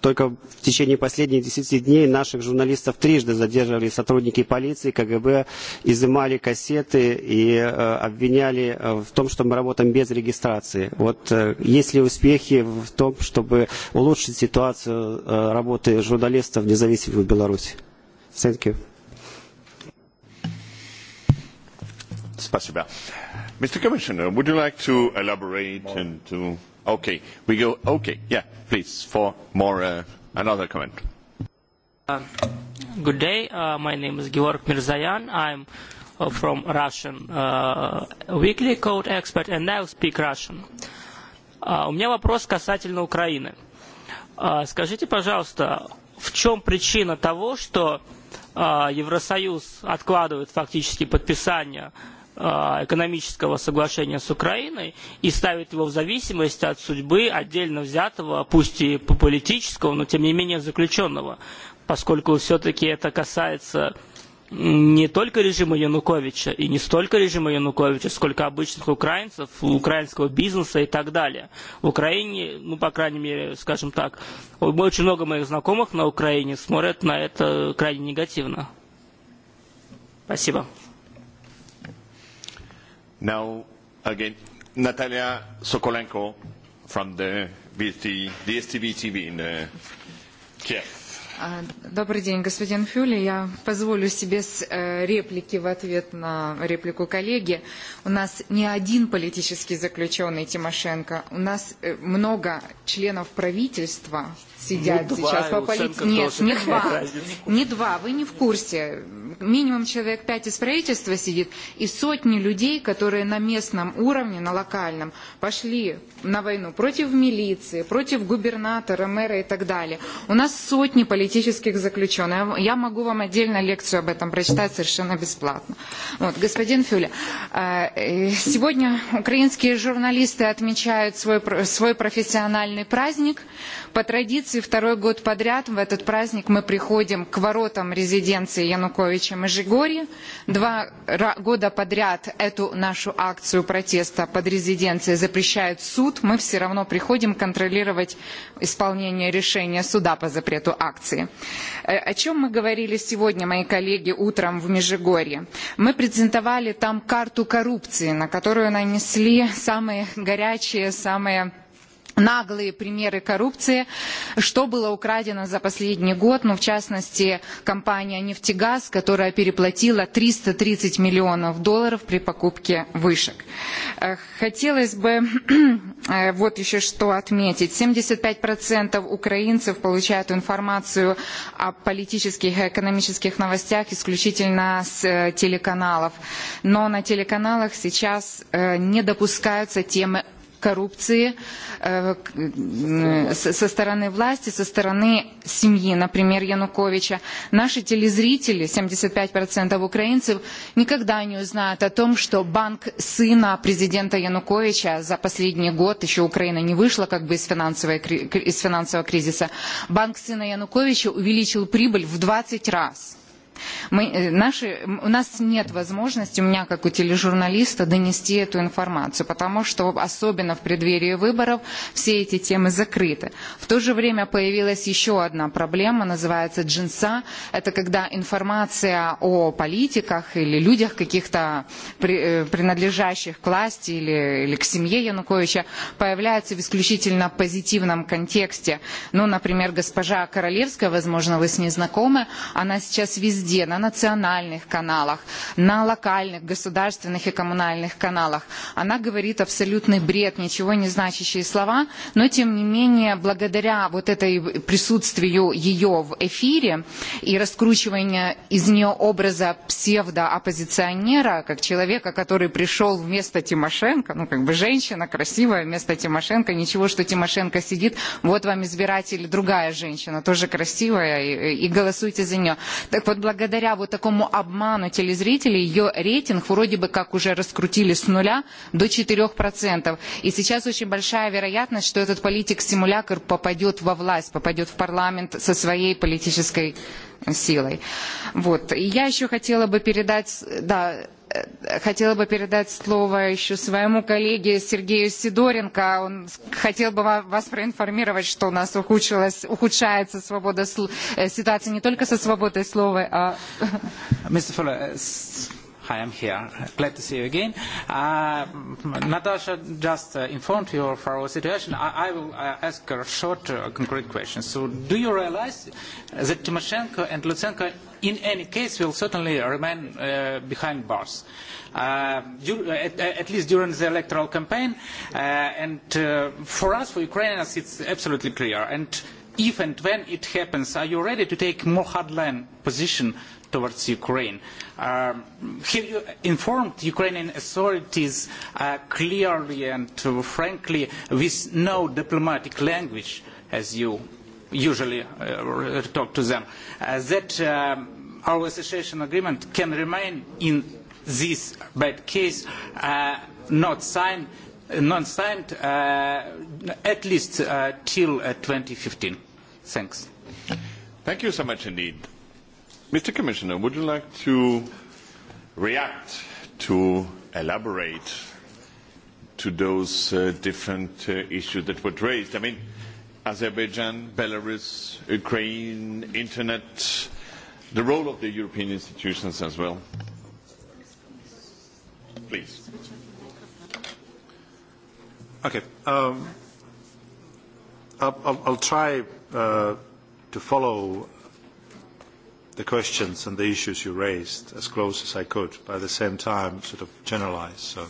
Только в течение последних 10 дней наших журналистов трижды задерживали сотрудники полиции, КГБ, изымали кассеты и э, обвиняли э, в том, что мы работаем без регистрации. Вот э, есть ли успехи в том, чтобы улучшить ситуацию работы журналистов независимых в Беларуси? Thank you. Спасибо. Mr. Commissioner, would you like to elaborate and to Okay. We go. Okay. Yeah, please, for more, uh another comment. Uh, Good day. Uh My name is Georg Mirzayan. I'm uh from Russian uh Weekly Code Expert, and I speak Russian. Uh У меня вопрос касательно Украины. Uh Скажите, пожалуйста, в чем причина того, что uh Евросоюз откладывает фактически подписание uh Э, экономического соглашения с Украиной и ставит его в зависимость от судьбы отдельно взятого, пусть и политического, но тем не менее заключенного, поскольку все-таки это касается не только режима Януковича и не столько режима Януковича, сколько обычных украинцев, украинского бизнеса и так далее. В Украине, ну, по крайней мере, скажем так, очень много моих знакомых на Украине смотрят на это крайне негативно. Спасибо. Now, again, Natalia Sokolenko from the TV in uh, Добрый день, господин Фюли. Я позволю себе с э, реплики в ответ на реплику коллеги. У нас не один политический заключенный Тимошенко, у нас э, много членов правительства, сидят ну, сейчас по политике. Нет, не два. Не два, вы не в курсе. Минимум человек пять из правительства сидит, и сотни людей, которые на местном уровне, на локальном, пошли на войну против милиции, против губернатора, мэра и так далее. У нас сотни политических заключенных. Я могу вам отдельно лекцию об этом прочитать совершенно бесплатно. Вот, господин Фюля, э, э, сегодня украинские журналисты отмечают свой, свой профессиональный праздник. По традиции второй год подряд в этот праздник мы приходим к воротам резиденции Януковича Межигорье. Два года подряд эту нашу акцию протеста под резиденцией запрещает суд. Мы все равно приходим контролировать исполнение решения суда по запрету акции. Э, о чем мы говорили сегодня, мои коллеги, утром в Межигорье? Мы презентовали там карту коррупции, на которую нанесли самые горячие, самые наглые примеры коррупции, что было украдено за последний год, ну, в частности, компания «Нефтегаз», которая переплатила 330 миллионов долларов при покупке вышек. Э, хотелось бы э, вот еще что отметить. 75% украинцев получают информацию о политических и экономических новостях исключительно с э, телеканалов. Но на телеканалах сейчас не допускаются темы коррупции э, со стороны власти, со стороны семьи, например, Януковича. Наши телезрители, 75% украинцев, никогда не узнают о том, что банк сына президента Януковича за последний год, еще Украина не вышла как бы из, из финансового кризиса, банк сына Януковича увеличил прибыль в 20 раз Мы, э, наши, у нас нет возможности, у меня как у тележурналиста, донести эту информацию, потому что особенно в преддверии выборов все эти темы закрыты. В то же время появилась еще одна проблема, называется джинса. Это когда информация о политиках или людях каких-то э, принадлежащих к власти или, или к семье Януковича появляется в исключительно позитивном контексте. Ну, например, госпожа Королевская, возможно, вы с ней знакомы, она сейчас везде везде, на национальных каналах, на локальных, государственных и коммунальных каналах. Она говорит абсолютный бред, ничего не значащие слова, но тем не менее, благодаря вот этой присутствию ее в эфире и раскручиванию из нее образа псевдо оппозиционера, как человека, который пришел вместо Тимошенко, ну как бы женщина красивая вместо Тимошенко, ничего, что Тимошенко сидит, вот вам избиратель, другая женщина, тоже красивая, и, и голосуйте за нее. Так вот, благодаря благодаря вот такому обману телезрителей ее рейтинг вроде бы как уже раскрутили с нуля до 4%. И сейчас очень большая вероятность, что этот политик-симулякр попадет во власть, попадет в парламент со своей политической силой. Вот. И я еще хотела бы передать... Да, хотела бы передать слово еще своему коллеге Сергею Сидоренко. Он хотел бы вас проинформировать, что у нас ухудшилась, ухудшается свобода, э, ситуация не только со свободой слова, а... I am here. Glad to see you again. Uh, Natasha just uh, informed you of our situation. I, I will uh, ask her a short, uh, concrete question. So, do you realize that Tymoshenko and Lutsenko, in any case, will certainly remain uh, behind bars? uh, at, least during the electoral campaign. and for us, for Ukrainians, it's absolutely clear. And if and when it happens, are you ready to take a more hardline position towards Ukraine. have you informed Ukrainian authorities clearly and frankly with no diplomatic language, as you usually talk to them, that our association agreement can remain in this bad case not signed, non signed at least uh, till uh, 2015? Thanks. Thank you so much indeed. Mr. Commissioner, would you like to react, to elaborate to those uh, different uh, issues that were raised? I mean, Azerbaijan, Belarus, Ukraine, Internet, the role of the European institutions as well. Please. Okay. Um, I'll, I'll try uh, to follow the questions and the issues you raised as close as I could, but at the same time sort of generalize so,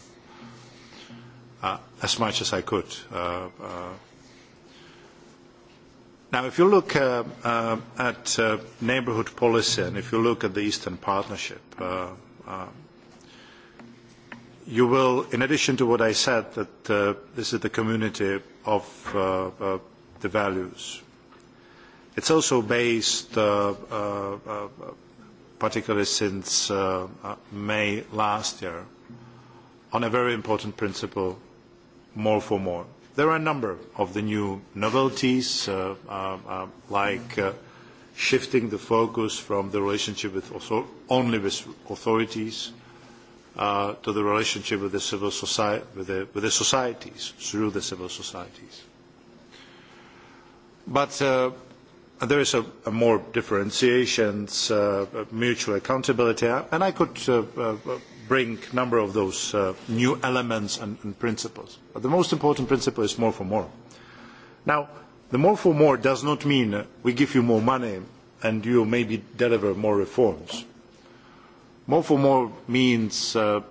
uh, as much as I could. Uh, uh, now, if you look uh, uh, at uh, neighborhood policy and if you look at the Eastern Partnership, uh, uh, you will, in addition to what I said, that uh, this is the community of uh, uh, the values It is also based, particularly since May last year, on a very important principle, more for more. There are a number of the new novelties, like shifting the focus from the relationship with only with authorities to the relationship with the civil with the, with the societies, through the civil societies. But there is a, more differentiation, mutual accountability, and I could bring a number of those new elements and, principles. But the most important principle is more for more. Now, the more for more does not mean we give you more money and you maybe deliver more reforms. More for more means that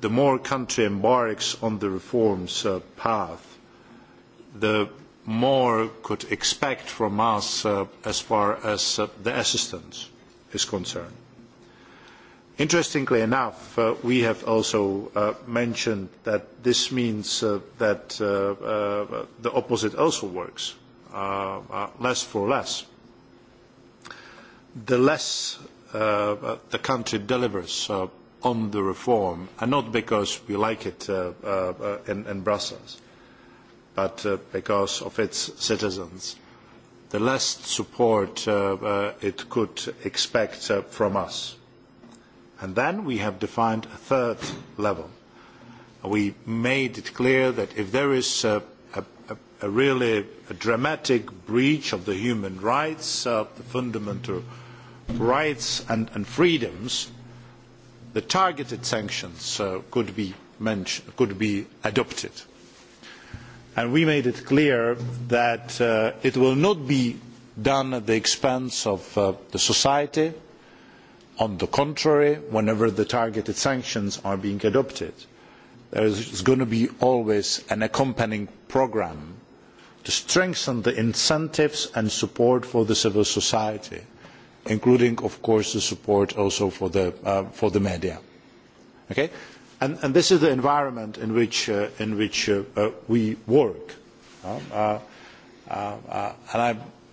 the more a country embarks on the reforms path, the more could expect from us as far as the assistance is concerned. Interestingly enough, we have also mentioned that this means that the opposite also works, less for less. The less the country delivers on the reform, and not because we like it in Brussels, but because of its citizens, the less support it could expect from us. And then we have defined a third level. We made it clear that if there is a, really dramatic breach of the human rights, the fundamental rights and, freedoms, the targeted sanctions could be adopted and we made it clear that it will not be done at the expense of society. On the contrary, whenever the targeted sanctions are being adopted, there is going to be always an accompanying programme to strengthen the incentives and support for civil society, including, of course, the support also for the media and this is the environment in which we work. I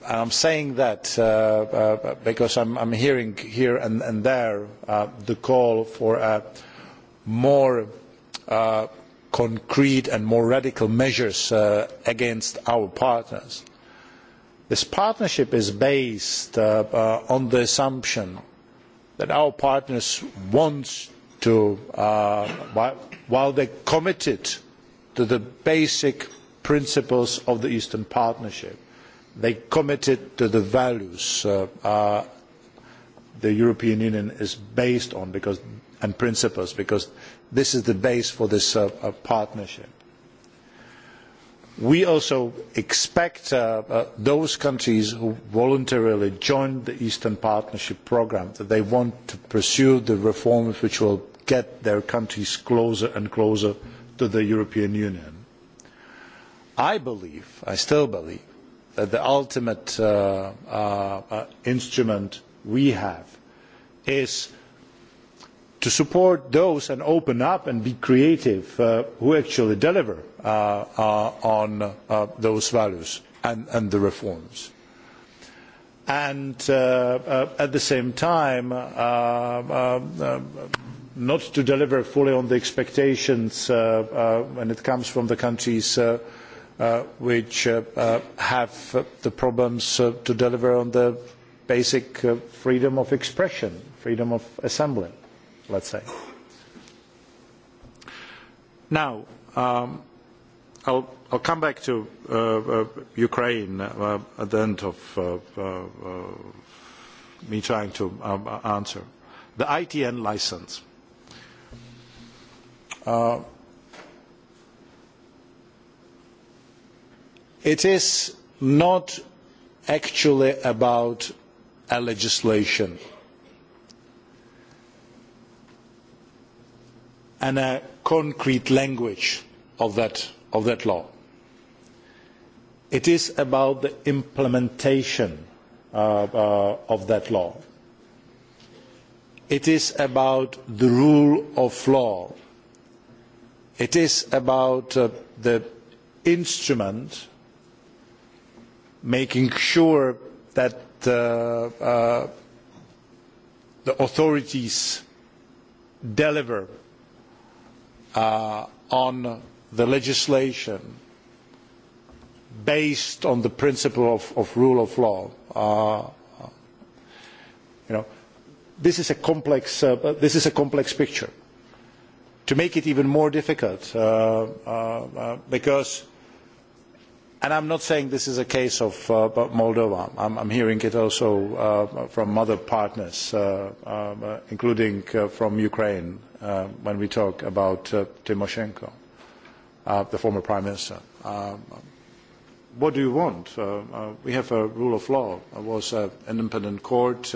am saying that because I am hearing here and there the call for a more concrete and more radical measures against our partners. This partnership is based on the assumption that our partners want to, while they committed to the basic principles of the Eastern Partnership, they committed to the values the European Union is based on and principles, because this is the base for this partnership we also expect those countries who voluntarily join the eastern partnership programme that they want to pursue the reforms which will get their countries closer and closer to the european union. i believe i still believe that the ultimate instrument we have is to support those and open up and be creative who actually deliver on those values and the reforms. And at the same time, not to deliver fully on the expectations when it comes from the countries which have the problems to deliver on the basic freedom of expression, freedom of assembly let's say. Now, um, I'll, I'll come back to uh, uh, Ukraine uh, at the end of uh, uh, me trying to um, answer. The ITN license. Uh, it is not actually about a legislation and a concrete language of that law. It is about the implementation of that law. It is about the rule of law. It is about the instrument making sure that the authorities deliver on the legislation based on the principle of, the rule of law. this is a complex. picture. To make it even more difficult, because, and I am not saying this is a case of Moldova. I am hearing it also from other partners, including from Ukraine when we talk about Tymoshenko, the former prime minister. what do you want? we have a rule of law. There was an independent court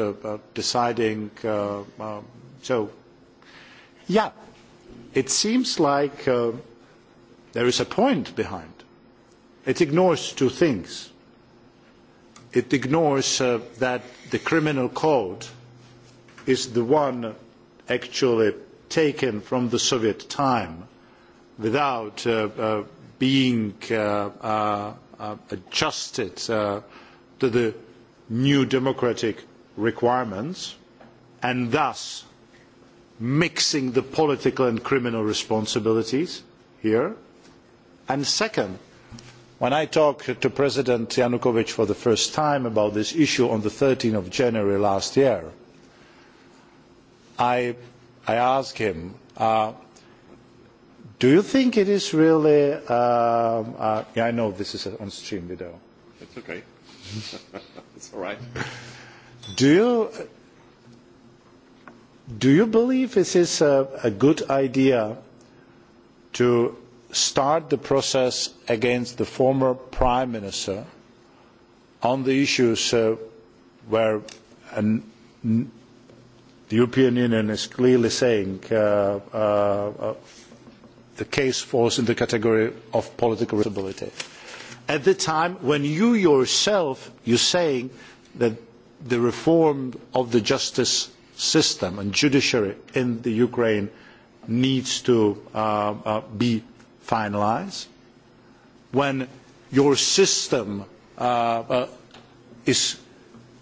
deciding. so, yeah, it seems like there is a point behind. It ignores two things. It ignores that the criminal code is the one actually taken from the Soviet time without being adjusted to the new democratic requirements and thus mixing the political and criminal responsibilities here. And second, when I talked to President Yanukovych for the first time about this issue on the of January last year, I I asked him, uh, do you think it is really, uh, uh, yeah, I know this is on-stream video. It's okay. it's all right. Do you, do you believe this is a, a good idea to start the process against the former prime minister on the issues where the European Union is clearly saying the case falls in the category of political responsibility. At the time when you yourself are saying that the reform of the justice system and judiciary in Ukraine needs to be finalised, when your system is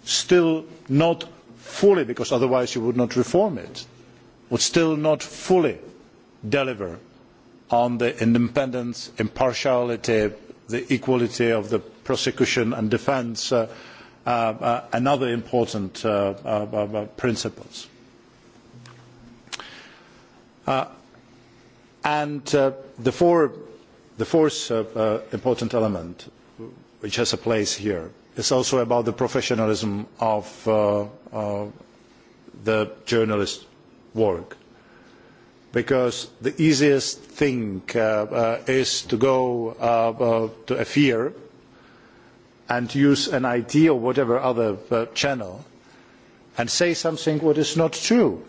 still not fully because otherwise you would not reform it would still not fully deliver on the independence impartiality the equality of the prosecution and defence and other important principles. the fourth important element which has a place here is also about the professionalism of the journalist work because the easiest thing is to go to a fear and use an idea or whatever other channel and say something that is not true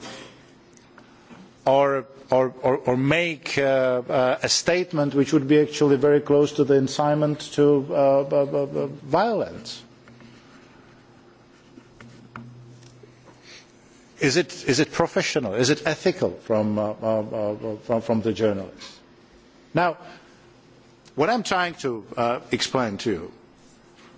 or, or, make a statement which would be actually very close to the incitement to violence. Is it, is it professional? Is it ethical from, the journalists? Now, what I'm trying to explain to you,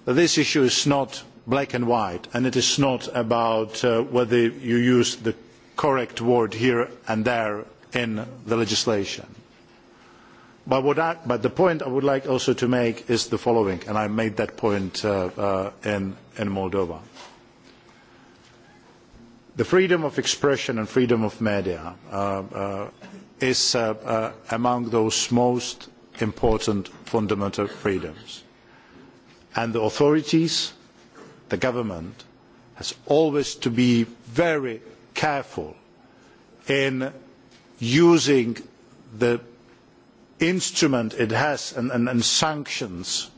that this issue is not black and white, and it is not about whether you use the correct word here and there in the legislation. But, the point I would like also to make is the following, and I made that point in, Moldova. The freedom of expression and freedom of media is among those most important fundamental freedoms. And the authorities, the government, has always to be very careful in using the instrument it has and, sanctions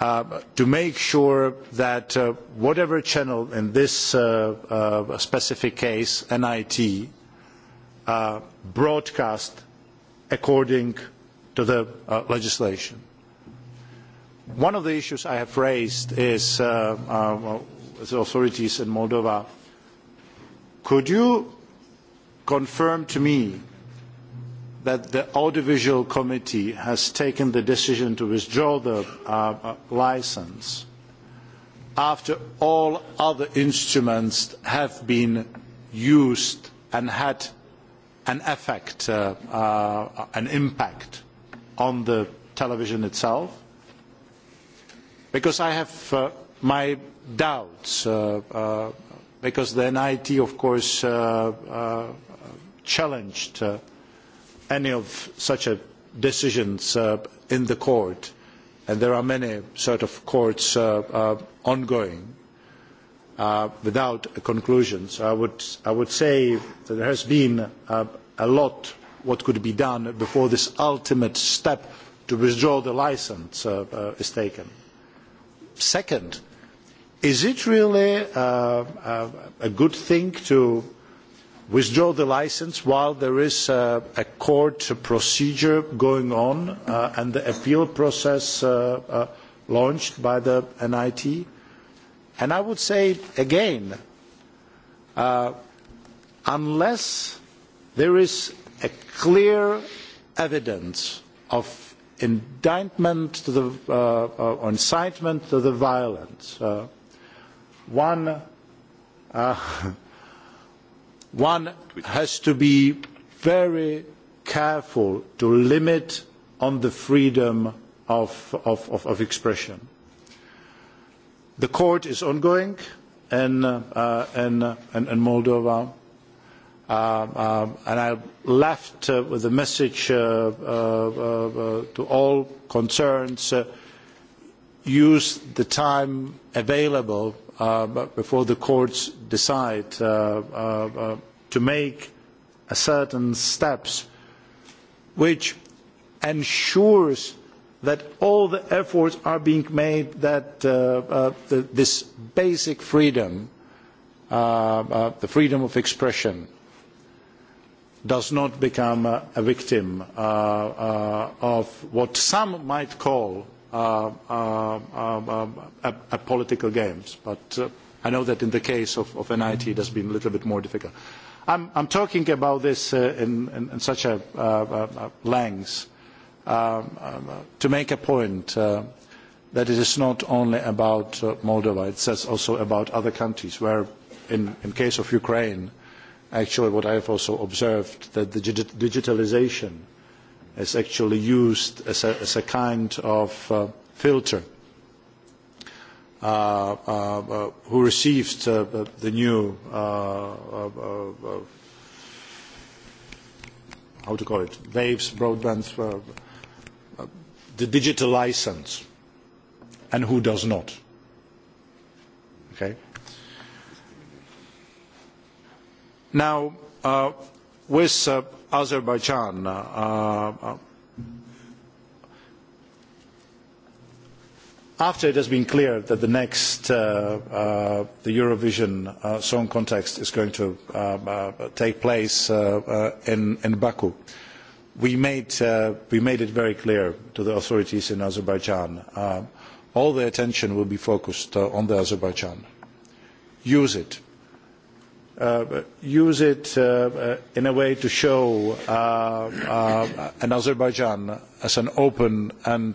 to make sure that whatever channel in this specific case, NIT, broadcast according to the legislation. One of the issues I have raised is the authorities in Moldova Could you confirm to me that the Audiovisual Committee has taken the decision to withdraw the licence after all other instruments have been used and had an effect, an impact on the television itself? Because I have my doubts because then IT, of course, challenged any of such decisions in the court, and there are many sort of courts ongoing without a conclusion. So I would say that there has been a lot what could be done before this ultimate step to withdraw the licence is taken. Second, Is it really a good thing to withdraw the licence while there is a court procedure going on and the appeal process launched by the NIT? And I would say again, unless there is a clear evidence of indictment or incitement to the violence, one has to be very careful to limit on the freedom of expression. The court is ongoing in Moldova, and I left with a message to all concerns: use the time available before the courts decide to make certain steps which ensure that all the efforts are being made that this basic freedom the freedom of expression does not become a victim of what some might call at political games. But I know that in the case of NIT it has been a little bit more difficult. I am talking about this in such a length to make a point that it is not only about Moldova, it is also about other countries where in the case of Ukraine, actually what I have also observed that the digitalisation is actually used as a, as a kind of filter who received the new uh, how to call it waves broadband the digital license and who does not okay now uh, with uh, Azerbaijan. after it has been clear that the next Eurovision Song Contest is going to take place in, Baku, we made, it very clear to the authorities in Azerbaijan that all the attention will be focused on Azerbaijan. Use it use it in a way to show Azerbaijan as an open and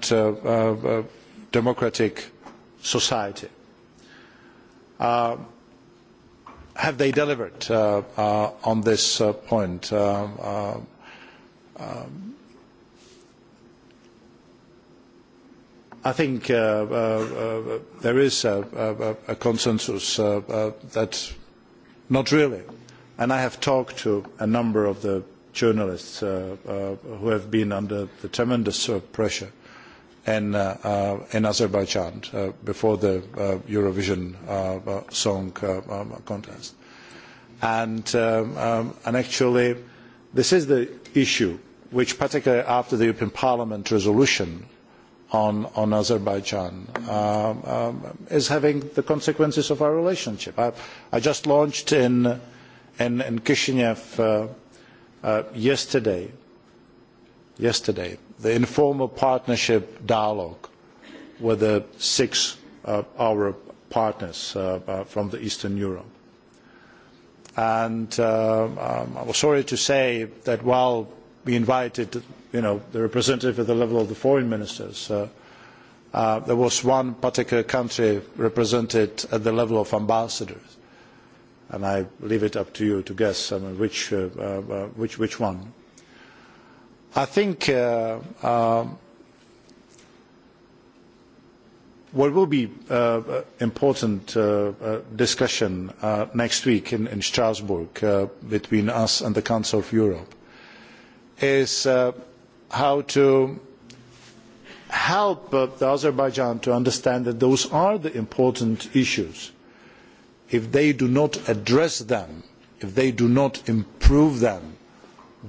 democratic society. have they delivered on this point? I think there is a consensus that Not really. And I have talked to a number of the journalists who have been under tremendous pressure in, Azerbaijan before the Eurovision Song Contest. And, actually, this is the issue which, particularly after the European Parliament resolution on, Azerbaijan is having the consequences of our relationship. I, I just launched in, in, in Kishinev yesterday, yesterday the informal partnership dialogue with the six of our partners from the Eastern Europe. And I was sorry to say that while we invited you know, the representative at the level of the foreign ministers. there was one particular country represented at the level of ambassadors. And I leave it up to you to guess I mean, which, uh, uh, which, which one. I think uh, what will be an important discussion next week in, Strasbourg between us and the Council of Europe is how to help Azerbaijan to understand that those are the important issues. If they do not address them, if they do not improve them,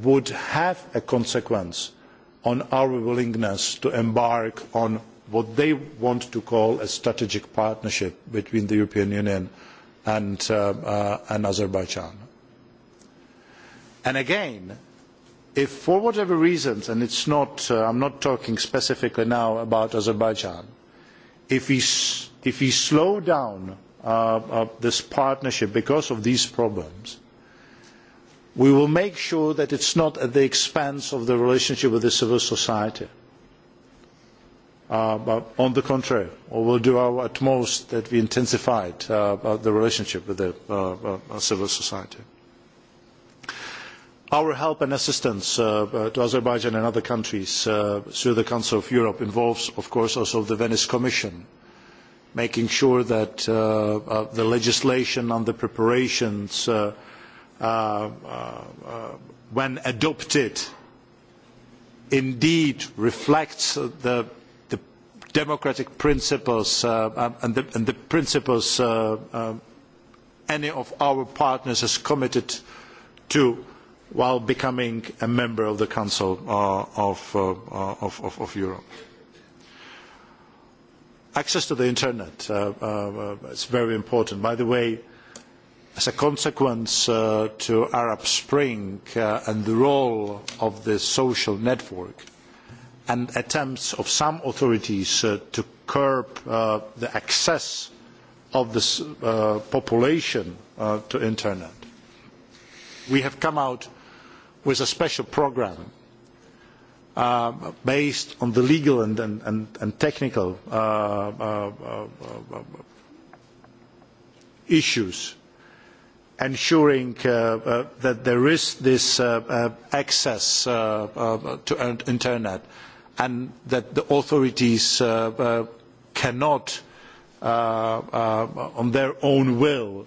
would have a consequence on our willingness to embark on what they want to call a strategic partnership between the European Union and, Azerbaijan. And again, if for whatever reasons, and i not, not talking specifically now about Azerbaijan, if we, slow down this partnership because of these problems, we will make sure that it is not at the expense of the relationship with civil society. on the contrary, we will do our utmost that we intensify the relationship with civil society our help and assistance to azerbaijan and other countries through the council of europe involves of course also the venice commission making sure that the legislation and the preparations when adopted indeed reflects the democratic principles and the principles any of our partners has committed to while becoming a member of the Council of, Europe. Access to the Internet is very important. By the way, as a consequence of to Arab Spring and the role of the social network and attempts of some authorities to curb the access of the population to the Internet, we have come out with a special programme based on the legal and, and, and technical issues, ensuring that there is this access to internet and that the authorities cannot, on their own will,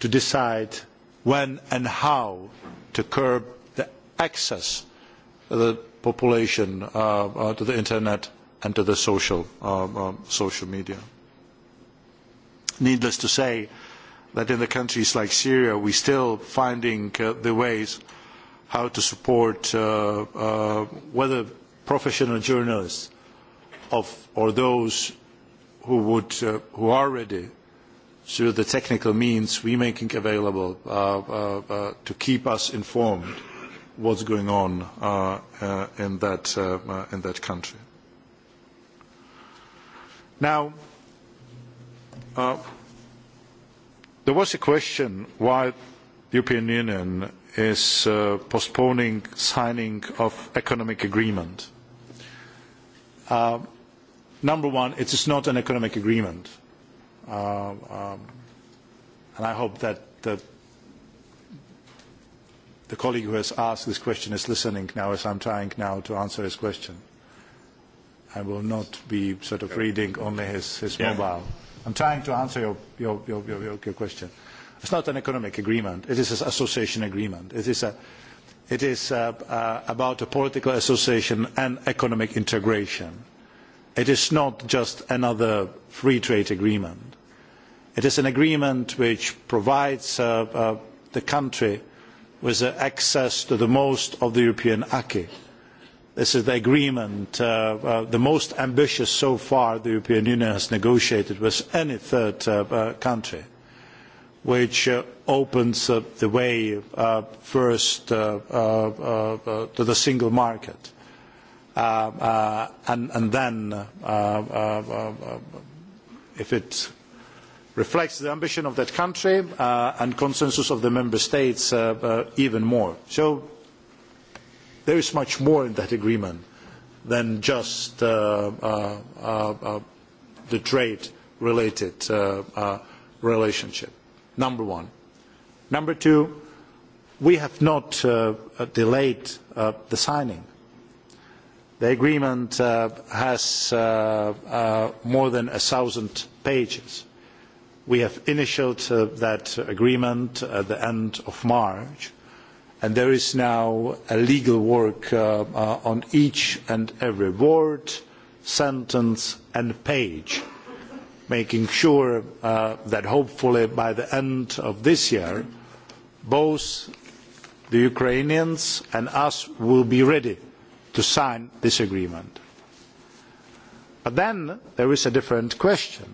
to decide when and how to curb access the population to the internet and to the social, media. Needless to say that in the countries like Syria, we are still finding the ways how to support whether professional journalists or those who, would, who are ready through the technical means we are making available to keep us informed what's going on uh, uh, in, that, uh, uh, in that country. Now, there was a question why the European Union is uh, postponing signing of economic agreement. number one, it is not an economic agreement. and I hope that, that the colleague who has asked this question is listening now as I'm trying now to answer his question. I will not be sort of reading only his, his yeah. mobile. I'm trying to answer your, your, your, your, your question. It's not an economic agreement. It is an association agreement. It is, a, it is a, a, about a political association and economic integration. It is not just another free trade agreement. It is an agreement which provides uh, uh, the country with access to the most of the European acquis. This is the agreement, the most ambitious so far the European Union has negotiated with any third country, which opens the way first to the single market and then, if it reflects the ambition of that country and consensus of the member states even more. So there is much more in that agreement than just the trade-related relationship, number one. Number two, we have not delayed the signing. The agreement has more than a thousand pages we have initialled that agreement at the end of March, and there is now a legal work on each and every word, sentence, and page, making sure that hopefully by the end of this year, both the Ukrainians and us will be ready to sign this agreement. But then there is a different question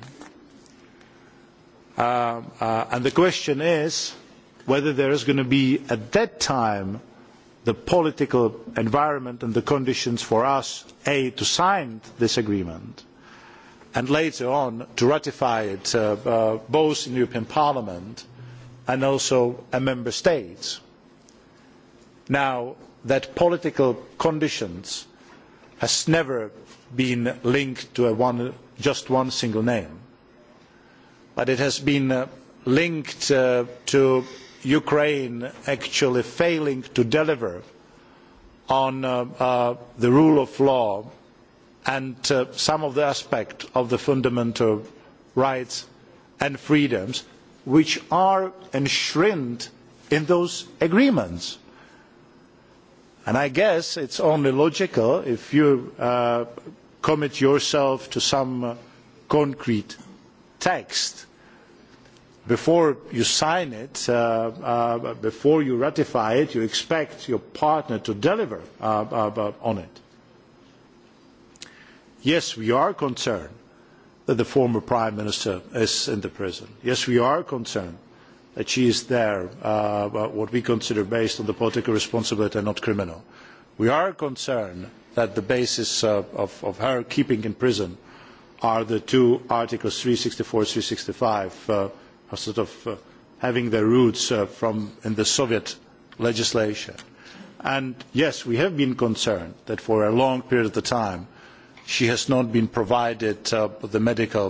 and the question is whether there is going to be at that time the political environment and the conditions for us to sign this agreement and later on to ratify it both in the european parliament and also in member states. now that political conditions has never been linked to just one single name but it has been linked to ukraine actually failing to deliver on the rule of law and some of the aspects of the fundamental rights and freedoms which are enshrined in those agreements. i guess it is only logical if you commit yourself to some concrete text before you sign it, before you ratify it, you expect your partner to deliver on it. Yes, we are concerned that the former Prime Minister is in the prison. Yes, we are concerned that she is there, what we consider based on the political responsibility and not criminal. We are concerned that the basis of her keeping in prison are the two articles three hundred and sixty four and three hundred and sixty five are sort of having their roots in the Soviet legislation. And yes, we have been concerned that for a long period of time she has not been provided the medical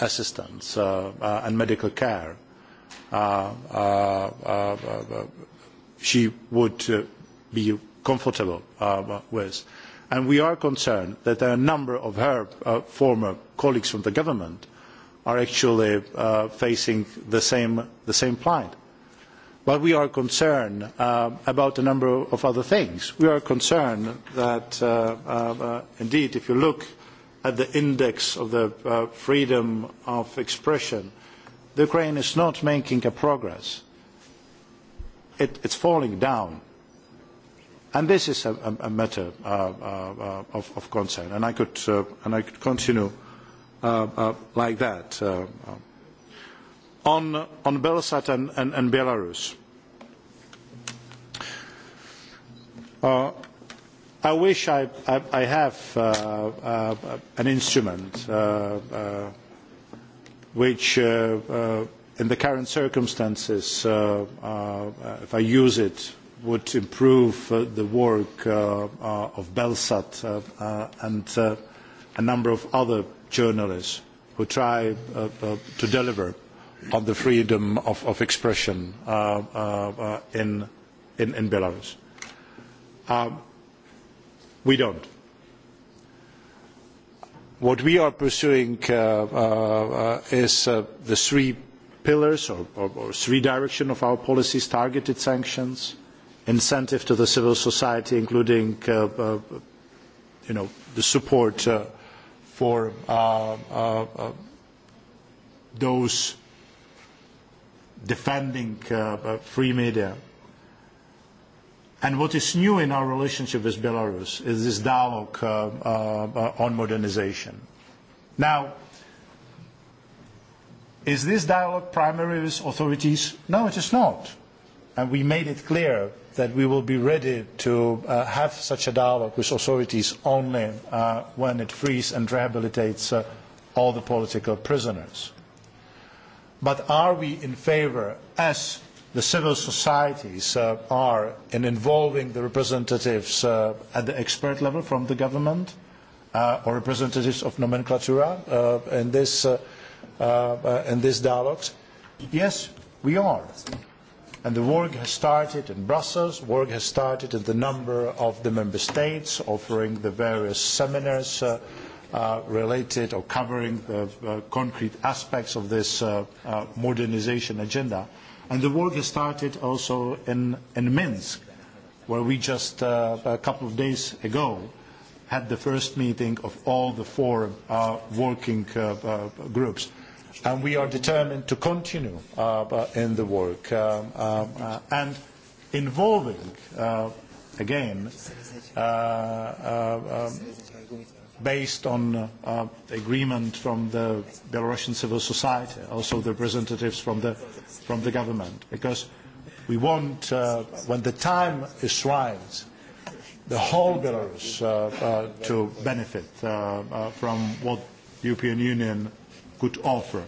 assistance and medical care she would be comfortable with. And we are concerned that there are a number of her former colleagues from the government are actually facing the same plight. But we are concerned about a number of other things. We are concerned that, indeed, if you look at the index of the freedom of expression, Ukraine is not making a progress. It, is falling down. And this is a, matter of, concern. And I could, continue like that. On Belsat and Belarus, I wish I have an instrument which, in the current circumstances, if I use it, would improve the work of Belsat and a number of other journalists who try to deliver on the freedom of, expression in, Belarus. we don't. What we are pursuing is the three pillars or, or, three directions of our policies, targeted sanctions, incentive to the civil society, including you know, the support for those defending free media. And what is new in our relationship with Belarus is this dialogue on modernization. Now, is this dialogue primary with authorities? No, it is not. And we made it clear that we will be ready to have such a dialogue with authorities only when it frees and rehabilitates all the political prisoners. But are we in favour, as the civil societies are, in involving the representatives at the expert level from the government or representatives of nomenclatura in, this, in these dialogues? Yes, we are And the work has started in Brussels, work has started in the number of the member states offering the various seminars related or covering the concrete aspects of this modernisation agenda. And the work has started also in, in Minsk, where we just a couple of days ago had the first meeting of all the four working groups and we are determined to continue in the work and involving again based on agreement from the Belarusian civil society, also the representatives from the from the government, because we want when the time is right the whole Belarus to benefit from what the European Union could offer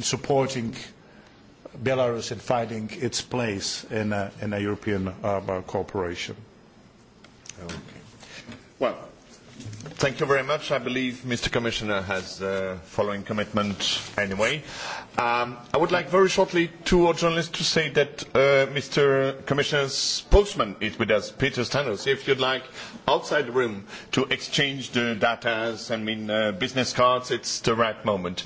supporting Belarus in finding its place in a, European cooperation. Well, Thank you very much. I believe Mr. Commissioner has the following commitment anyway. Um, I would like very shortly to our journalists to say that uh, Mr. Commissioner's spokesman is with us, Peter Stanos. If you'd like, outside the room, to exchange the data, I mean, uh, business cards, it's the right moment.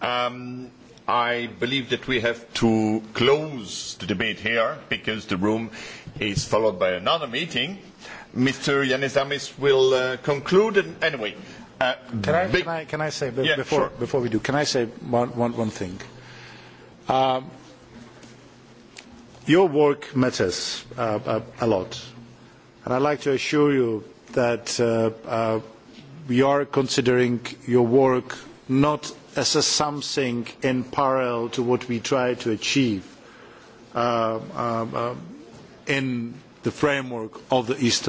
Um, I believe that we have to close the debate here because the room is followed by another meeting. Mr. Yanis will conclude. anyway, can, I, can, I, say yeah, before sure. before we do? Can I say one, one, thing? your work matters a lot, and I'd like to assure you that we are considering your work not as a something in parallel to what we try to achieve in the framework of the Eastern.